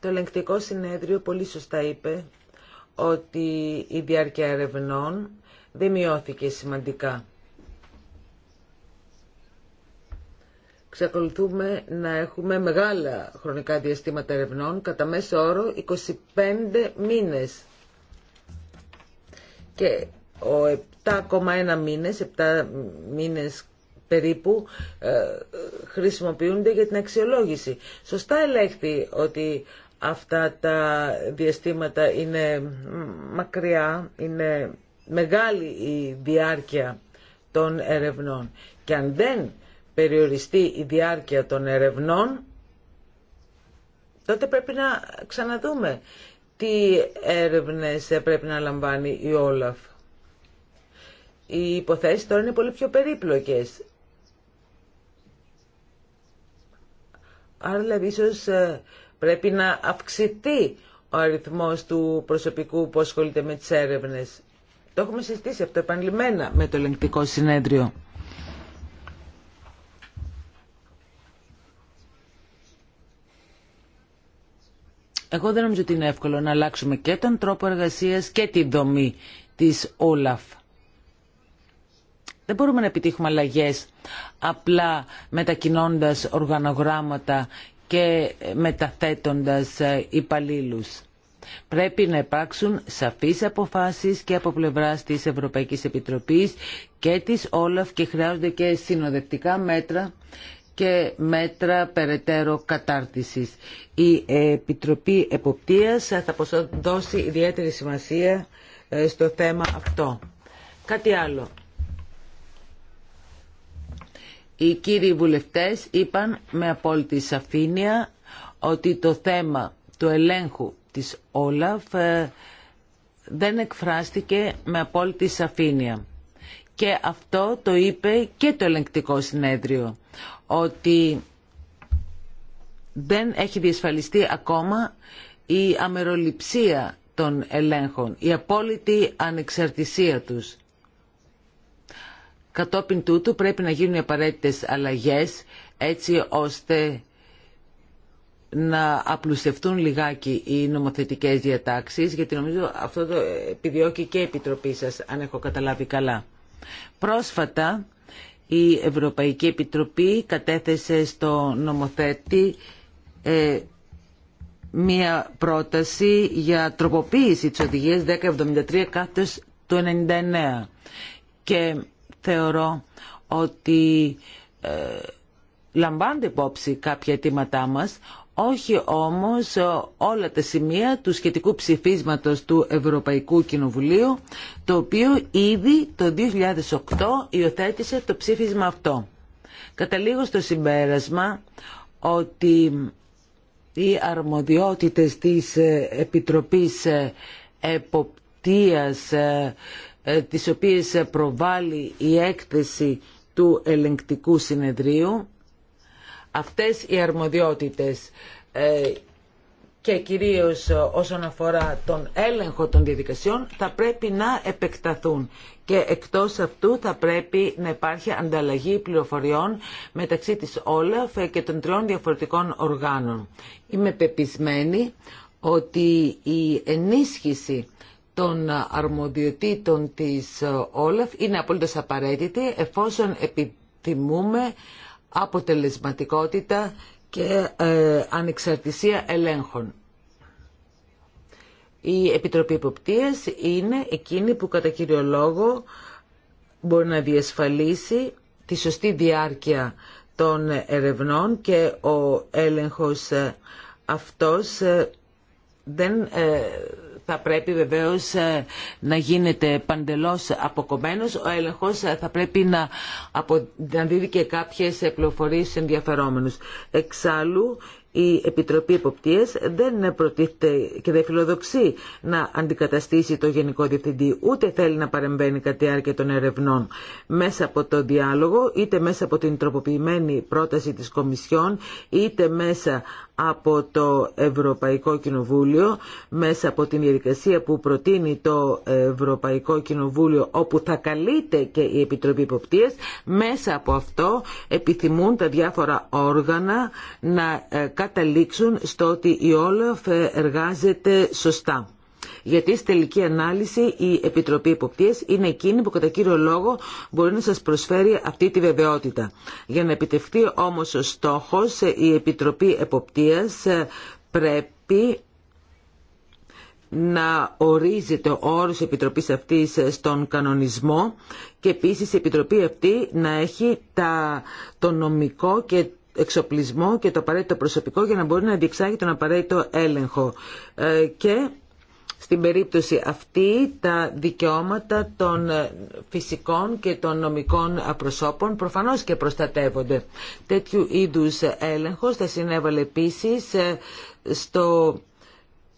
Το ελεγκτικό συνέδριο πολύ σωστά είπε ότι η διάρκεια ερευνών δεν μειώθηκε σημαντικά. Ξεκολουθούμε να έχουμε μεγάλα χρονικά διαστήματα ερευνών, κατά μέσο όρο 25 μήνες. Και ο 7,1 μήνες, 7 μήνες περίπου ε, ε, χρησιμοποιούνται για την αξιολόγηση. Σωστά ελέγχθη ότι αυτά τα διαστήματα είναι μακριά, είναι μεγάλη η διάρκεια των ερευνών. Και αν δεν περιοριστεί η διάρκεια των ερευνών, τότε πρέπει να ξαναδούμε τι έρευνες πρέπει να λαμβάνει η Όλαφ. Οι υποθέσεις τώρα είναι πολύ πιο περίπλοκες. Άρα δηλαδή ε, Πρέπει να αυξηθεί ο αριθμός του προσωπικού που ασχολείται με τις έρευνες. Το έχουμε συζητήσει αυτό επανειλημμένα με το ελεγκτικό συνέδριο. Εγώ δεν νομίζω ότι είναι εύκολο να αλλάξουμε και τον τρόπο εργασίας και τη δομή της Όλαφ. Δεν μπορούμε να επιτύχουμε αλλαγές απλά μετακινώντας οργανογράμματα και μεταθέτοντας ε, υπαλλήλους. Πρέπει να υπάρξουν σαφείς αποφάσεις και από πλευράς της Ευρωπαϊκής Επιτροπής και της Όλαφ και χρειάζονται και συνοδευτικά μέτρα και μέτρα περαιτέρω κατάρτισης. Η ε, Επιτροπή Εποπτείας θα δώσει ιδιαίτερη σημασία ε, στο θέμα αυτό. Κάτι άλλο οι κύριοι βουλευτές είπαν με απόλυτη σαφήνεια ότι το θέμα του ελέγχου της Όλαφ ε, δεν εκφράστηκε με απόλυτη σαφήνεια. Και αυτό το είπε και το ελεγκτικό συνέδριο, ότι δεν έχει διασφαλιστεί ακόμα η αμεροληψία των ελέγχων, η απόλυτη ανεξαρτησία τους. Κατόπιν τούτου πρέπει να γίνουν οι απαραίτητες αλλαγές έτσι ώστε να απλουστευτούν λιγάκι οι νομοθετικές διατάξεις γιατί νομίζω αυτό το επιδιώκει και η Επιτροπή σας αν έχω καταλάβει καλά. Πρόσφατα η Ευρωπαϊκή Επιτροπή κατέθεσε στο νομοθέτη ε, μία πρόταση για τροποποίηση της οδηγίας 1073 του 99 και θεωρώ ότι ε, λαμβάνονται υπόψη κάποια αιτήματά μας, όχι όμως όλα τα σημεία του σχετικού ψηφίσματος του Ευρωπαϊκού Κοινοβουλίου, το οποίο ήδη το 2008 υιοθέτησε το ψήφισμα αυτό. Καταλήγω στο συμπέρασμα ότι οι αρμοδιότητες της Επιτροπής Εποπτείας ε, ε, τις οποίες προβάλλει η έκθεση του ελεγκτικού συνεδρίου. Αυτές οι αρμοδιότητες ε, και κυρίως όσον αφορά τον έλεγχο των διαδικασιών θα πρέπει να επεκταθούν και εκτός αυτού θα πρέπει να υπάρχει ανταλλαγή πληροφοριών μεταξύ της Όλαφ και των τριών διαφορετικών οργάνων. Είμαι πεπισμένη ότι η ενίσχυση των αρμοδιοτήτων της ε, Όλαφ είναι απολύτως απαραίτητη εφόσον επιθυμούμε αποτελεσματικότητα και ε, ανεξαρτησία ελέγχων. Η Επιτροπή Υποπτίας είναι εκείνη που κατά κύριο λόγο μπορεί να διασφαλίσει τη σωστή διάρκεια των ερευνών και ο έλεγχος ε, αυτός δεν θα πρέπει βεβαίως ε, να γίνεται παντελώς αποκομμένος. Ο έλεγχος ε, θα πρέπει να, απο... να δίδει και κάποιες ε, πληροφορίες ενδιαφερόμενους. Εξάλλου, η Επιτροπή Εποπτείας δεν προτίθεται και δεν φιλοδοξεί να αντικαταστήσει το Γενικό Διευθυντή, ούτε θέλει να παρεμβαίνει κατά τη διάρκεια των ερευνών μέσα από το διάλογο, είτε μέσα από την τροποποιημένη πρόταση της Κομισιόν, είτε μέσα από το Ευρωπαϊκό Κοινοβούλιο μέσα από την διαδικασία που προτείνει το Ευρωπαϊκό Κοινοβούλιο όπου θα καλείται και η Επιτροπή Υποπτίας μέσα από αυτό επιθυμούν τα διάφορα όργανα να ε, καταλήξουν στο ότι η Όλαφ εργάζεται σωστά. Γιατί στη τελική ανάλυση η Επιτροπή Εποπτείας είναι εκείνη που κατά κύριο λόγο μπορεί να σας προσφέρει αυτή τη βεβαιότητα. Για να επιτευχθεί όμως ο στόχος η Επιτροπή Εποπτείας ε, πρέπει να ορίζεται ο όρος επιτροπής αυτής στον κανονισμό και επίσης η επιτροπή αυτή να έχει τα, το νομικό και εξοπλισμό και το απαραίτητο προσωπικό για να μπορεί να διεξάγει τον απαραίτητο έλεγχο. Ε, και στην περίπτωση αυτή τα δικαιώματα των φυσικών και των νομικών προσώπων προφανώς και προστατεύονται. Τέτοιου είδους έλεγχος θα συνέβαλε επίσης ε, στο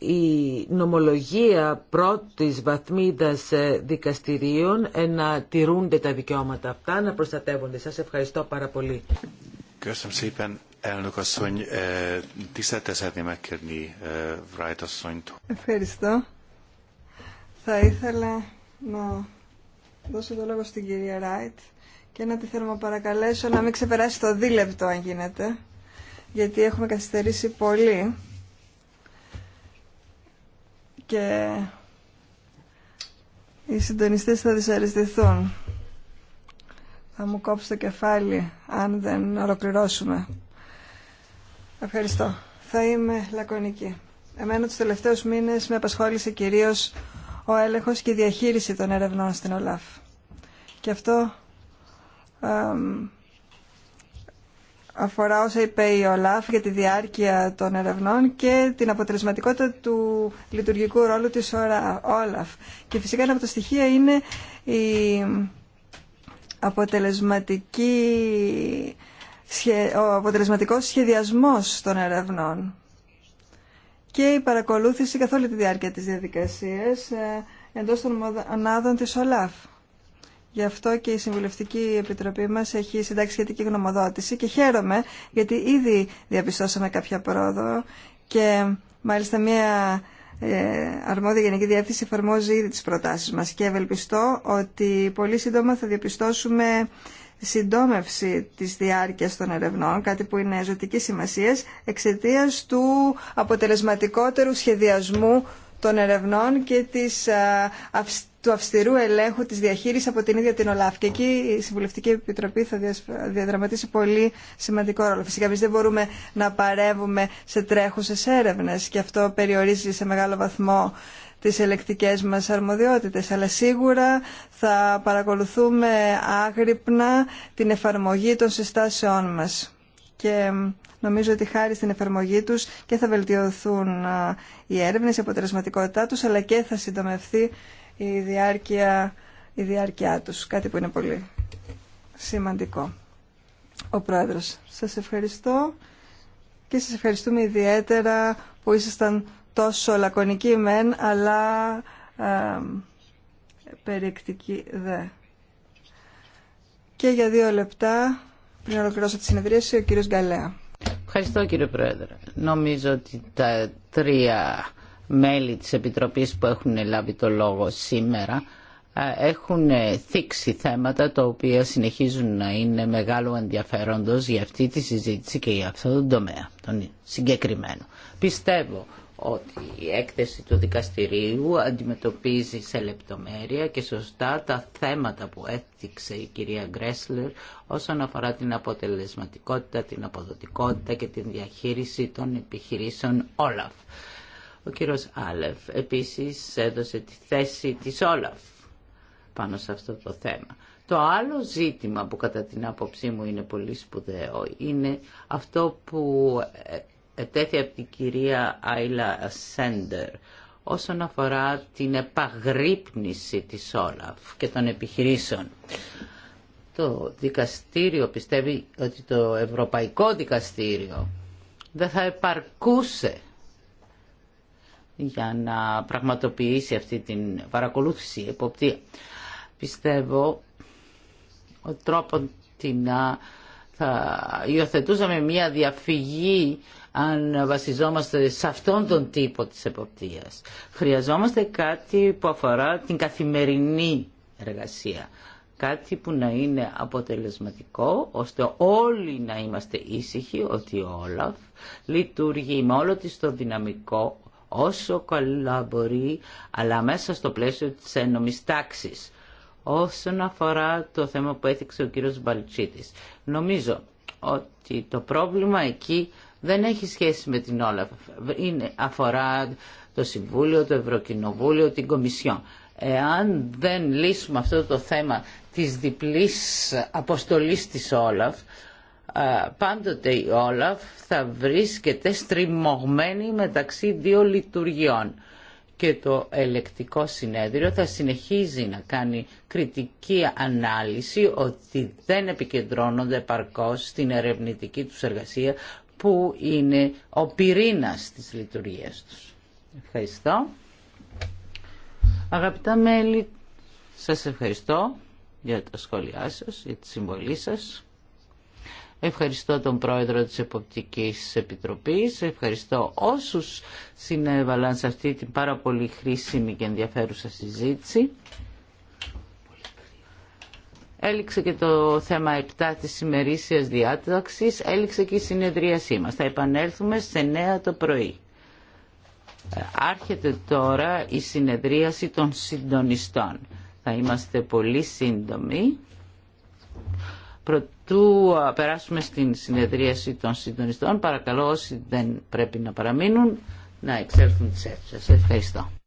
η νομολογία πρώτης βαθμίδας ε, δικαστηρίων ε, να τηρούνται τα δικαιώματα αυτά, να προστατεύονται. Σας ευχαριστώ πάρα πολύ. Eh, eh, Ευχαριστώ. Θα ήθελα να δώσω το λόγο στην κυρία Ράιτ και να τη θέλω να παρακαλέσω να μην ξεπεράσει το δίλεπτο αν γίνεται, γιατί έχουμε καθυστερήσει πολύ και οι συντονιστές θα δυσαρεστηθούν. Θα μου κόψει το κεφάλι αν δεν ολοκληρώσουμε. Ευχαριστώ. Θα είμαι λακωνική. Εμένα τους τελευταίους μήνες με απασχόλησε κυρίως ο έλεγχος και η διαχείριση των ερευνών στην ΟΛΑΦ. Και αυτό αφορά όσα είπε η ΟΛΑΦ για τη διάρκεια των ερευνών και την αποτελεσματικότητα του λειτουργικού ρόλου της ΟΛΑΦ. Και φυσικά ένα από τα στοιχεία είναι η αποτελεσματική ο αποτελεσματικός σχεδιασμός των ερευνών και η παρακολούθηση καθ' όλη τη διάρκεια της διαδικασίας ε, εντός των μονάδων της ΟΛΑΦ. Γι' αυτό και η Συμβουλευτική Επιτροπή μας έχει συντάξει σχετική γνωμοδότηση και χαίρομαι γιατί ήδη διαπιστώσαμε κάποια πρόοδο και μάλιστα μια ε, αρμόδια Γενική Διεύθυνση εφαρμόζει ήδη τις προτάσεις μας και ευελπιστώ ότι πολύ σύντομα θα διαπιστώσουμε συντόμευση της διάρκειας των ερευνών, κάτι που είναι ζωτική σημασία, εξαιτία του αποτελεσματικότερου σχεδιασμού των ερευνών και της, του αυστηρού ελέγχου της διαχείρισης από την ίδια την ΟΛΑΦ. Και εκεί η Συμβουλευτική Επιτροπή θα διαδραματίσει πολύ σημαντικό ρόλο. Φυσικά εμείς δεν μπορούμε να παρεύουμε σε τρέχουσες έρευνες και αυτό περιορίζει σε μεγάλο βαθμό τις ελεκτικές μας αρμοδιότητες, αλλά σίγουρα θα παρακολουθούμε άγρυπνα την εφαρμογή των συστάσεών μας. Και νομίζω ότι χάρη στην εφαρμογή τους και θα βελτιωθούν οι έρευνες, η αποτελεσματικότητά τους, αλλά και θα συντομευθεί η διάρκεια, η διάρκειά τους, κάτι που είναι πολύ σημαντικό. Ο Πρόεδρος, σας ευχαριστώ και σας ευχαριστούμε ιδιαίτερα που ήσασταν τόσο λακωνική μεν, αλλά ε, περιεκτική δε. Και για δύο λεπτά, πριν ολοκληρώσω τη συνεδρίαση, ο κύριος Γκαλέα. Ευχαριστώ κύριε Πρόεδρε. Νομίζω ότι τα τρία μέλη της Επιτροπής που έχουν λάβει το λόγο σήμερα ε, έχουν θίξει θέματα τα οποία συνεχίζουν να είναι μεγάλο ενδιαφέροντος για αυτή τη συζήτηση και για αυτόν τον τομέα, τον συγκεκριμένο. Πιστεύω ότι η έκθεση του δικαστηρίου αντιμετωπίζει σε λεπτομέρεια και σωστά τα θέματα που έθιξε η κυρία Γκρέσλερ όσον αφορά την αποτελεσματικότητα, την αποδοτικότητα και την διαχείριση των επιχειρήσεων Όλαφ. Ο κύριος Άλεφ επίσης έδωσε τη θέση της Όλαφ πάνω σε αυτό το θέμα. Το άλλο ζήτημα που κατά την άποψή μου είναι πολύ σπουδαίο είναι αυτό που ετέθη από την κυρία Άιλα Σέντερ όσον αφορά την επαγρύπνηση της Όλαφ και των επιχειρήσεων. Το δικαστήριο πιστεύει ότι το Ευρωπαϊκό Δικαστήριο δεν θα επαρκούσε για να πραγματοποιήσει αυτή την παρακολούθηση, εποπτεία. Πιστεύω ότι τρόπον την θα υιοθετούσαμε μια διαφυγή αν βασιζόμαστε σε αυτόν τον τύπο της εποπτείας. Χρειαζόμαστε κάτι που αφορά την καθημερινή εργασία. Κάτι που να είναι αποτελεσματικό, ώστε όλοι να είμαστε ήσυχοι ότι ο Όλαφ λειτουργεί με όλο το δυναμικό όσο καλά μπορεί, αλλά μέσα στο πλαίσιο της ένομης τάξης. Όσον αφορά το θέμα που έθιξε ο κύριος Μπαλτσίτης, νομίζω ότι το πρόβλημα εκεί δεν έχει σχέση με την Όλαφ, Είναι, αφορά το Συμβούλιο, το Ευρωκοινοβούλιο, την Κομισιόν. Εάν δεν λύσουμε αυτό το θέμα της διπλής αποστολής της Όλαφ, πάντοτε η Όλαφ θα βρίσκεται στριμωγμένη μεταξύ δύο λειτουργιών και το ελεκτικό συνέδριο θα συνεχίζει να κάνει κριτική ανάλυση ότι δεν επικεντρώνονται παρκώς στην ερευνητική τους εργασία που είναι ο πυρήνας της λειτουργίας τους. Ευχαριστώ. Αγαπητά μέλη, σας ευχαριστώ για τα σχόλιά σας, για τη συμβολή σας. Ευχαριστώ τον πρόεδρο της Εποπτικής Επιτροπής, ευχαριστώ όσους συνέβαλαν σε αυτή την πάρα πολύ χρήσιμη και ενδιαφέρουσα συζήτηση. Έληξε και το θέμα 7 της ημερήσιας διάταξης, έληξε και η συνεδρίασή μας. Θα επανέλθουμε σε 9 το πρωί. Ε, άρχεται τώρα η συνεδρίαση των συντονιστών. Θα είμαστε πολύ σύντομοι. Προτού περάσουμε στην συνεδρίαση των συντονιστών, παρακαλώ όσοι δεν πρέπει να παραμείνουν να εξέλθουν τις αίθουσες. Ευχαριστώ.